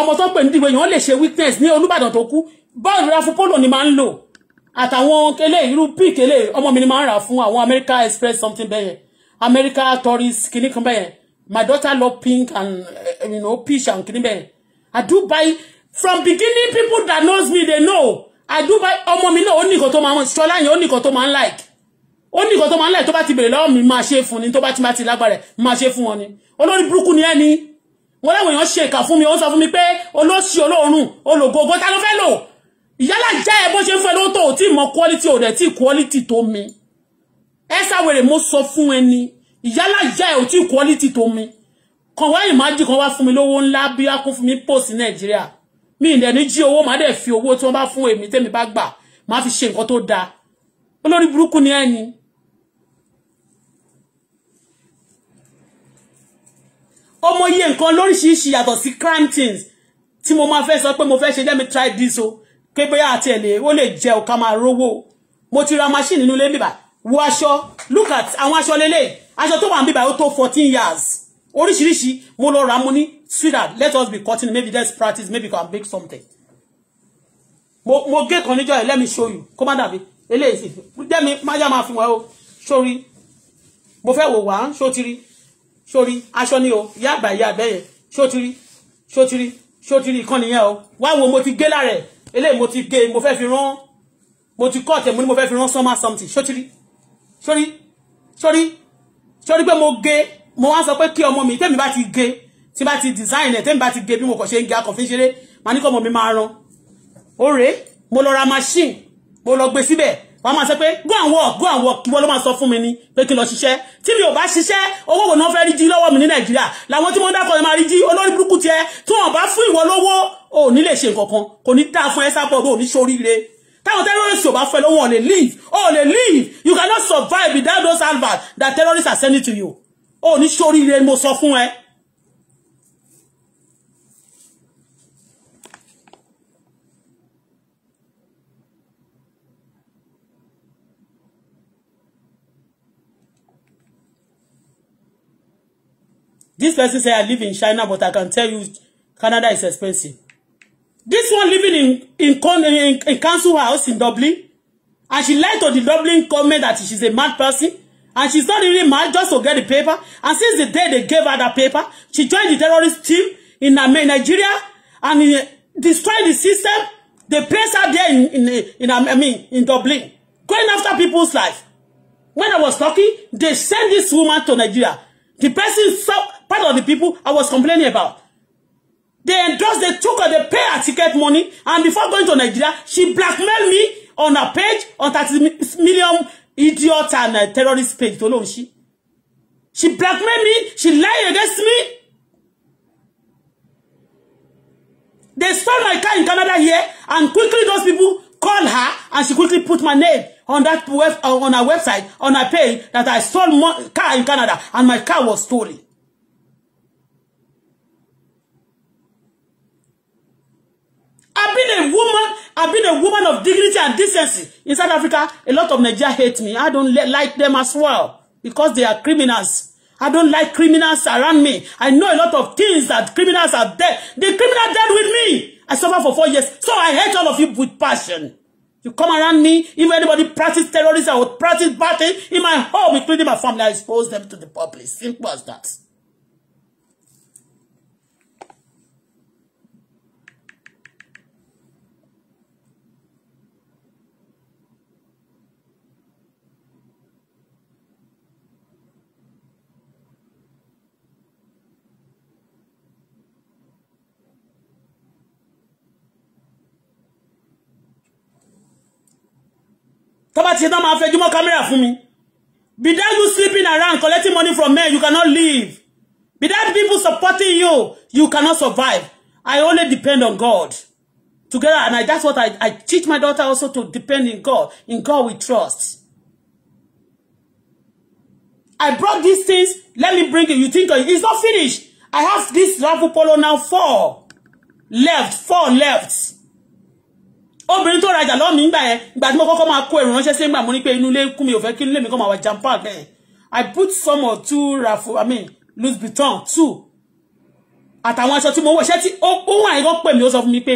S1: ọmọ tó pè ní dìgbò èèyàn lè ṣe weakness ní Olúbàdàn tó kú bọ́ọ̀lù ra fún polo ni máa ń lò àtàwọn kele irú píìkì kele ọmọ mi ni máa ń rà fún America Express something bẹ́yẹn America tourist kìnnìkan bẹ́yẹn My daughter love pink and eh, you know peach and cream. Eh. I do buy from beginning people that knows me they know. I do buy ọmọ mi náà ó ní to tó máa ń ṣọlá yẹn ó to nǹkan like. Ó ní to tó like To bá ti bèrè lọ́wọ́ mi máa ṣe fún ni tó bá ti máa ti lágbára máa ṣe fún wọn ni. Olórí burúkú ni ẹni. Wọ́n láwọn èèyàn ṣe ìkà fún mi ó sọ fún mi pé olóṣì olóòórùn ològógó ta ló fẹ́ lò. Ìyálà jẹ́ ẹ bó ṣe ń fẹ́ lóòótọ́ ò tí quality ò dẹ̀ tí quality tó mi. Ẹ sáwèrè mo sọ fún ẹni ìyálà ìyá ẹ̀ ò tí quality tó mi kàn wá ìmájì kan wá fún mi lówó ńlá bí á kún fún mi pò sí nàìjíríà mi ìdẹ̀ ní jí owó má dẹ̀ fi owó tí wọ́n bá fún èmi tẹ́mi bá gbà má fi ṣe nǹkan tó dáa olórí burúkú ni ẹni ọmọ iye nǹkan lóríṣiríṣi yàtọ̀ sí crime things tí mo máa fẹ́ sọ pé mo fẹ́ ṣe let me try this o pé bóyá àti ẹ̀ lè ó lè jẹ́ ọ̀ka máa rówó mo ti ra machine nínú ilé bíbà wo aṣọ look at àwọn aṣọ lélẹ̀ aṣọ tó wà ń bíbá ó tó fourteen years oríṣiríṣi mo lọ ra mo ní sweetheart let us be cutting maybe let's practice maybe we can make something mo mo gé kan níjọ́ yẹn let me show you kó má dàbí eléyìí sì dẹ́mi má yá máa fi wọ́n o sórí mo fẹ́ wò wá sótiri sórí aṣọ ni o ìyá àgbà ìyá àgbẹ̀ yẹn sótiri sótiri sótiri ìkan nìyẹn o wá wo mo ti gé lára ẹ̀ eléyìí mo ti gé mo fẹ́ fi rán mo ti kọ́ ọ̀tẹ̀ mo ní mo fẹ́ fi rán sọ́mà something sótiri sórí sórí sórí pé mo gé mo wá sọ pé kí ọmọ mi tẹ́mi bá ti gé tí bá ti design ẹ̀ tẹ́mi bá ti gé bí mo kàn ṣe ń gé akọ̀fin ṣeré màá ní kọ́ ọmọ mi máa ran ọ̀rẹ́ mo lọ ra machine mo lọ gbé síbẹ̀ wọ́n máa sọ pé go and work go and work kí wọ́n ló máa sọ fún mi ni pé kí n lọ ṣiṣẹ́ tí mi ò bá ṣiṣẹ́ owó wò náà fẹ́ rí jí lọ́wọ́ mi ní nàìjíríà làwọn tí wọ́n dákọ̀ ẹ̀ máa rí jí olórí burúkú tiẹ̀ tí wọ́n bá fún ìwọ lówó ò ní lè ṣe nǹkan kan kò ní dáa fún ẹ sábọ̀ ò ní ṣoríire táwọn terrorists ò bá fẹ́ lọ́wọ́ ò lè leave Oh, lè leave you cannot survive without those adverts that terrorists are sending to you ò ní sóríire mo sọ fún Eh. This person say I live in China but I can tell you Canada is expensive This one living in in, con in, in council house in Dublin, and she lied to the Dublin government that she's a mad person, and she's not really mad just to get the paper. And since the day they gave her that paper, she joined the terrorist team in um, Nigeria and in, uh, destroyed the system. They placed her there in in, in, in um, I mean in Dublin, going after people's life. When I was talking, they sent this woman to Nigeria. The person, part of the people I was complaining about. They endorsed, they took her, they pay her ticket money. And before going to Nigeria, she blackmailed me on her page, on 30 million idiot and uh, terrorist page. Don't she? She blackmailed me. She lied against me. They stole my car in Canada here, and quickly those people called her, and she quickly put my name on that web, on her website, on her page, that I stole my car in Canada, and my car was stolen. I've been a woman. I've been a woman of dignity and decency. In South Africa, a lot of Nigeria hate me. I don't like them as well because they are criminals. I don't like criminals around me. I know a lot of things that criminals are dead. The criminal dead with me. I suffered for four years. So I hate all of you with passion. You come around me, if anybody practice terrorism, I would practice batting in my home, including my family. I expose them to the public. Simple as that. tó bá ti tán máa fẹjú mọ́ kámẹ́rà fún mi without you sleeping around collecting money from men you cannot live without people supporting you you cannot survive I only depend on God together and I, that's what I, I teach my daughter also to depend in God in God we trust I brought these things let me bring it you think it's not finished I have this raffle polo now four left four left obìnrin tó rajà lọ́ọ̀ mi ń gbà yẹn ìgbà tí mo kọ́kọ́ máa kó ẹ̀rù ránṣẹ́ sí ń gbà mo ní pé inú ilé kú mi ò fẹ́ kí ilé mi kọ́ máa wà jam park bẹ́ẹ̀ eh, I put some of two rafu I mean Louis Vuitton two àtàwọn aṣọ tí mo wọ̀ ṣẹ́ tí ó wà yẹn kan pè mí ó sọ fún mi pé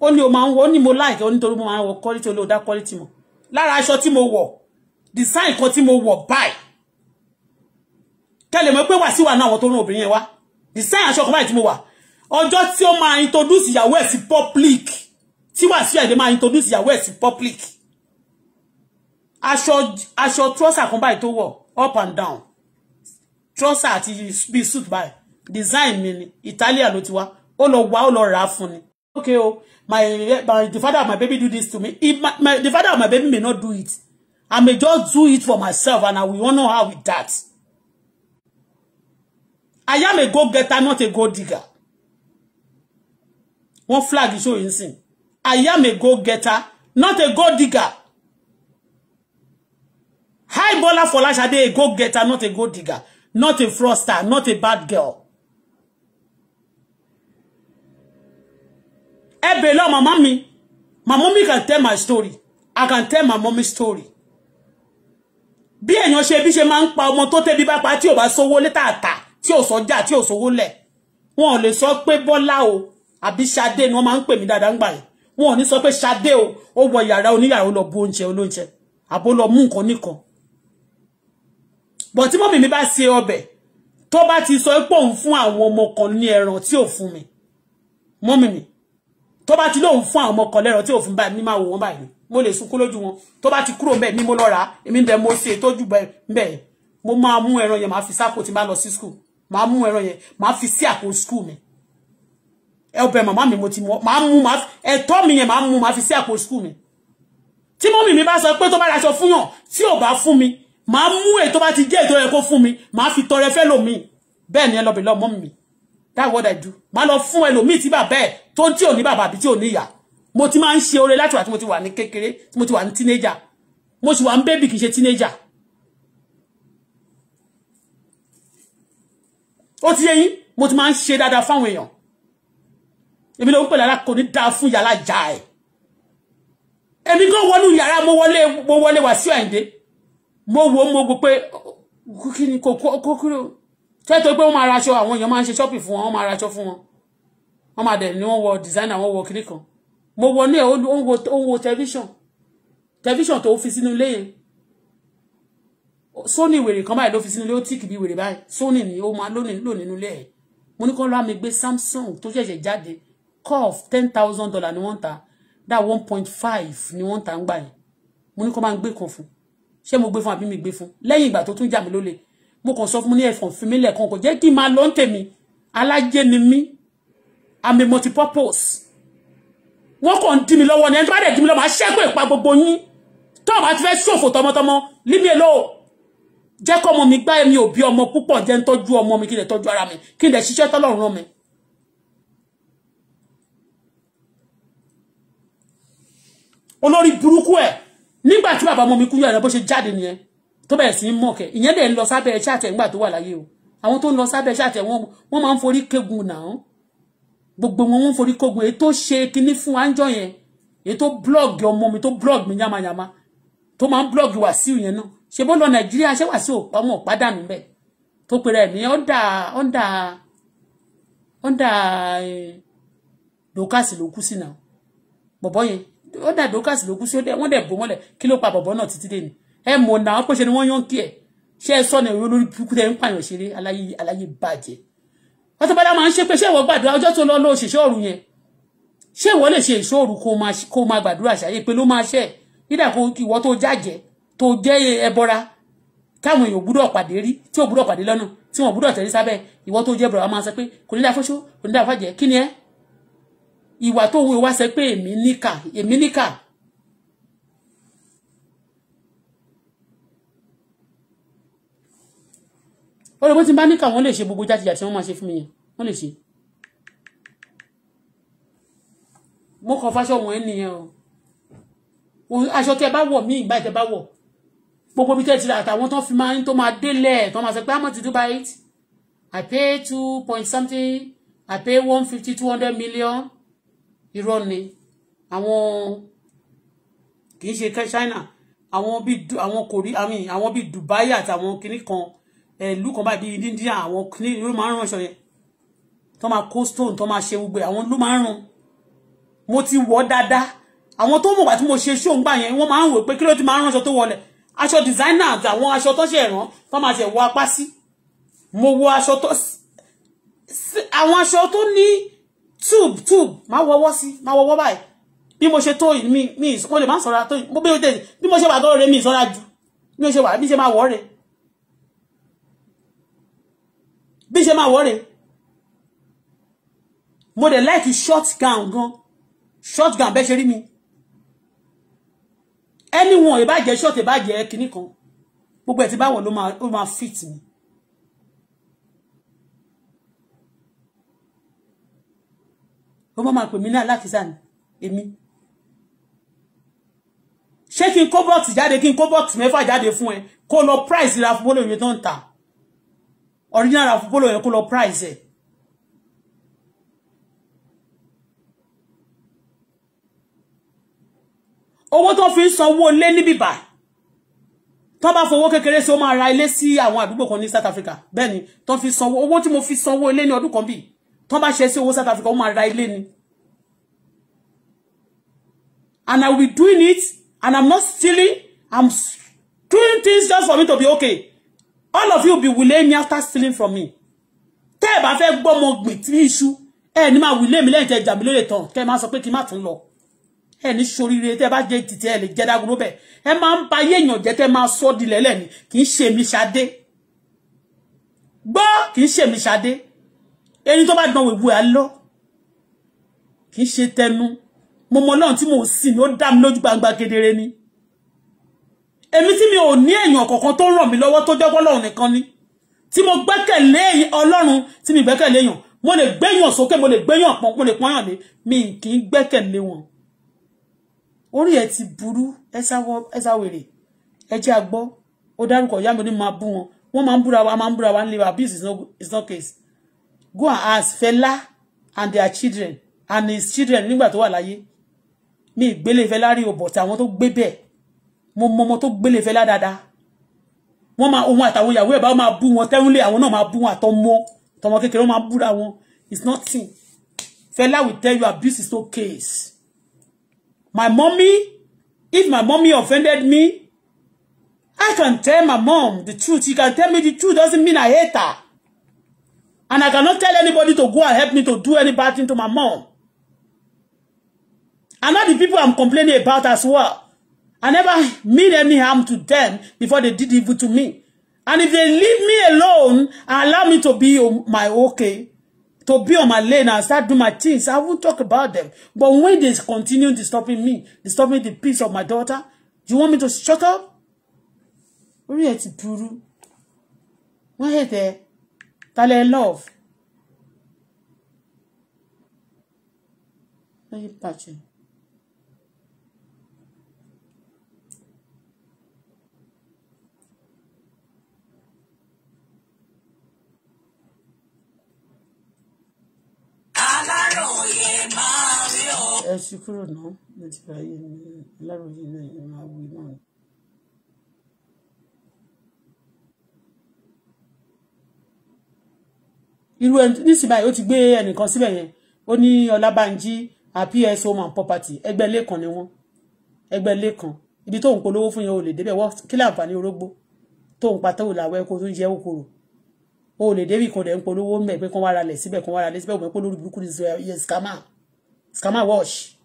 S1: ó ní o máa ń wọ ó ní mo láìkẹ ó nítorí mo máa ń wọ quality olóò dá quality mọ̀ lára aṣọ tí mo wọ̀ design kan tí mo wọ̀ buy. kẹlẹ̀ mọ́ pé wà sí wà náà àwọn tó rán obìnrin yẹn wá design aṣọ kan báyìí tí mo wà ọjọ́ tí ó máa introduce ìyàwó ẹ̀ sí public tí Wasiu Ayinde máa introduce ìyàwó ẹ̀ sí public aṣọ aṣọ trọ́sà kan báyìí tó wọ̀ up and down trọ́sà àti bí suit by design mi ni Italia ló ti wá ó lọ wá ó lọ rà á fún ni okay o oh, my, my the father of my baby do this to me if my, my the father of my baby may not do it I may just do it for myself and I will honour her with that I am a go-getter not a go-digger One flag is showing sin. I am a go-getter, not a go digger High baller Hi, Bola Folashade, a go-getter, not a go digger not a fraudster, not a bad girl. Ebe lo, my mommy. My mommy can tell my story. I can tell my mommy's story. Bi èèyàn ṣe bí ṣe máa ń pa ọmọ tó tẹ́bí ba pa tí ò bá sówó létàtà tí ò sọ́jà tí ò sówó lẹ̀. le ò lè sọ pé Bọ́lá o àbí Ṣadé ni wọ́n máa ń pè mí dáadáa ń gbà wọn ò ní sọ pé Ṣadé o ó wọ yàrá oníyàrá ó lọ bu oúnjẹ olóúnjẹ àbó lọ mú nǹkan nìkan bọ̀ tí mọ́mì mi bá ṣe ọbẹ̀ tó bá ti sọ pé òun fún àwọn ọmọ kan ní ẹran tí ò fún mi mọ́mì mi tó bá ti lóun fún àwọn ọmọ kan lẹ́ran tí ò fún báyìí ní máa wò wọ́n báyìí mo lè sunkún lójú wọn tó bá ti kúrò mbẹ ní mo lọ rà èmi bẹ mo ṣe tójú mbẹ mo máa mú ẹran yẹn máa fi sápò tí máa lọ sí skul máa mú ẹran yẹn máa fi sí àpò skul mi ọbẹ̀ màmá mi mo ti mọ màá mú màá ẹ̀tọ́ mi yẹn màá mú màá fi sí àpò skul mi tí mọ́mì mi bá sọ pé tó bá raṣọ fún yàn tí ò bá fún mi màá mú èyí tó bá ti jẹ́ èyí tó yẹ kó fún mi màá fi tọrẹ fẹ́ lòmíì bẹ́ẹ̀ ni ẹ lọ́bẹ̀ lọ́mọ mi that's what I do màá lọ fún ẹlòmíì tí bàbá ẹ̀ tó ń tí ò ní bàbá àbí tí ò ní ìyá mo ti máa ń ṣe oore láti wà mo ti wà ní kékeré tí mo ti wà ní teenager mo sì wà ń bébì kì í teenager ó ti yẹ yín mo ti máa ń ṣe dáadáa fáwọn Emi ló ń pè lára kò ní dáa fún yàrá ìjà ẹ̀ èmi kò wọnú mo wọlé mo wọlé wá sí àyíndé mo wo mo gbọ́ pé ko ko kò kókóró tẹ́tọ́ pé wọ́n máa raṣọ àwọn èèyàn máa ma ṣe shopping fún wọn wọ́n máa raṣọ fún wọn wọ́n máa dẹ̀ ni wọ́n wọ designer wọ́n wọ kiri kan mo wọ ní ẹ̀ ó ń wo tẹlifíṣàn tẹlifíṣàn tó fi sínú ilé yẹn sóní wèrè kan báyìí ló fi sínú ilé ó tíìkì bí wèrè báyìí sóní ni ó máa lónìí lò nínú ilé ẹ̀ mo ní kó lọ́ọ́ mi gbé samsung tó ṣẹ̀ṣẹ̀ jáde cough ten thousand dollar ni wọ́n ta that one point five ni wọ́n ń ta ń gbà yẹn mo ní kó máa ń gbé kan fún ṣé mo gbé fún àbí mi gbé fún lẹ́yìn ìgbà tó tún jà mí lólè mo kàn sọ fún mi ní ẹ̀fọ̀n fún mi lẹ́ẹ̀kan kò jẹ́ kí n máa lọ ń tèmi alájẹ ni mí i'm a multipurpose wọ́n kàn ń dí mi lọ́wọ́ ni ẹni tó bá dẹ̀ dí mi lọ́wọ́ máa ṣẹ́gun ìpa gbogbo yín tó o bá ti fẹ́ ṣòfò tọmọtọmọ lími èlò jẹ́ kọ́ ọmọ mi gbá ẹ̀mí òbí ọmọ púpọ̀ jẹ́ ń tọ́jú ọmọ mi kí n lè tọ́jú ara mi kí n lè ṣiṣẹ́ tọ́lọ́run rán mi olórí buruku e, nígbà tí bàbá ọmọ mi kú yàrá bó ṣe jáde nìyẹn tó bẹ̀rẹ̀ sí mọ̀ kẹ̀ ìyẹn dẹ̀ ń lọ sábẹ́ ẹṣẹ́ àtẹ̀ nígbà tó wà láyé o àwọn tó ń lọ sábẹ́ ẹṣẹ́ àtẹ̀ wọ́n máa ń forí kégun náà gbogbo wọn wọ́n ń forí kégun èyí tó ṣe kinní fún anjọ yẹn èyí tó blọ́ọ̀gì ọmọ mi tó blọ́ọ̀gì mi yamayama tó máa ń blọ́ọ̀gì Wàsíù yẹn náà ṣe bó lọ Nàìjíríà ṣé Wàsíù ọmọ ọ̀pádànù bẹ́ẹ̀ tó pèrè ẹ̀ ní ọ̀ndà ọ̀ndà ọ̀ndà dòkásì ló kú sí náà bọ̀bọ́ yẹn ó dà dókàs ló kú sí wọ́n dẹ̀ bò mọ́lẹ̀ kí ló pa bọ̀bọ̀ náà títí dé ni ẹ mọ̀ náà pé ṣe ni wọ́n yàn kí ẹ̀ ṣe é sọ ní ìwé olórí kúkú tẹ̀ ń pààyàn ṣeré aláyé aláyé bàjẹ́ wọ́n tó bá dá máa ń ṣe pé ṣé ìwọ gbàdúrà ọjọ́ tó lọ lọ òṣìṣẹ́ òru yẹn ṣé ìwọ lè ṣe ìṣòro kó máa gbàdúrà ṣàyè pé ló máa ṣe nígbà kó ìwọ tó jájẹ tó jẹ́ ẹbọra táwọn èèyàn gbúdọ̀ pàdé rí tí ò gbúdọ̀ pàdé lọ́nà tí wọ́n gbúdọ̀ tẹ̀lé sábẹ́ ìwọ tó jẹ́ bọ̀rọ̀ a máa sọ pé kò ní dáa fọ́ṣó kò ní dáa fọ́jẹ́ kí ni ẹ́ ìwà tó wù wá sẹ pé èmi níkà èmi níkà olùkó tí n bá níkà wọn lè ṣe gbogbo jáde tí wọn máa ṣe fún mi yẹn wọn lè ṣe mo kàn fáṣọ wọn nìyẹn o aṣọ tẹ bá wọ mí ìgbà tẹ bá wọ gbogbo bí tẹ ti rà àtàwọn tó fi máa ń tó máa délẹ̀ tó máa sọ pé how much do buy it I pay two point something I pay one fifty two hundred million irọ́ ni àwọn kì í ṣe China àwọn bíi àwọn kòrí àmì àwọn bíi Dubai àti àwọn kinní kan eh, ìlú kan báyìí bíi India àwọn kinní ló máa ń ránṣọ yẹn tó máa kó stone tó máa ṣe gbogbo àwọn ló máa ń rún mo ti wọ̀ dáadáa àwọn tó mọ̀ wá tí mo ṣe ṣóun gbà yẹn wọ́n máa ń wò pé kí ló ti máa ń ránṣọ tó wọlé aṣọ designer àti àwọn aṣọ tó ṣe rán tó máa ṣe wọ apá sí mo wọ aṣọ tó àwọn aṣọ tó ní tube tube máa wọwọ́ sí máa wọwọ́ báyìí bí mo ṣe tó mi mi mo lè má sọra tó mo bí mo ṣe bí mo ṣe wà gọ́rọ̀ rẹ mi sọra ju bí mo ṣe wà bí ṣe máa wọ́ rẹ bí ṣe máa wọ́ rẹ mo dẹ̀ láìkí short gown gan short gown bẹ́ẹ̀ ṣe rí mi anyone ìbàjẹ́ short ìbàjẹ́ kinní kan gbogbo ẹ̀ tí báwọn ló máa fit mi wọ́n máa pè mí ní alákìísà ni èmi ṣé kí n kó bọ́ọ̀tì jáde kí n kó bọ́ọ̀tì mẹ́fà jáde fún ẹ price ra fún bólò yẹn tó ń tà original ra fún bólò yẹn kó lọ price ẹ̀. owó tó fi ń sanwó ilé níbí bá tó bá fowó kékeré sí ó máa ra ilé sí àwọn àdúgbò kan ní South Africa bẹ́ẹ̀ ni tó fi sanwó owó tí mo fi sanwó ilé ní ọdún kan bíi tọ́n bá ṣe sí owó South Africa ó máa ra ilé ni and I will be doing it and I'm not stealing I'm doing things just for me to be okay all of you be willing me after stealing from me tẹ́ ẹ̀ bá fẹ́ gbọ́ mo gbìn tí iṣu ẹ ní máa wílé mi lẹ́yìn tẹ́ jàmí lórí tán kẹ́ máa sọ pé kí n má tún lọ ẹ ní soríire tẹ́ bá jẹ títí ẹ lè jẹ dágúró bẹ ẹ máa ń ba ayé èèyàn jẹ tẹ́ máa sọ dilẹ̀ lẹ́ni kì í ṣe mi ṣadé gbọ́ kì í ṣe mi ṣadé ẹni tó bá dán wèwú ẹ̀ á lọ kì í ṣe mo mọ náà mo sì ní ó dá mi lójú gbangba kedere ni èmi tí mi ò ní èèyàn kankan tó ràn mí lọ́wọ́ tó jẹ́ Ọlọ́run nìkan ni tí mo gbẹ́kẹ̀lé Ọlọ́run tí mi gbẹ́kẹ̀lé èèyàn mo lè gbẹ́yàn sókè mo lè gbẹ́yàn pọ́n mo lè pọ́nyàn lé mi kì í gbẹ́kẹ̀lé wọn orí ẹ̀ ti burú ẹ̀sà wèrè ẹ̀jẹ̀ àgbọ́ ó dárúkọ ìyá mi ní máa bú wọn wọ́n máa ń búra wa máa ń búra wa ń lè wa abuse is not case go and ask fella and their children and his children nígbà tó wà láyé mi ìgbélé Fela rí o but àwọn tó gbé bẹ́ẹ̀ mo mọ ọmọ tó gbélé Fela dáadáa wọ́n máa ohun àtàwọn ìyàwó ẹ̀ bá máa bú wọn tẹ́wọ́nlé àwọn náà máa bú wọn àtọmọ tọmọ kékeré wọ́n máa búra wọn it's nothing Fela will tell you abuse is no case my mommy if my mommy offended me I can tell my mom the truth she can tell me the truth doesn't mean I hate her And I cannot tell anybody to go and help me to do any bad thing to my mom. And all the people I'm complaining about as well. I never mean any harm to them before they did evil to me. And if they leave me alone and allow me to be on my okay, to be on my lane and start doing my things, I won't talk about them. But when they continue disturbing me, disturbing the peace of my daughter, do you want me to shut up? Where ẹ̀ ti burú. Wọ́n hẹ̀ Tale love. lórí you
S2: aláròye máa rí o. ẹ
S1: ṣí kúrò náà mo ti fà yé mi aláròye náà ẹ máa wí náà. irú ẹni nísìnyí báyìí ó ti gbé ẹnìkan síbẹ̀ yẹn ó ní ọlábànjí àpíẹs home and property ẹgbẹ́ lẹ́kan ni wọ́n ẹgbẹ́ lẹ́kan ibi tó ń polówó fún yẹn ò lè débẹ̀ wọ́n kí láǹfààní orógbó tó ń patẹ́ òlàwọ́ ẹ̀kọ́ tó ń jẹ́ òkòrò o lè débì kan dẹ̀ ń polówó mẹ́ pé kán wá ra lẹ̀ síbẹ̀ kán wá ra lẹ̀ síbẹ̀ òun pé lórí burúkú ni yẹ scammer scammer wash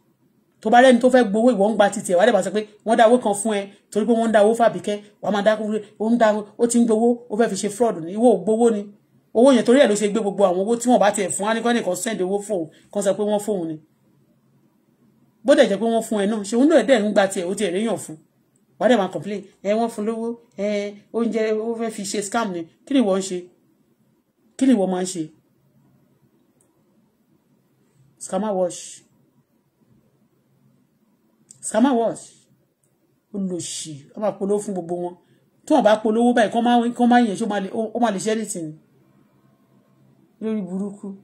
S1: tó bá rẹ́ni tó fẹ́ gbowó ìwọ ń gba títì ẹ̀ wá dẹ̀bà sọ pé wọ́n dá owó kan fún ẹ torí pé wọ́n ń dá owó fàbíkẹ́ wàá máa dá ó ti ń gbowó ó fẹ́ fi ṣe fraud ní ìwọ ò gbowó ni owó yẹn torí ẹ̀ ló ṣe gbé gbogbo àwọn owó tí wọ́n bá tiẹ̀ fún anìkọ́ni kan send owó fóun kan sọ pé wọ́n fóun ni bó dẹ̀ jẹ́ pé wọ́n fún ẹ náà ṣe òun náà dẹ̀ ń gba tiẹ̀ ó tiẹ̀ réyàn fún wà á dẹ̀ máa complain ẹ wọ́n fún lówó ẹ oúnjẹ ó fẹ́ fi ṣe scam ni kí ni ìwọ ń ṣe kí ni ìwọ máa ń ṣe scammer wash scammer wash olùsì ọba polówó fún gbogbo wọn tí wọn bá polówó báyìí kọ́ máa yẹn ṣé ó máa lè ṣe anything
S2: lórí burúkú.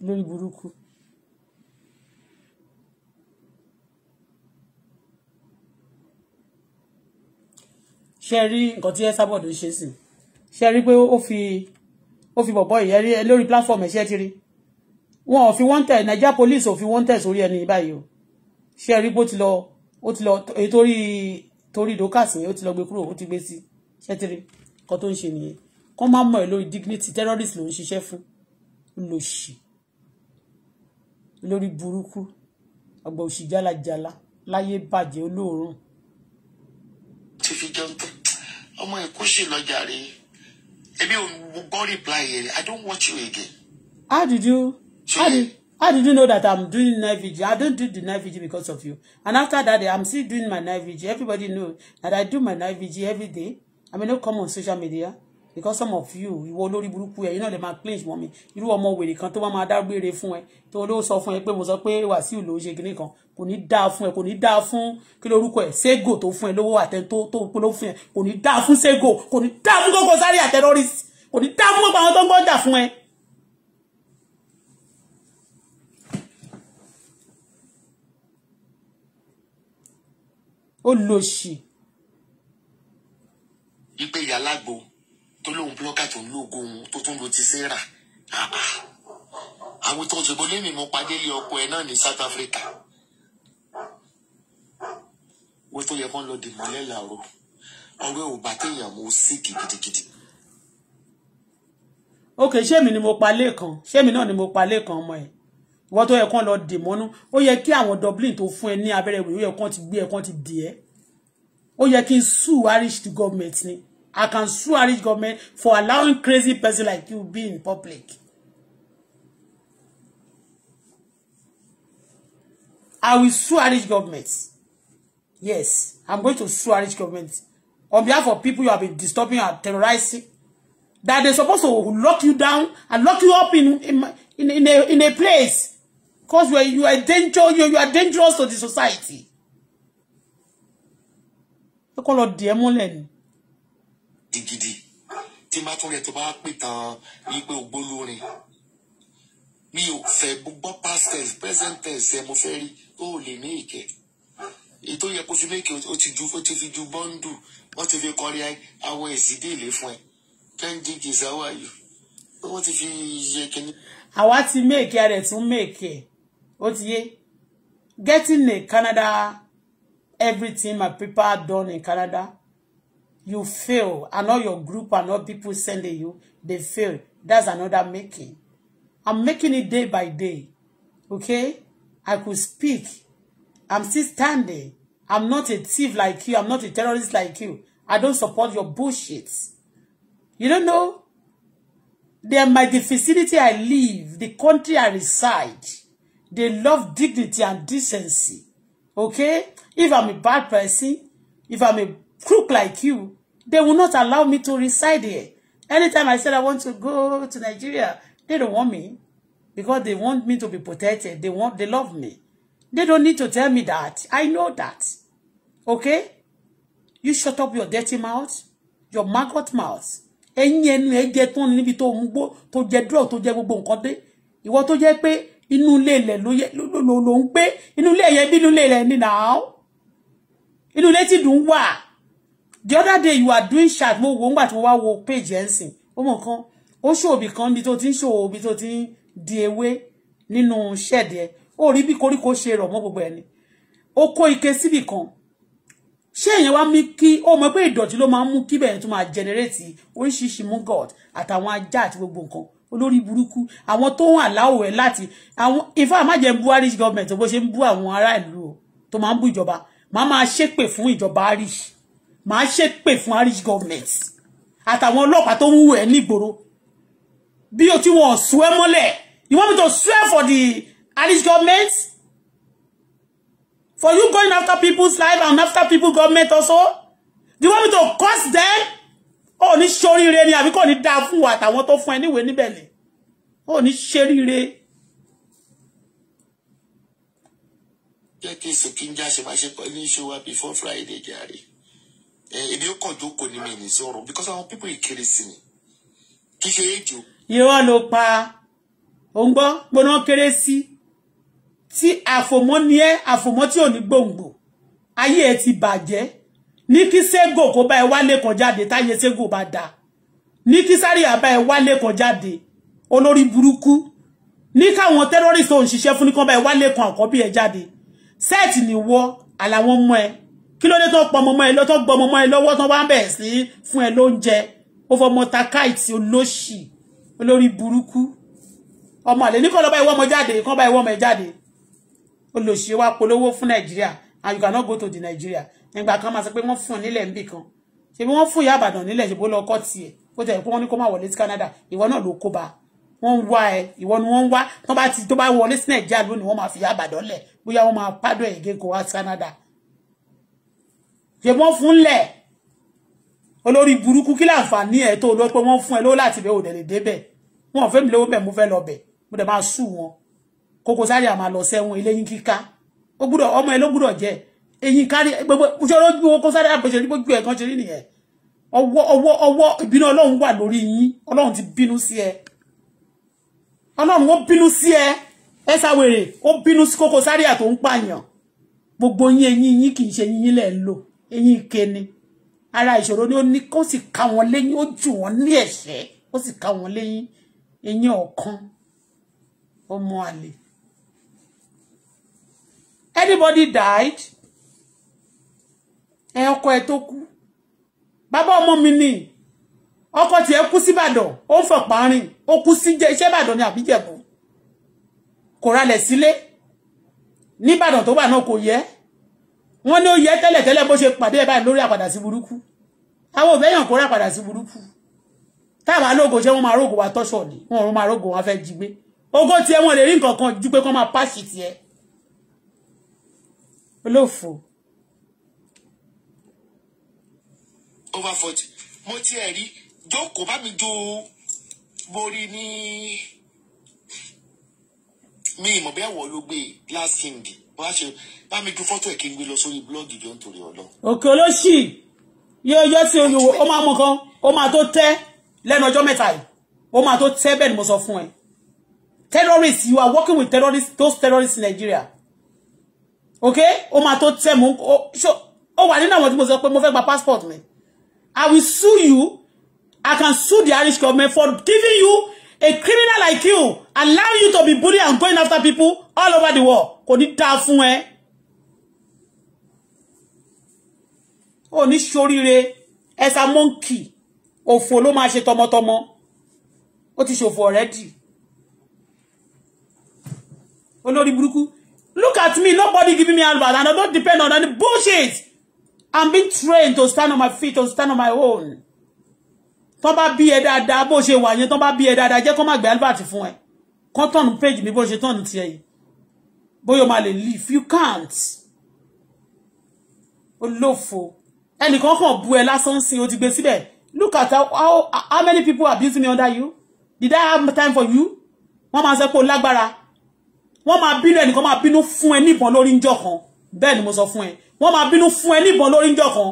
S1: lórí burúkú. ṣe rí nǹkan tí Esabod ń ṣe sí ṣe rí pé ó fi ó fi bọ̀bọ̀ ìyẹn rí lórí platform ẹ̀ ṣe ti rí wọn ò fi wọ́n tẹ̀ Nigeria police ò fi wọ́n tẹ̀ sórí ẹni báyìí o ṣé ẹ rí bó ti lọ ó ti lọ èyí torí torí dókàsì yẹn ó ti lọ gbé kúrò ó ti gbé sí ṣẹ́tìrì kan tó ń ṣe nìyẹn kó má mọ̀ ẹ́ lórí dignity terrorist ló ń ṣiṣẹ́ fún lòṣì lórí burúkú àgbà òṣì jálajàla láyé bàjẹ́ olóòórùn.
S3: ti fi jọ ọmọ ẹ kó sì lọjà rè é ò gbọ́ reply yẹn I don't watch you again.
S1: how did you how How did you know that I'm doing night vigil? I don't do the night vigil because of you. And after that, I'm still doing my night vigil. Everybody knows that I do my night vigil every day. I may not come on social media because some of you you ìwọ olórí burúkú ẹ You know the máa clinch mọ́ mi irú ọmọ wèrè kan tó wá máa dágbére fún ẹ tó olówó sọ fún ẹ pé mo sọ pé wàsíù ló ṣe kinní kan need ní phone. fún ẹ kò phone. dáa fún kí lórúkọ ẹ ségò tó fún ẹ lówó àtẹ tó tó polówó fún ẹ kò ní phone. Say go. kò ní dáa phone Koko Zaria àtẹrọrìsì kò ní dáa fún gbogbo àwọn tó don't gbọ́jà fún phone. ó lò sí.
S3: wípé ìyá alágbo tó lóun búlọ́kà tó ń lóògùn òun tó tún lo ti sarah àwọn tó ń ṣe bọ́lé mi mo pàdé lé ọkọ ẹ náà ní South Africa wọ́n tó yẹ kó ń lọ dì mọ́lẹ́ làárọ̀ ọ̀rẹ́ ò téèyàn mo síkì gidigidi.
S1: ok ṣé mi ni mo pa lẹ́ẹ̀kan ṣé mi náà ni mo pa lẹ́ẹ̀kan ọmọ ẹ̀ ìwọ́n tó yẹ lọ dè mọ́nú ó yẹ kí àwọn Dublin tó fún ẹ ní abẹ́rẹ́ ìwé ó ti gbé ẹ ti dè ẹ́ ó yẹ kí n sue Irish government ni I can sue Irish government for allowing crazy person like you be in public. I will sue Irish government. Yes, I'm going to sue Irish government on behalf of people you have been disturbing and terrorizing. That they're supposed to lock you down and lock you up in, in, in, a, in a place Because you are, you are dangerous, you, you are dangerous to the society. Ó call it dì
S3: Digidi, tí máa tún rẹ̀ tó bá pè tán wípé ògbólórin. Mi ò fẹ́ gbọ́ past tense, present tense ẹ mo fẹ́ rí, ó lè ní ìkẹ́. Ètò yẹ kó fi méèkì ó ti ju ó ti fi ju bọ́ńdù, wọ́n ti fi kọrí awọ ìsídì ìlé fún ẹ. Kendrick is how are you? Wọ́n ti fi yẹ kíní.
S1: Àwa ti méèkì, a rẹ̀ tún méèkì ẹ̀ ó ti getting in Canada everything my people are done in Canada you fail and all your group and all people sending you they fail that's another making I'm making it day by day okay I could speak I'm still standing I'm not a thief like you I'm not a terrorist like you I don't support your bullshit you don't know then my the facility I live the country I reside They love dignity and decency. Okay? If I'm a bad person, if I'm a crook like you, they will not allow me to reside here. Anytime I said I want to go to Nigeria, they don't want me because they want me to be protected. They want they love me. They don't need to tell me that. I know that. Okay? You shut up your dirty mouth, your maggot mouth. Ẹ̀yin ẹnu ẹ jẹ ton níbi tó mugbo, tó jẹ draw, tó jẹ gbogbo nǹkan dé. Ìwọ tó jẹ́ pé inú ilé ilẹ̀ ló ń gbé inú ilé yẹ bí inú ilé ilẹ̀ ni now inú ilé tí dùn wà the other day you are doing chat mo wò ńgbà tí mo wá wo page ẹ̀ ń sìn ó mọ̀ kan ó ṣòbí kan bí tó ti ń ṣòbí tó ti ń di ewé nínú ṣẹ́ẹ̀dì ó rí bí koríko ṣe rọ̀ mọ́ gbogbo ẹ̀ ni ó kó ike síbì kan ṣé èèyàn wá mí kí ó mọ̀ pé ìdọ̀tí ló máa ń mú kí bẹ̀rẹ̀ tó máa generate oríṣiríṣi mú god àtàwọn ajá àti gbogbo nǹkan olórí burúkú àwọn tó ń àláwọ̀ ẹ̀ láti àwọn ifá má jẹ́ bú irish government bó ṣe ń bú àwọn ará ìlú o tó máa ń bú ìjọba máa máa ṣépè fún ìjọba irish máa ṣépè fún irish government àtàwọn ọlọ́pàá tó ń wù ẹ́ nígboro bí o tí wọ́n sún ẹ́ mọ́lẹ̀ you want me to swear for the irish government for you going after people's life and after people government also do you want me to curse them ó ní ṣoríire ni àbí kò ní dáa fún wa to tó fún ẹ níwèé níbẹ̀ ni
S3: ó ní ṣeríire. jẹ́ kí sèkínjà ṣe máa ṣe show up before Friday jàre èmi ó kàn jókòó ní mi ní sọ̀rọ̀ because àwọn pípọ̀ ìkéré sí mi kì í ṣe èjò.
S1: irọ́ ló pa òun gbọ́ gbóná kéré sí tí àfòmọ́ ni ẹ́ àfòmọ́ tí ò ní gbòǹgbò ayé ẹ ti bàjẹ́ ní kí ségò kó bá ẹ wálé kan jáde táyé ségò bá da ní kí Zaria bá ẹ wálé kan jáde olórí burúkú ní káwọn tẹ́rọ́rìsì òun ṣiṣẹ́ fún nìkan bá ẹ wálé kan àkọ́bí ẹ jáde sẹ́ẹ̀tì ni wọ́ àlàwọn ọmọ ẹ kí ló dé tó pọ ọmọ ẹ lọ́tọ́ gbọ ọmọ ẹ lọ́wọ́ tó bá ń bẹ̀rẹ̀ sí fún ẹ lóúnjẹ ó fọ ọmọ takáìtì olóṣì olórí burúkú ọmọ àlè ní kọ́ lọ́ba ìwọ́ ọmọ jáde kọ́ bá ìwọ́ ọmọ ẹ jáde olóṣì wa polówó fún Nigeria and you cannot go to the Nigeria nígbà kan máa sọ pé wọ́n fún un nílẹ̀ níbì kan ṣe bí wọ́n fún ìyá àbàdàn nílẹ̀ ṣe bó lọ kọ́ tiẹ̀ ó tẹ̀ pé wọ́n ní kó má wọlé sí Canada ìwọ náà ló kó ba wọ́n ń wá ẹ ìwọ ni wọ́n ń wá tó bá ti tó bá wọlé sí Nàìjíríà lónìí wọ́n máa fi ìyá àbàdàn lẹ̀ bóyá wọ́n máa pádọ̀ ẹ̀ kó wá sí Canada ṣe wọ́n fún lẹ̀ olórí burúkú kí láǹfààní ẹ̀ tó lọ pé wọ́n fún ẹ lówó láti bẹ́ẹ̀ òdẹ̀ lè débẹ̀ wọn ò fẹ́ mi lówó bẹ̀ mo fẹ́ lọ bẹ̀ mo dẹ̀ máa sùn wọn Koko Zaria máa lọ sẹ́wọ̀n ilé yín kíká ó gbúdọ̀ ọmọ ẹ ló eyín kárí gbogbo ṣọlọ ju owó kó sáré àpèjẹ ní gbogbo ẹ̀kan ṣe rí nìyẹn ọwọ́ ọwọ́ ọwọ́ ìbínú ọlọ́run wà lórí yín ọlọ́run ti bínú sí ẹ ọlọ́run ó bínú sí ẹ ẹ sáwèrè ó bínú sí Koko Zaria tó ń pààyàn gbogbo yín eyín yín kì í ṣe yín lẹ̀ ń lò eyín ike ni ara ni ó ní kó sì ká wọn léyìn ó jù wọn ní ẹ̀ṣẹ̀ ó sì ká wọn léyìn eyín ọ̀kan anybody died ẹ ọkọ ẹ tó kú bàbá ọmọ mi ni ọkọ tiẹ̀ kú síbàdàn ó ń fọ̀pá rìn ó kú sí iṣẹ́ ìbàdàn ní àbíjẹ̀bù kò ralẹ̀ sílé níbàdàn tó wà náà kò yẹ wọ́n ní ó yẹ tẹ́lẹ̀tẹ́lẹ̀ bó ṣe pàdé ẹ̀ báyìí lórí àpàdà sí burúkú àwọn òbẹ́yàn kó rápàdà sí burúkú táwọn alógo ṣé wọ́n máa rógo wa tọ́ṣọ̀ ni wọ́n rún máa rógo wọn fẹ́ jí gbé ogó tiẹ̀ wọ́n lè rí nǹkan kan ju pé kán máa páṣì tiẹ̀
S3: olófò over forty mo tiẹ̀ rí jókòó bá mi jó borí ní mi ìmọ̀ bẹ́ẹ̀ wọ̀ ló gbé last king wọ́n á ṣe bá mi ju fọ́tò ẹ̀ kí n gbé lọ sórí blọ́ọ̀gì jọ nítorí ọ̀lọ́.
S1: òkè olóṣì yóò yọ sí olùwò ó máa mọ kan ó máa tó tẹ́ lẹ́nu ọjọ́ mẹ́ta yìí ó máa tó tẹ́ bẹ́ẹ̀ ni mo sọ fún ẹ terrorists you are working with terrorists those terrorists in Nigeria okay ó máa tó tẹ́ mú ó wà nínú àwọn tí mo sọ pé mo fẹ́ gba passport mi. I will sue you. I can sue the Irish government for giving you a criminal like you, allow you to be bullied and going after people all over the world. Kò ní dáa fún ẹ. Ó ní As a monkey òfò ló máa ṣe tọmọtọmọ. Ó ti ṣòfò already. Olórí burúkú. Look at me, nobody giving me advice and I don't depend on any bullshit. I'm being trained to stand on my feet, to stand on my own. Tọ́ bá bí ẹ dáadáa bó ṣe wà yẹn, tọ́ bá bí ẹ dáadáa jẹ́ kó má gbé Albert fún ẹ. Kọ́ tọ̀nù page mi bó ṣe tọ̀nù tiẹ̀ yìí. Bóyá máa lè leave, you can't. Olófo. Ẹnìkan kàn bu ẹ lásán sí o ti gbé síbẹ̀. Look at how, how, how many people abusing me under you? Did I have time for you? Wọ́n máa sọ pé o lágbára. Wọ́n máa bínú ẹnìkan máa bínú fún ẹ níbọn lórí ńjọ́ kan. Bẹ́ẹ̀ ni mo sọ fún ẹ wọ́n máa bínú fún ẹ níbọn lórí ńjọ́ kan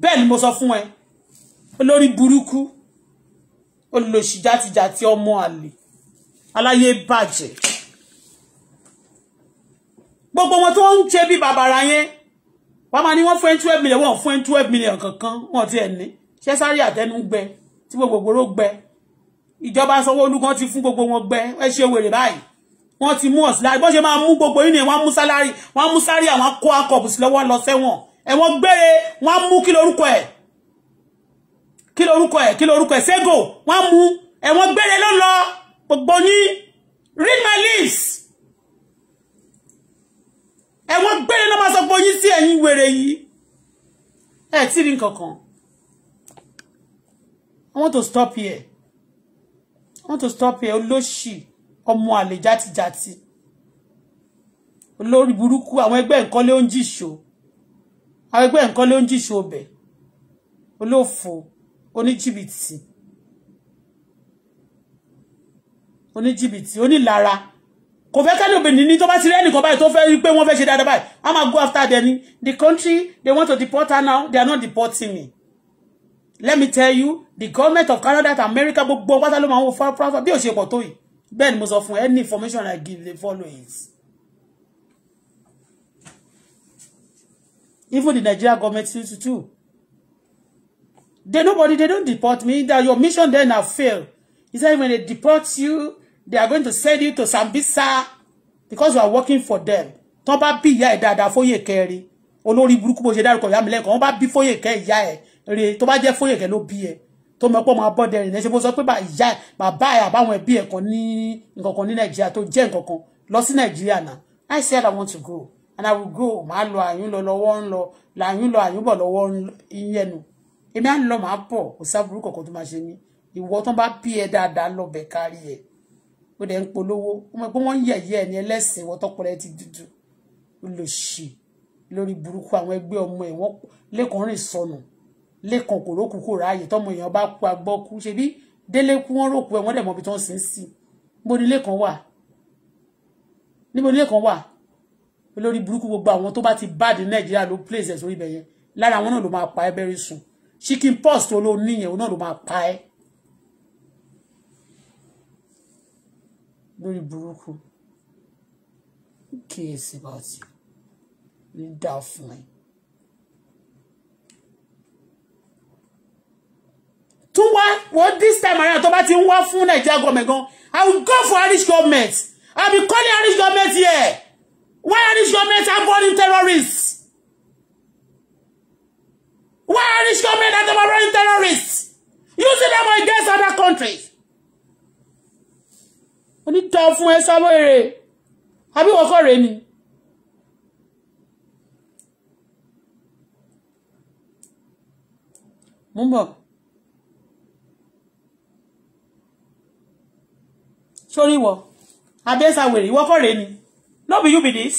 S1: bẹ́ẹ̀ ni mo sọ fún ẹ olórí burúkú olùlòṣì játijàti ọmọ àlè aláyé bàjẹ́ gbogbo wọn tó ń ṣe bí bàbàrà yẹn wọ́n máa ní wọ́n fún ẹ twelve million wọ́n fún ẹ twelve million kankan wọ́n ti ẹ̀ ní ṣé sáré àtẹnu gbẹ tí gbogbo gbòòrò gbẹ ìjọba sanwó-olú kan ti fún gbogbo wọn gbẹ ẹ ṣe wèrè báyìí wọ́n ti mú ọ̀sílárí bó ṣe máa mú gbogbo yìí nìyẹn wọ́n mú sálárì wọ́n mú sáré àwọn akọ akọ̀bùsì lọ́wọ́ lọ sẹ́wọ̀n ẹ̀wọ̀n gbére wọ́n mú kí lorúkọ ẹ̀ kí lorúkọ ẹ̀ kí lorúkọ ẹ̀ ségò wọ́n mú ẹ̀wọ̀n gbére ló lọ gbogbo yín read my lips ẹ̀wọ̀n gbére ló máa sọ gbogbo yín sí ẹ̀yìn wèrè yìí ẹ̀ tí rí I want to stop here I want to stop here olóṣì. Oh, ọmọ àlè játijàti olórí burúkú àwọn ẹgbẹ́ nǹkan ló ń jìṣó àwọn ẹgbẹ́ nǹkan ló ń jìṣó ọbẹ̀ olófo oníjìbìtì oníjìbìtì onílara kò fẹ́ kẹ́lẹ́ obìnrin ní tó bá ti rí ẹnìkan báyìí tó fẹ́ rí pé wọ́n fẹ́ ṣe dáadáa báyìí a máa go after them the country they want to deport her now they are not deporting me let me tell you the government of Canada and America gbogbo pátá ló máa ń wo fáfáfá bí òṣèpọ̀ tó yìí Ben ni mo any information I give the following. Even the Nigeria government too They nobody they don't deport me. That your mission then have failed. He said when they deport you, they are going to send you to Sambisa because you are working for them. Tó bá bí ìyá ẹ̀ dáadáa fóyè kẹrin olórí burúkú bó ṣe dárúkọ ìyá mi lẹ́kọ̀ọ́ wọ́n bá bí fóyè kẹ́ ìyá ẹ̀ rè tó bá jẹ́ fóyè kẹ́ ló bí tó mọ̀ pọ̀ máa bọ́dẹ rìn lẹ́sẹ̀ mo sọ pé bàyá bàbá ẹ̀ àbáwọn ẹbí ẹ̀ kan ní nǹkankan ní nàìjíríà tó jẹ́ nǹkankan lọ sí nàìjíríà náà I said I want to go and I will go màá lọ àyún lọ lọ́wọ́ ń lọ làyún lọ àyún bọ̀ lọ́wọ́ ìyẹn nu èmi à ń lọ màá bọ̀ kò sábúrú kankan tó máa ṣe mí ìwọ tó bá bí ẹ dáadáa lọ bẹ̀ kárí ẹ̀ ó dẹ̀ ń polówó ó mọ̀ pé wọ́n ń yẹ̀yẹ́ ẹ̀ ní ẹlẹ́sìn ìwọ tọpọlẹ ti dúdú ó lórí burúkú àwọn ẹgbẹ́ ọmọ ẹ̀ wọ́n lẹ́kọ̀ọ́ sọnù lẹ́kàn kò rókù kò ráàyè tọ́mọ èèyàn bá kú agbọ́ kú ṣebí délé kú wọ́n rókù ẹ̀ wọ́n dẹ̀ mọ̀ bí tó ń sìn sí níbo ni lẹ́kàn wà níbo ni lẹ́kàn wà olórí burúkú gbogbo àwọn tó bá ti bad ní nàìjíríà ló place ẹ̀ sórí ibẹ̀ yẹn lára àwọn náà ló máa pa ẹ́ bẹ́rí sùn chicken pox tó ló níyẹn òun náà ló máa pa ẹ́ lórí burúkú kíyèsí bá ti ní dá fún ẹ. tún wá wọ́n this time around tó bá ti ń wá fún Nigeria government gan I will go for Irish government I be calling Irish government here why Irish government are burning terrorists why Irish government are burning terrorists You using them against other countries onítọ̀ fún ẹ sábọ̀ èrè àbí wọ́kọ̀ rẹ̀ ni. mo ń bọ̀. sórí wọ abẹ́sàwèrè ìwọ kọ́ rèé ni no be you be this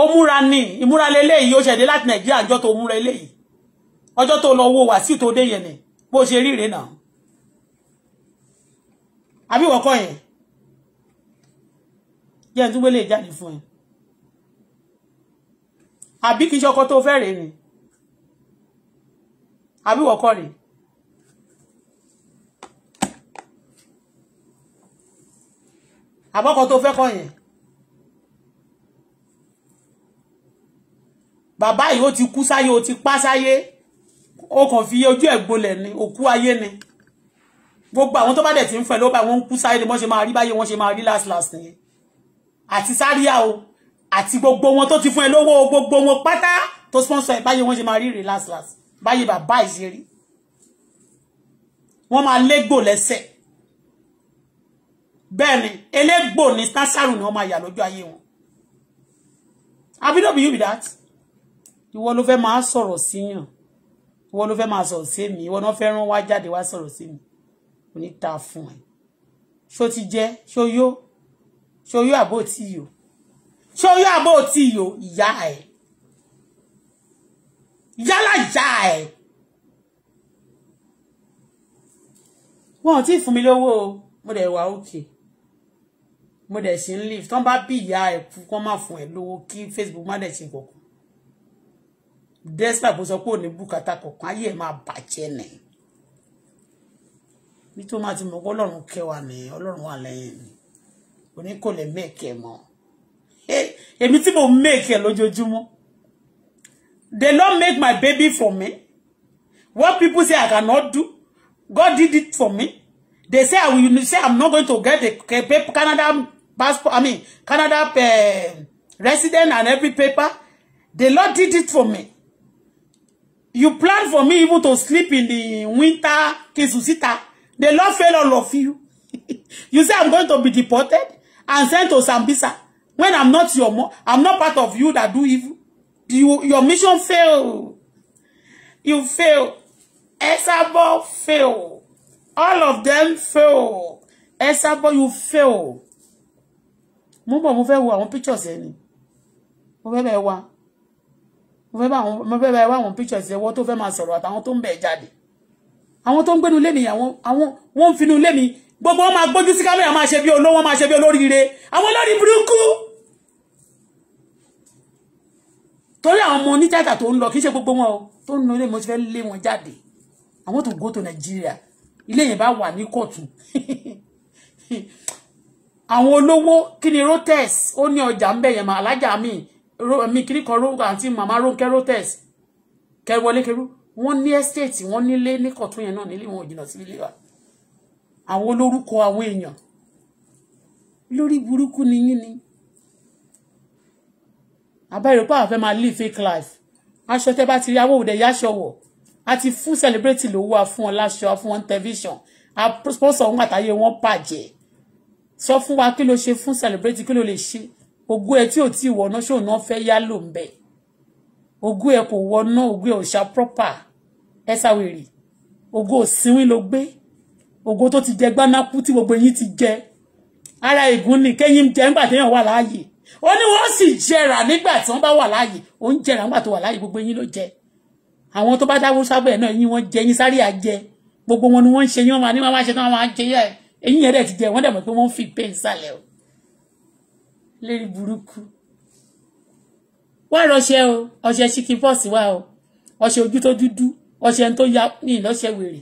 S1: ó múra ní ìmúra leléyìí ó ṣẹ̀dé láti nàìjíríà ọjọ́ tó múra eléyìí ọjọ́ tó lọ wo wàsíù tó dé yẹn ni bó ṣe ríre náà àbí ìwọ kọ́ yẹn jẹ́ ìtúgbé lè jáde fún ẹ àbí kìí ṣọkọ tó fẹ́ rèé ni àbí ìwọ kọ́ rèé àbọ́kọ tó fẹ́ kọ́ yẹn bàbá yìí ó ti kú sáyé ó ti pa sáyé ó kàn fi ojú ẹ̀ gbolẹ̀ ni òkú ayé ni gbogbo àwọn tó bá dẹ̀ ti ń fẹ́ ló bá wọn ń kú sáyé ni wọ́n ṣe máa rí báyé wọ́n ṣe máa rí last last nìyẹn àti sáríà o àti gbogbo wọn tó ti fún ẹ lówó gbogbo wọn pátá tó sponsor ẹ báyé wọ́n ṣe máa rí rí last last báyé bàbá ìṣe rí wọ́n máa légbò lẹ́sẹ̀ bẹ́ẹ̀ ni elégbò ni sásàrù ni wọ́n máa yà lójú ayé wọn abidobi you be that ìwọ ló fẹ́ máa sọ̀rọ̀ síyàn ìwọ ló fẹ́ máa sọ̀rọ̀ sí mi ìwọ náà fẹ́ rán wá jáde wá sọ̀rọ̀ sí mi òní ta fún ẹ ṣó ti jẹ ṣó yó ṣó yó àbó tí yó ṣó yó àbó tí yó ìyá ẹ yálà ìyá ẹ wọn ò tí ì fún mi lówó o mo dẹ̀ wà òkè mo dẹ̀ ṣe live tán bá bí ìyá ẹ̀ kú kán má fún ẹ lówó kí Facebook má dẹ̀ ṣe kọ̀ọ̀kan desta bó sọ pé ò ní bùkátà kọ̀ọ̀kan ayé ẹ̀ máa bàjẹ́ nì bí tó máa ti mọ̀ pé ọlọ́run kẹwàá ni ọlọ́run wà lẹ́yìn ni oníkòlẹ̀ mẹ́ẹ̀kẹ́ mọ́ èmi tí mo mẹ́ẹ̀kẹ́ lójoojúmọ́ they don't make my baby for me what people say I cannot do God did it for me they say I will say I'm not going to get a Canada passport, I mean, Canada uh, resident and every paper. The Lord did it for me. You plan for me even to sleep in the winter, Kisusita. The Lord failed all of you. you say I'm going to be deported and sent to Sambisa. When I'm not your mom, I'm not part of you that do evil. You, your mission failed. You fail. Esabo fail. All of them fail. Esabo, you fail mo bọ̀ mo fẹ́ wo àwọn pictures ẹ ni mo fẹ́ bẹ́ẹ̀ wá mo fẹ́ bá àwọn mo fẹ́ bẹ́ẹ̀ wá àwọn pictures ẹ wọ́n tó fẹ́ máa sọ̀rọ̀ àtàwọn tó ń bẹ̀ jáde àwọn tó ń gbénu lémi àwọn àwọn wọ́n ń finú lémi gbogbo wọn máa gbójú sí kámẹ́rà máa ṣe bí olówó máa ṣe bí olóríire àwọn olórí burúkú torí àwọn ọmọ onítìátà tó ń lọ kì í ṣe gbogbo wọn o tó ń lọ ilé mo ti fẹ́ lé wọn jáde àwọn tó go to Nàìjíríà ilé yẹn bá wà ní kóòtù àwọn olówó kí ni rotes ó ní ọjà ń bẹ̀ yẹn mà alájà mi mi kiri kan rogo àti màmá ronke rotes kẹwọlé kẹrú ní estate wọ́n nílé ní kọ̀tún yẹn náà nílé wọn ò jìnnà sí ilé wa àwọn olórúkọ àwọn èèyàn lórí burúkú ni yín ni abẹ́rẹ́ pàwọn fẹ́ máa live fake life aṣọ tẹ́ bá ti rí awọ́ òde yáṣọ wọ̀ a ti fún celebrate lówó wa fún wọn láṣọ a fún wọn tẹlifíṣàn a sponsor wọn àtàyè wọn bàjẹ́ sọ fún wa kí ló ṣe fún celebrate kí ló lè ṣe ogún ẹ tí ò tí ìwọ náà ṣòun náà fẹ́ yá lò ń bẹ̀ ogún ẹ kò wọ náà ogún ẹ ò ṣá proper ẹ sáwèrè ogún òsínwín ló gbé ogún tó ti jẹ gbánákú tí gbogbo yín ti jẹ ara ègún ni kẹ́yìn jẹ nígbà téèyàn wà láàyè ó ní wọ́n sì jẹrà nígbà tí wọ́n bá wà láàyè ó ń jẹrà nígbà tó wà láàyè gbogbo yín ló jẹ àwọn tó bá dáwó sábẹ́ náà yín wọ́n jẹ yín sáré àjẹ gbogbo wọn ni wọ́n ń ṣe yín wọ́n máa ní wọ́n máa ṣe tán wọ́n máa jẹ yẹ eyín yẹn dẹ̀ ti jẹ wọ́n dẹ̀ mọ̀ pé wọ́n fi pé ìsàlẹ̀ o lérí burúkú wá rọṣẹ o ọṣẹ chicken pox wá o ọṣẹ ojú tó dúdú ọṣẹ tó ya ní ìlọṣẹ wèrè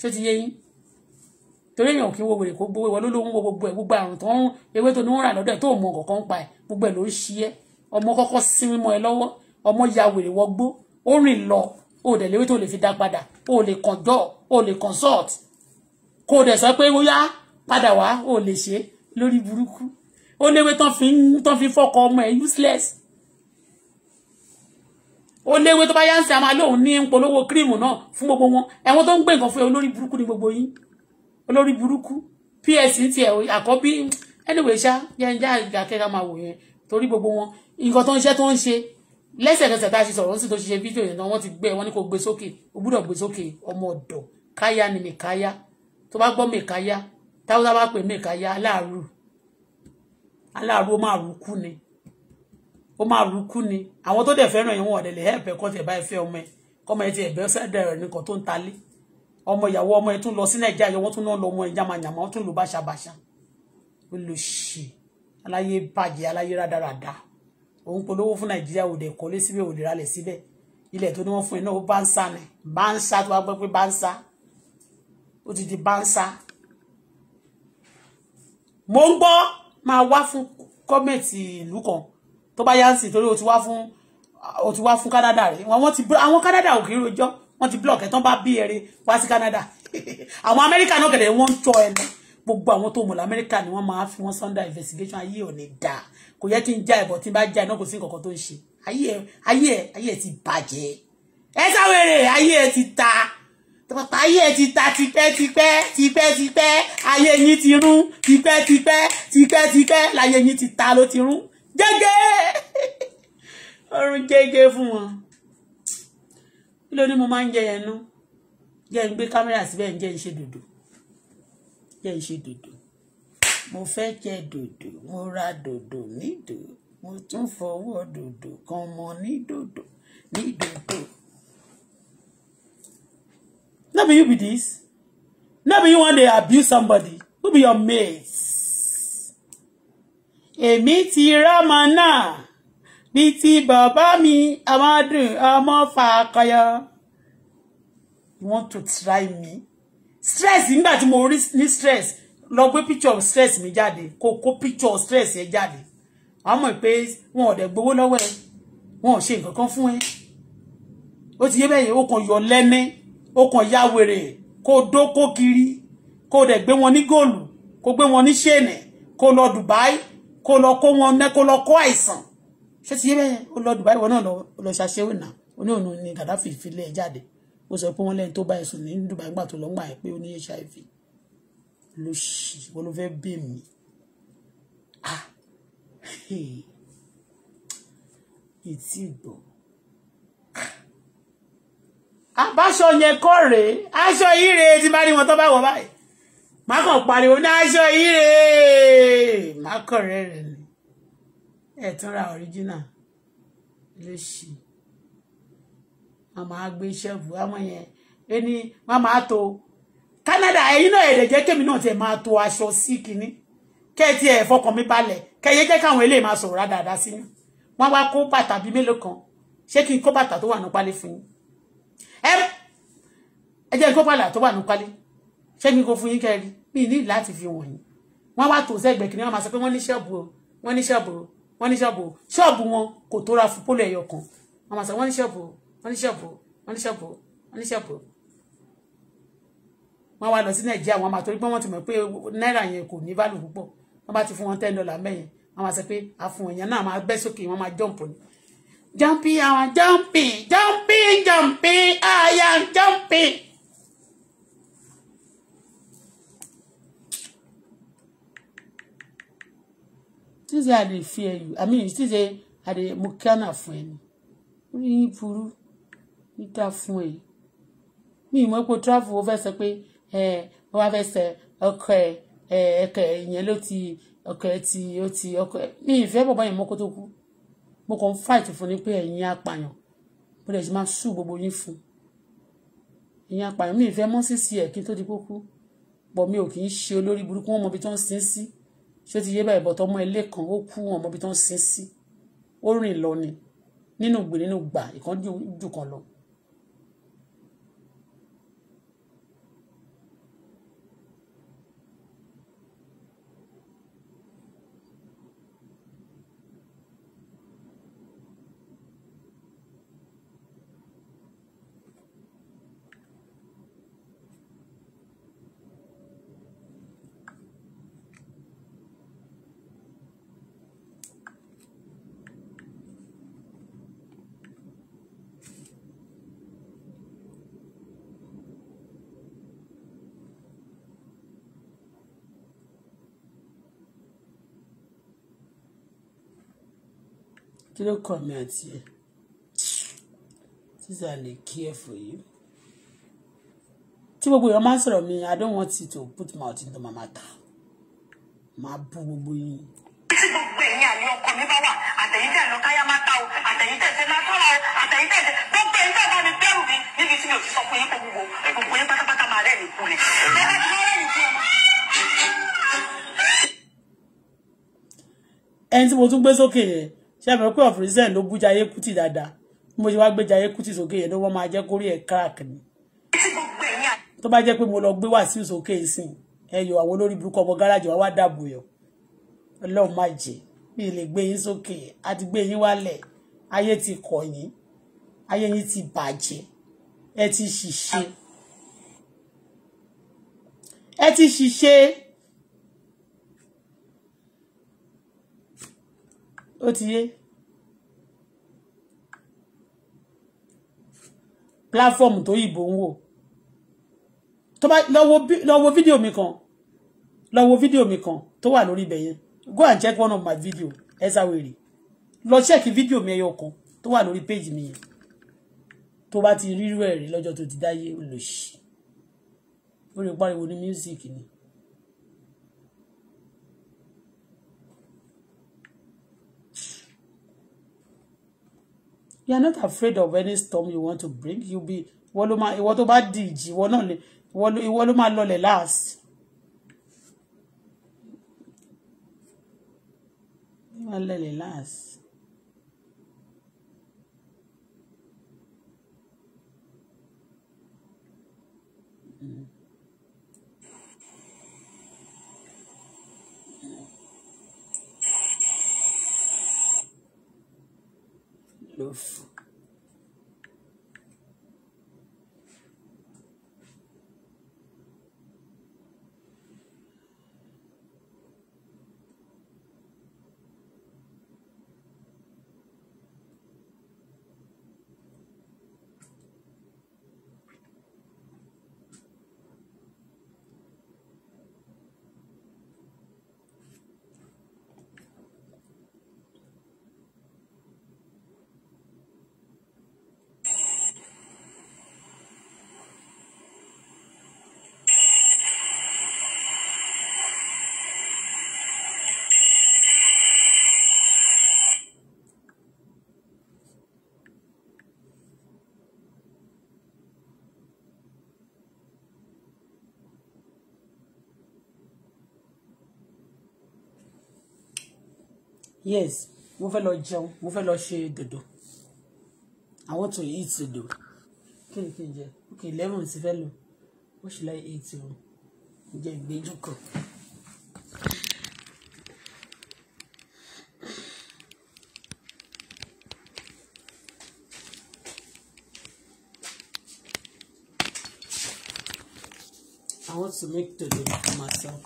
S1: tó ti yẹ yín torí èèyàn kí n wo wèrè kó gbowó ìwọ ló lóun wo gbogbo ẹ gbogbo àrùn tó ń ewé tó ní wọn rà lọ́dọ̀ ẹ tó mọ kọkọ ń pa ẹ gbogbo ẹ ló ń ṣí ẹ ọmọ kọ́kọ́ sinmi mọ ẹ lọ́wọ́ ọmọ ya wèrè wọgbó ó rìn lọ ó dẹ̀ léwé tó lè fi dá padà ó lè kàn dọ ó lè consult kó o dẹ̀ sọ pé ó yá padà wá ò lè ṣe lórí burúkú ó léwé tán fi fọkọ ọmọ ẹ useless ó léwé tó bá yá ń sẹ àmà lóun ní polówó kírìmù náà fún gbogbo wọn ẹwọn tó ń gbé nǹkan fún ẹ olórí burúkú ni gbogbo yín olórí burúkú ps ti ẹ àkọ́bí anyway ṣá yẹnjá ìgbàkẹ́ra máa wò yẹn torí gbogbo wọn nǹkan tó ń ṣe tó ń ṣe lẹ́sẹ̀kẹsẹ̀ tá a ṣe sọ̀rọ̀ sí tó ṣiṣẹ́ fídíò yẹn náà wọ́n ti gbé wọn ní kó gbé sókè ó gbúdọ̀ gbé sókè ọmọ ọ̀dọ̀ káyá ni mìkáyá tó bá gbọ́ mìkáyá táwọn táwọn pè mí ìkàyà aláàrú aláàrú ó máa rú kú ni ó máa rú kú ni àwọn tó dẹ̀ fẹ́ràn yẹn wọn ọ̀dẹ̀ lè hẹ́ẹ̀pẹ̀ kọ́ tiẹ̀ báyìí fẹ́ ọmọ ẹ̀ kọ́mọ ẹ̀ tiẹ̀ bẹ́ẹ̀ sẹ́dẹ̀ rẹ̀ nìkan tó ń talé ọmọ ìyàwó ọmọ ẹ̀ tún lọ sí nàìjíríà yọ wọ́n tún náà lọ ọmọ ìyá mànyàmá wọ́n tún lù báṣabàṣa ó lò ṣì aláyé bàjẹ́ aláyé rádaràda òun polówó fún nàìjíríà òde kọ́lé síbẹ̀ òde ralẹ̀ síbẹ̀ ilẹ̀ tó ní wọ́n fún ẹ náà ó bá ń sá ni bá ń sá tó bá gbọ́ pé bá ń sá ó ti di bá ń sá mo ń gbọ́ máa wá fún gọ́ọ̀mẹ̀ntì ìlú kan tó bá yá torí o ti wá fún o ti wá fún Canada rẹ̀ wọ́n ti àwọn Canada ò kì í rojọ́ wọ́n ti block ẹ̀ tán bá bí ẹ̀rẹ̀ wá sí Canada àwọn Amẹ́ríkà náà gẹ̀dẹ̀ wọ́n ń tọ́ ẹnu gbogbo àwọn tó mọ̀ lamẹ́ríkà ni wọ́n máa fi wọ́n sunday investigation ayé ò ní dà kò yẹ kí n já ẹ̀bọ̀ tí n bá já iná kò sí nǹkan tó ń ṣe ayé ẹ ayé ẹ ayé ti bàjẹ́ ẹ sáwèrè ayé ẹ ti ta bàbá ayé ẹ ti ta tipẹ́tipẹ́ tipẹ́tipẹ́ ayé yín ti rún tipẹ́tipẹ́ tipẹ́tipẹ́ láyé yín ti ta ló ti rún jẹ́gẹ́ ọrùn jẹ́gẹ́ fún wọn kí ló ní mo máa ń jẹ ẹnu jẹ́ ń gbé kámẹ́rà síbẹ̀ ń jẹ́ ń ṣe dòdò jẹ́ ń ṣe dòdò mo fẹ́ jẹ dòdò mo ra dòdò nídò mo tún fọwọ́ dòdò kan mọ ní dòdò no be you be this no be you want to abuse somebody who be your mates èmi ti rọmọ náà bí mi amádùn ọmọ fàákọyọ you want to try me stress nígbà tí mo rí stress lọ gbé picture of stress me jáde Koko picture of stress ye jáde wàá mọ̀ pé wọn ò dẹ̀ gbowó lọ́wọ́ ẹ wọn ò ṣe nǹkan kan fún ẹ ó ó kàn ya wèrè kó dó kó kiri kó dẹ̀ gbé wọn ní góòlù kó gbé wọn ní ṣéènì kó lọ Dubai kó lọ kó wọn ná kó lọ kó àìsàn ṣé ti yé bẹ́ẹ̀ ó lọ Dubai wọn náà lọ ṣàṣẹ́wò náà oníhùn ni Gaddafi ìfilẹ̀ jáde ó sọ pé wọ́n lẹ́yìn tó bá ẹ̀sùn ní Dubai gbà tó lọ́gbà ẹ̀ pé ó ní HIV ló ṣì wọ́n ló fẹ́ bí ah, mi ah ètí ìgbọ̀n àbáṣọ yẹn kọ́ rèé aṣọ yìí rèé tí bá ní wọn tó bá wọ báyìí má kàn pariwo ní aṣọ yìí rèé má kọ̀ rẹ̀ rẹ̀ ni ẹ̀ tún ra original lóṣì wọn máa gbé ṣẹ́ẹ̀fù àwọn yẹn ẹni wọn máa to Canada ẹ̀yin náà ẹ̀rẹ̀ jẹ́ kémi náà tiẹ̀ máa to aṣọ sí kínní kẹ́ẹ̀tì ẹ̀ fọkàn mi balẹ̀ kẹ́ẹ̀yẹ jẹ́ káwọn eléyìí máa sọ̀rọ̀ dáadáa sí yín wọ́n wá kó bàtà bíi mélòó kan ṣé kí n kó bàtà tó wà ní pálí fún yín ẹ jẹ́ kó pàlà tó wà ní pálí ṣé kí n kó fún yín kẹ́rì mi ní láti fi wọ̀nyí wọ́n wá tò sẹ́gbẹ̀ẹ́ kìnìún wọn máa sọ pé wọ́n ní ṣọ́ọ̀bù o wọ́n ní ṣọ́ọ̀bù o wọ́n ní ṣọ́ọ̀bù o ṣọ́ọ̀bù wọn kò tó ra fún pólò ẹ̀yọ kan wọ́n máa sọ wọ́n ní ṣọ́ọ̀bù o wọ́n ní ṣọ́ọ̀bù o wọ́n ní ṣọ́ọ̀bù o wọ́n ní ṣọ́ọ̀bù wọ́n wá lọ sí nàìjíríà wọ́n máa torí pé wọ́n ti mọ̀ pé náírà yẹn kò ní bálù púpọ̀ wọ́n bá ti fún wọn ten dollar mẹ́yẹn wọ́n máa sọ pé àfún èèyàn náà máa gbẹ́ sókè wọ́n máa jọ̀ǹpù ni jumping i'm ah, jumping jumping jumping i ah, am jumping. since i dey fear you i mean since i dey a Mukana friend, ẹ ni orí yín burú níta fún ẹ mi ìmọ̀ travel over, fẹ́ sọ pé ẹ ó wá fẹ́ sẹ ọkọ okay, ẹ ẹkọ ẹ ìyẹn ló ti ọkọ ẹ ti mo kàn ń fight fún ni pé ẹ̀yin apààyàn mo dẹ̀ ṣe máa sú gbogbo yín fún ẹ̀yin apààyàn mi ìfẹ́ mọ́ sísì ẹ̀ kí n tó di kókó bọ̀ mi ò kì í ṣe olórí burúkú wọn mọ ibi tó ń sin sí ṣé ti yé báyìí bọ̀tọ̀ ọmọ ilé kan ó kú wọn mọ ibi tó ń sin sí ó rìn lọ ni nínú gbè nínú gbà ìkan jù lọ kí comments. kàn mí àti ẹ̀ sísà lè you ẹ fò yìí tí gbogbo èèyàn máa ń I don't want you to put mouth into my matter máa bú gbogbo yín.
S3: títí gbogbo ẹ̀yin àní ọkọ mi bá wà àtẹ̀yìntẹ̀ ló káyà máa ta o àtẹ̀yìntẹ̀ ṣe máa tọ́ra o àtẹ̀yìntẹ̀ ṣe gbogbo ẹ̀yin bá bá mi bẹ́rù mi níbi tí mi ò ti sọ fún yín kó wúwo gbogbo yín pátápátá máa rẹ́ẹ̀nì kulẹ̀ bẹ́ẹ̀ ni wọ́n rẹ́ẹ̀nì tiẹ̀ mọ́.
S1: ẹni tí mo tún gbé sókè yẹn ṣé ẹ pé of reason ló bú Jayé Kútì dáadáa bí mo ṣe wá gbé Jayé Kútì sókè yẹn ló wọ́n máa jẹ́ kórí ẹ̀ crack ni tó bá jẹ́ pé mo lọ gbé Wàsíù sókè ìsìn ẹyọ àwọn olórí burúkú ọmọ gáràjì wa wá dàbò yọ ọlọ́run má jẹ́ mi lè gbé yín sókè àti gbé yín wálẹ̀ ayé ti kọ̀ yín ayé yín ti bàjẹ́ ẹ ti ṣìṣe ẹ ti ṣìṣe. ó ti yé platform tó yìnbó ń wò tó bá lọ wo fídíò mi kan lọ wo fídíò mi kan tó wà lórí ibẹ̀ yẹn go and check one of my video ẹ̀sáwèrè lọ check fídíò mi ẹyọ kan tó wà lórí page mi yẹn tó bá ti rírú ẹ̀rí lọ́jọ́ tó ti dáyé olùsí ó lè pariwo ní music ni you are not afraid of any storm you want to bring you be ìwọ ló máa ìwọ tó bá di ìjì ìwọ náà lè ìwọ ló máa lọlẹ̀ last. máa last. Mm-hmm. yes mo fẹ́ lọ jẹun mo fẹ́ lọ ṣe dòdò i want to eat dòdò kí ni kí n jẹ ok eleven ti fẹ́ lò ó ṣe láì eight o jẹ ìgbẹ́jú kan.
S2: I want to make dodo for myself.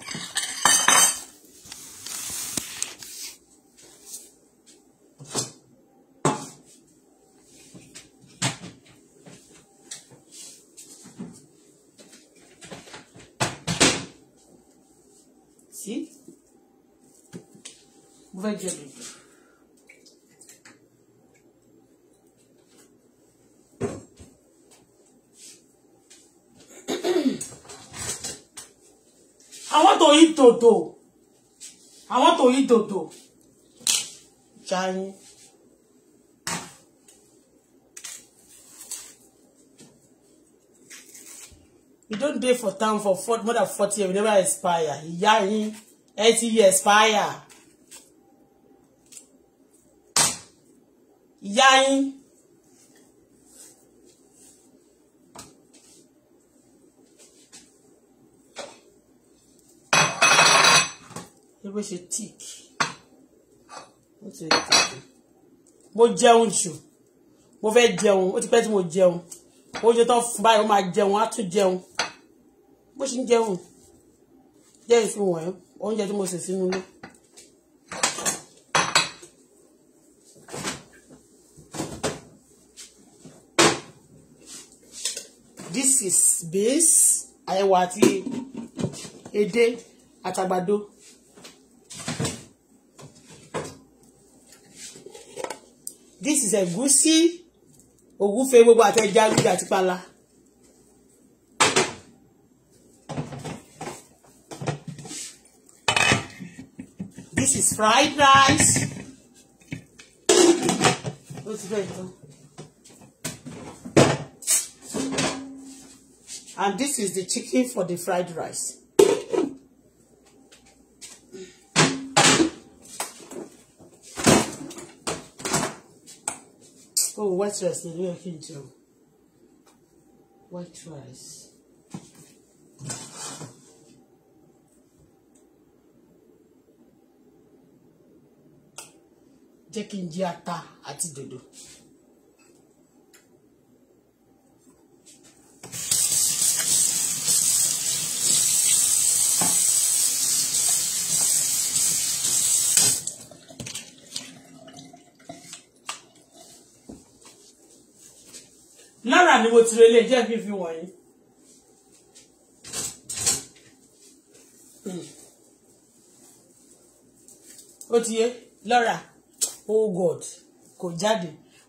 S1: dodo. I want to eat dodo. Giant. you don't pay for time for four, more than 40 years. We never expire. Ìyá yín, 80 years expire. Ìyá bó ṣe tíìkì ó ti rí tètè mo jẹun jù mo fẹ́ jẹun ó ti pẹ́ tí mo jẹun oúnjẹ tó fún báyìí ó máa jẹun á tún jẹun bó ṣe ń jẹun jẹ́ ìfihàn ẹ̀ oúnjẹ tí mo sè sínú ilé. this is beans àyẹ̀wò àti edé àtàgbàdo. this is ẹ̀gúsí ògúfe gbogbo àtẹjá gbígbà àti pala. this is fried rice. and this is the chicken for the fried rice. white rice ni lóyún kí n jẹun white rice. jẹ́ kí n jẹ ata àti dòdò. Kwara ni mo ti relé jẹ́ kí wọ̀nyí. Hmm. ó ti yé lọ́ra oh god kò jáde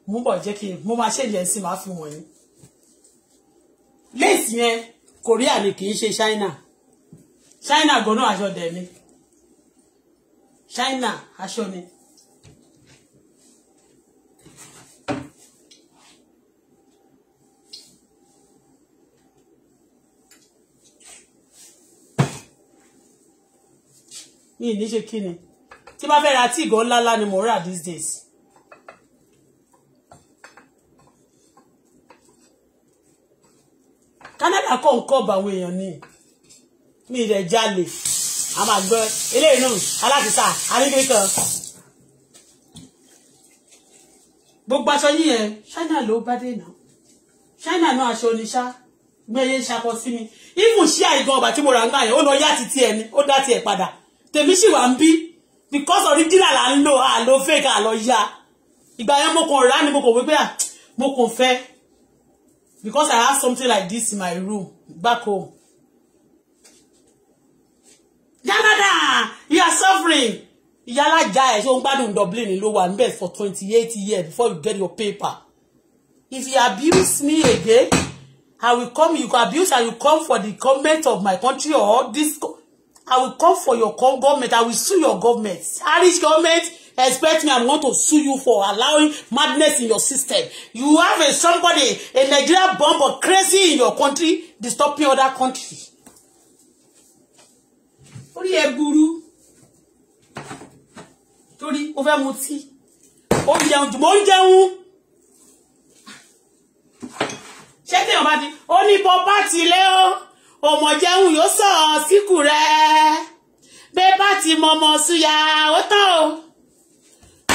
S1: mú bọ̀ jẹ́ kí n mo máa ṣèjẹ́ sí máa fi wọ̀nyí. léèsì yẹn Korea ni kì í ṣe China China gan-an aṣọ dẹ̀ ni China aṣọ ni. mi ní ṣe kí ni tí bá fẹ́ ra tí ìgò ńláńlá ni mo rà these days. Canada kọ́ ń kọ́ bàwọn èèyàn ni mi rẹ̀ jalè a máa gbọ́ eléyìí náà aláàtìsá arígbé kan. gbogbo aṣọ yìí yẹn China ló bá dé náà China náà aṣọ oníṣá gbé yé ṣakọ sí mi ìmùsíà ìgan ọ̀bà tí mo rà ń gbà yẹn ó lọ yá títí ẹni ó dá tiẹ̀ padà tèmi sì wà ń bí because original là ń lò àlò fake àlọ́ ya ìgbà yẹn mo kàn rà ni mo kàn wípé à mo kàn fẹ́ because I have something like this in my room back home. Canada you are suffering ìyálàjà ẹ̀ ṣé o ń gbádùn Dublin ló wà níbẹ̀ for twenty eight years before you get your paper if you abuse me again I will come you abuse and you come for the comment of my country or this I will come for your government. I will sue your government. Irish government, expect me. I'm going to sue you for allowing madness in your system. You have a somebody, a Nigerian bomb or crazy in your country, disturbing other country. Orí ẹ burú. Torí ó fẹ́ mutí. Ó ń jẹun jùmọ̀ ń jẹun. Ṣé téèyàn bá ti? Ó ọmọ jẹun yóò sọ síkù rẹ bẹ́ẹ̀ bá ti mọ ọmọ súyà ó tán o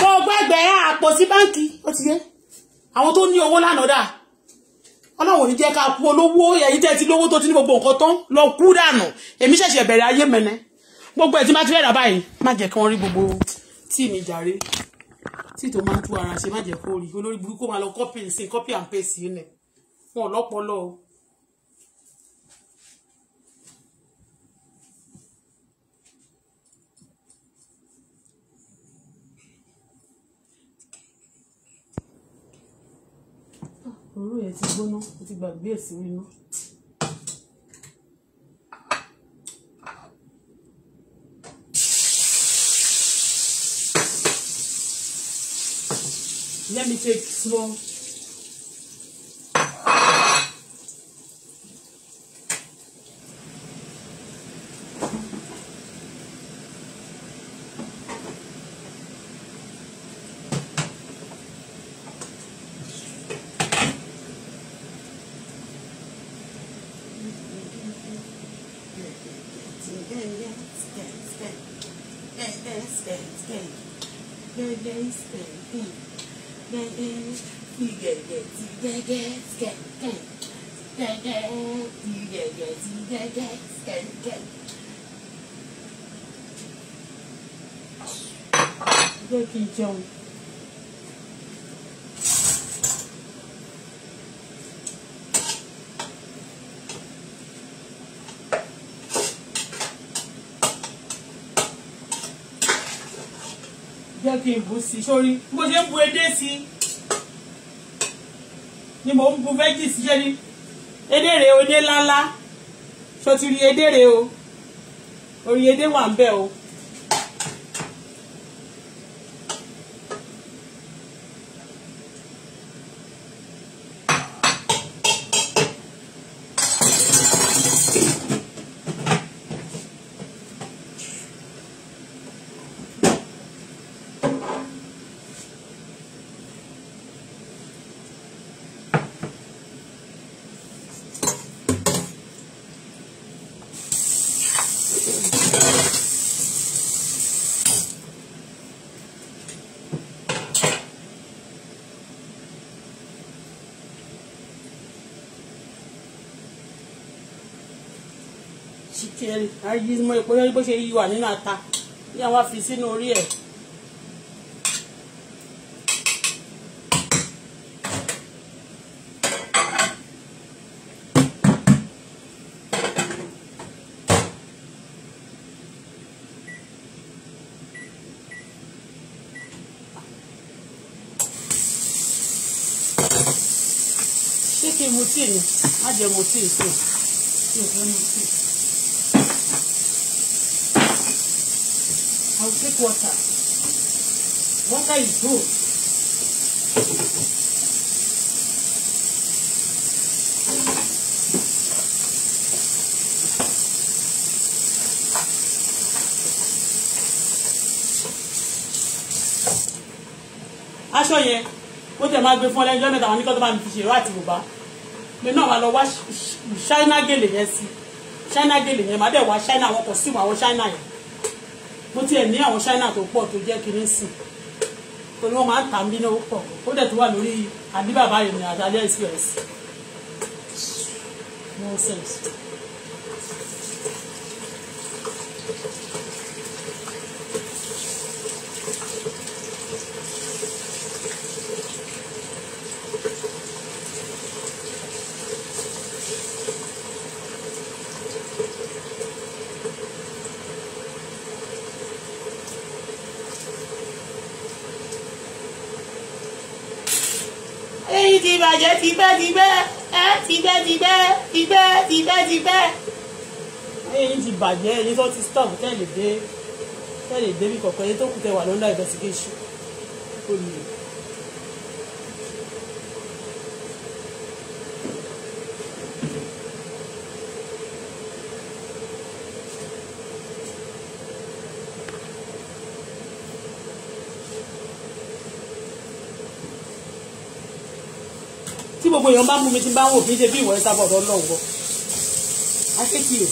S1: kó o gbẹgbẹ àpò sí báǹkì ó ti yẹ àwọn tó ní owó lánàá dà ọlọ́wọ̀n ní jẹ́ ká kú olówó ẹ̀yìn tẹ́ ti lówó tó ti ní gbogbo nǹkan tán lọ kú dànù èmi ṣẹ̀ṣẹ̀ bẹ̀rẹ̀ ayé mẹ́nẹ́ gbogbo ẹ̀ tí máa ti rẹ̀rà báyìí má jẹ́ kí wọ́n rí gbogbo tí mi jàre tí tó máa ń tú ara ṣe má jẹ́ kó rí olórí burúkú máa lọ copy and paste yìí nẹ̀ wọn lọ́pọ̀lọ́ o òróró yẹn ti gbóná ó ti gbàgbé ẹ̀ sí iná. Let me take small jẹun. jẹ́ kí n bu sí i sórí bó ṣe ń bu edé sí i ni mò ń bu veggie sí ṣe ni edére o edé lálá ṣọtiri edére o orí edé wà ń bẹ o. tiẹ̀ ayé mọ epo yẹn bó ṣe yí wà nínú ata ní àwọn afi sínú orí ẹ̀. kí n mu tíì ni má jẹ mu tíì sí i kí n mu tíì. drink water. Water is good. aṣọ yẹn ó tẹ̀ máa gbé fún ọlẹ́jọ́ mẹ́ta wọn ní kọ́ tó bá mi fi ṣèrò àti bùbá mi náà máa lọ wá ṣáínà gèlè yẹn sí ṣáínà gèlè yẹn máa dẹ̀ wá ṣáínà àwọn kò sí ìwà àwọn ṣáínà yẹn tiẹ̀ ní àwọn China tó pọ̀ tó jẹ́ kiri sí torí wọ́n máa ń tà mí náà pọ̀ ó dẹ̀ tó wà lórí àdìbàbà ìrìn àdàlẹ́ express no sense. tìgbẹ́ ẹ tìgbẹ́ tìgbẹ́ tìgbẹ́ tìgbẹ́ tìgbẹ́. ẹyin ti bàjẹ́ ẹni tó ti stop tẹ́lẹ̀ dé tẹ́lẹ̀ dé bí kọ̀ọ̀kan ẹni tó kù tẹ wà lọ́nà investigation ó èèyàn bá mú mi tí bá wò kí bí ìwọ ìsàbọ̀ ọ̀dọ́ náà wọ. akéèkì o.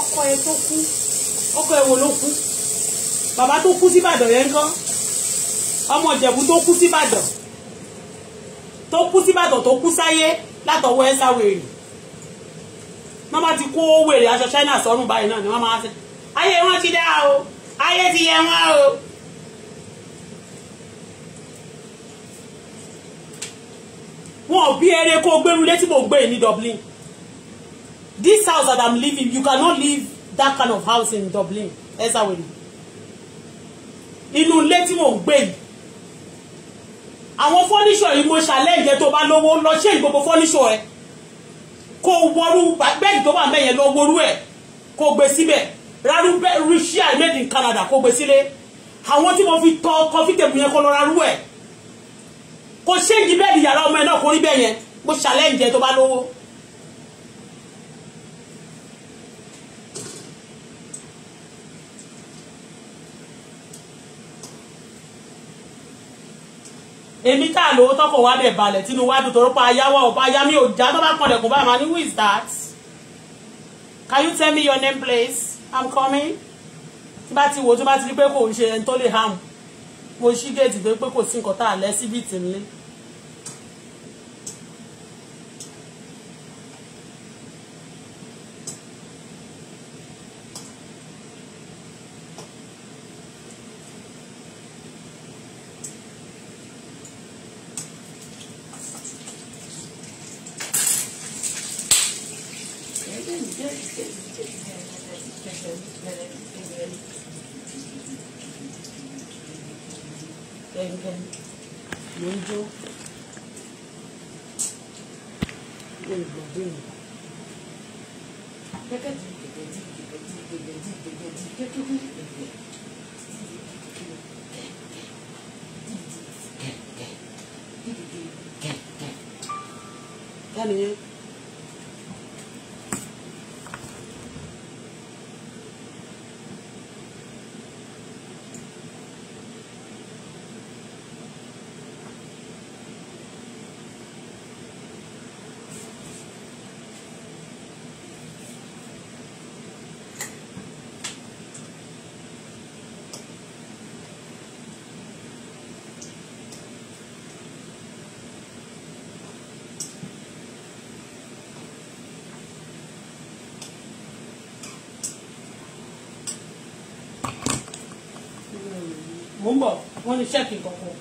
S1: ọkọ ẹ tó kú ọkọ ẹ wo bàbá tó kú síbàdàn yẹn ọmọ ìjẹ̀bú tó kú síbàdàn tó kú sáyé látọwọ́ ẹ mama ti China ni mama ti o ti o. wọn bí eré kó gbẹrú létí mo gbé e ní Dublin this house that I'm living you cannot live that kind of house in Dublin Ezawere inú ilé tí mò ń gbé yìí àwọn fọ́níṣọ̀ yìí mo ṣàlẹ́yìn tó bá lówó lọ ṣé ìgbogbo fọ́níṣọ̀ ẹ kó wọrú bẹ́ẹ̀dì tó wà mẹ́yẹn lọ wọrú ẹ kó gbé síbẹ̀ rárú russia made in Canada kó gbé sílé àwọn tí mo fi tọ kọfí tèbù yẹn kó lọ rárú ẹ̀ kò ṣéǹjì bẹ́ẹ̀dì yàrá ọmọ ẹ náà kò rí bẹ́ẹ̀ yẹn mo challenge tó bá lówó. èmi tá lówó tọkọ wá bẹ̀ balẹ̀ tínú wá dùn torópa ayáwó ọba ayá mi ò já tó bá pọnlẹ̀ kó bá ma ní who is that can you tell me your name please i'm coming tí bá ti wò tó bá ti rí pé kò ń ṣe ẹni tó lè hàm mo ṣí géètì pé kò sí nǹkan tá a lẹ́ síbìtì nílé. mo ń bọ̀ wọ́n ní ṣẹ́ẹ̀kì kankan.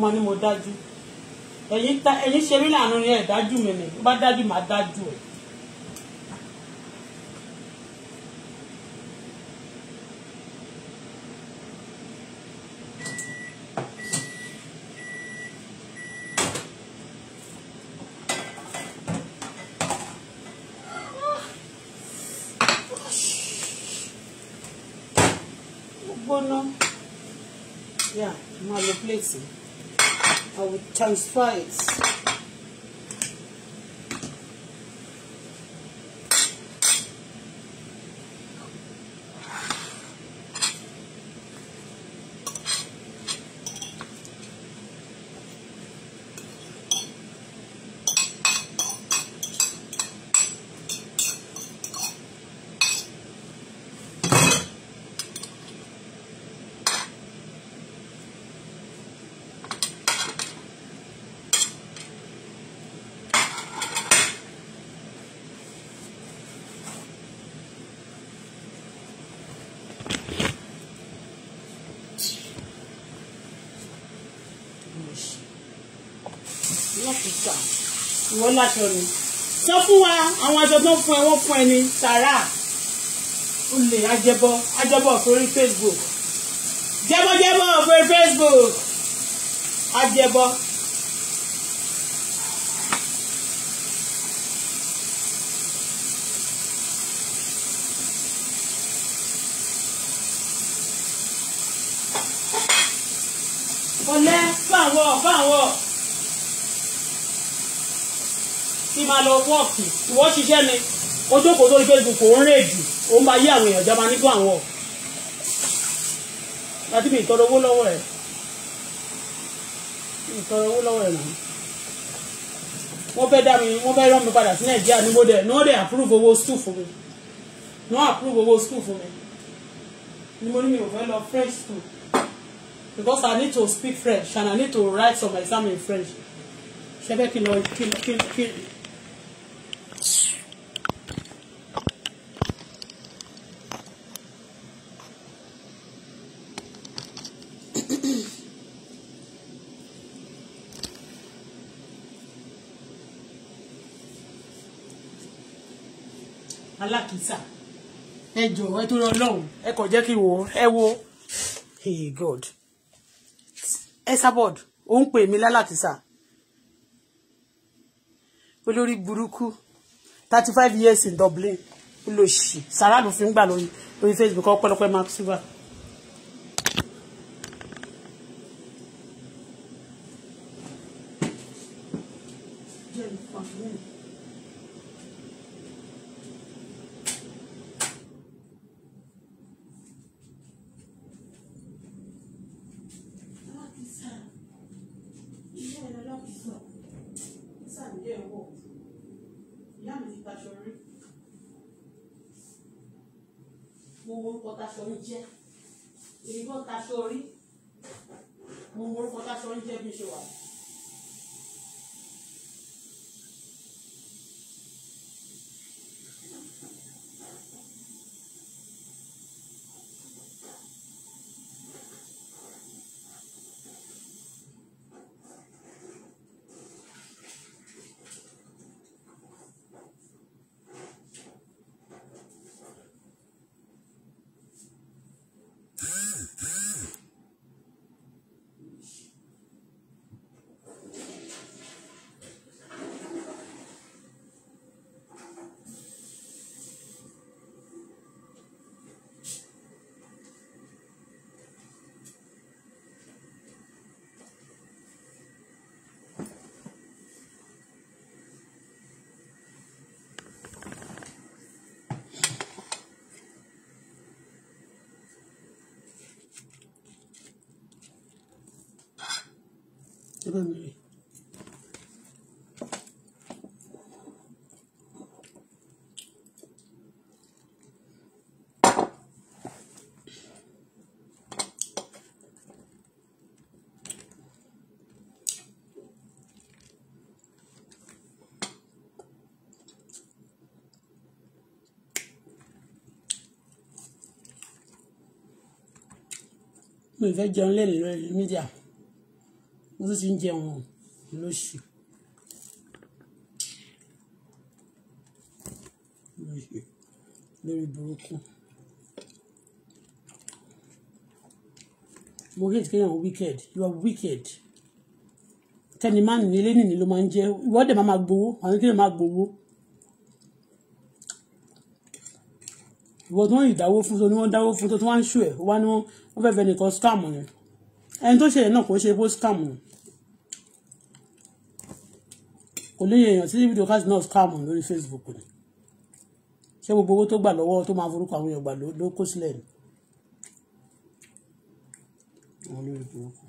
S1: mo ní mo dájú ẹ̀yin ṣe mí láàánú yẹn dájú mi nì bá dájú màá dájú ẹ̀. transfer it ìwọ láṣọ ni sọ fún wa àwọn aṣọ tó ń fún ẹ wọ́n fún ẹ ní sàrà olè ajẹbọ ajẹbọ sórí Facebook jẹbọjẹbọ sórí Facebook ajẹbọ. wọ́ọ̀kì ìwọ ṣiṣẹ́ ni ojókòó lórí Facebook òun rèèdì òun bá yí àwọn èèyàn jọba nígbà àwọn láti mi ìtọrọ owó lọ́wọ́ ẹ̀ ìtọrọ owó lọ́wọ́ ẹ̀ nà wọ́n fẹ́ dá mi wọ́n fẹ́ rán mi padà sí Nàìjíríà ní mo dẹ̀ ní wọ́n dẹ̀ approve owó school fún mi ní wọ́n approve owó school fún mi ni mo ní mi ò fẹ́ lọ French school because I need to speak French and I need to write some exam in French ṣẹ́fẹ́ kí n lọ kí n kí n kí n. alákìísà ẹ jọ̀ọ́ ẹ tó rọ lọ́hùn ẹ kò jẹ́ kí wo ẹ wo hey god ẹ sábọ̀d ó ń pè mí lálákìísà olórí burúkú thirty five years in Dublin ó lò sí sàrà ló fi ń gbà lórí Facebook ọpẹ́lọpẹ́ Mark Silver. ẹ bá mi rí. mi fẹ́ jẹun mo tún ń jẹun lóṣù. lórí burúkú mo hate kéèyàn wicked you are wicked tẹni máa nìyí lé nìyí ló máa ń jẹ ìwọ́dẹ̀ máa máa gbowó àwọn kéèyàn máa gbowó ìwọ tí wọ́n yìí dáwó fún tó ni wọ́n dáwó fún tó tí wọ́n ń ṣù ẹ̀ wọ́n ní wọ́n fẹ́ẹ́ fẹ́ nìkan scam yẹn ẹni tó ṣẹlẹ̀ náà kò ṣe bó scam o kò lóye èèyàn tí fídíò káàsì náà scam lórí Facebook ni ṣé gbogbo owó tó gbà lọ́wọ́ tó máa forúkọ àwọn èèyàn gbà ló kó sílẹ̀ ni. àwọn olórí burúkú.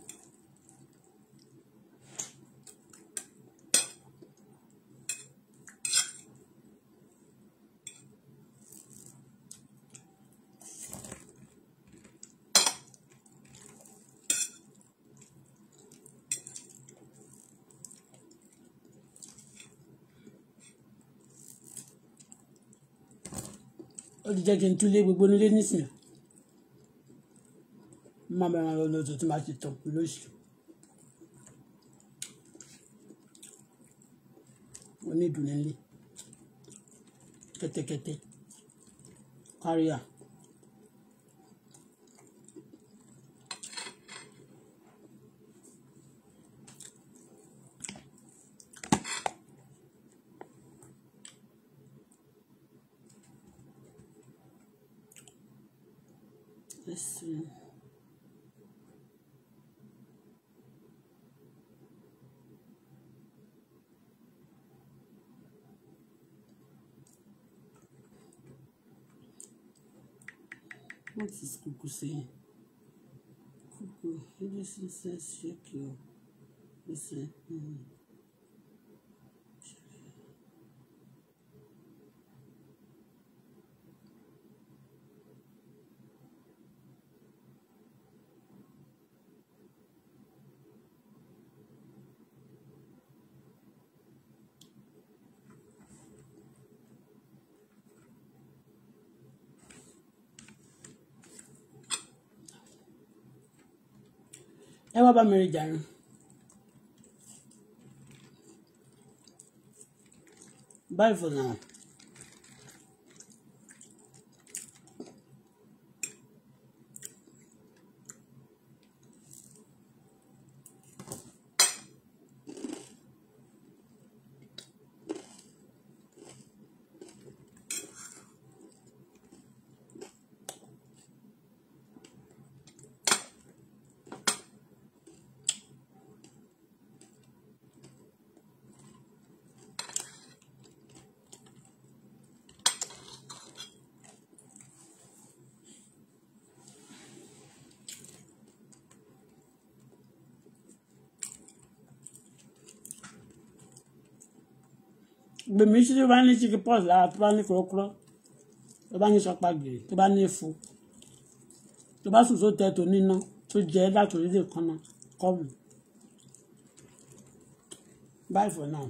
S1: ó ti jẹ́ kí n túlé gbogbo nílé nísìnyí má bẹ̀rẹ̀ lọ́nà tó ti máa ti tàn lóṣù. onídùúnílé kẹ́tẹ́kẹ́tẹ́ káríà. sẹ́yìn
S2: kókó edison says check your research. Mm-hmm.
S1: wá bá jàre. Bye for now. gbèmí tí ó bá ní chicken pox lára ah, tó bá ní kúrọ́kúrọ́ tó bá ní sọpa gbèrè tó bá ní èfo tó bá sùn tó tẹ tó níná tó jẹ látòrí lè kánná kọ́ mi bye for now.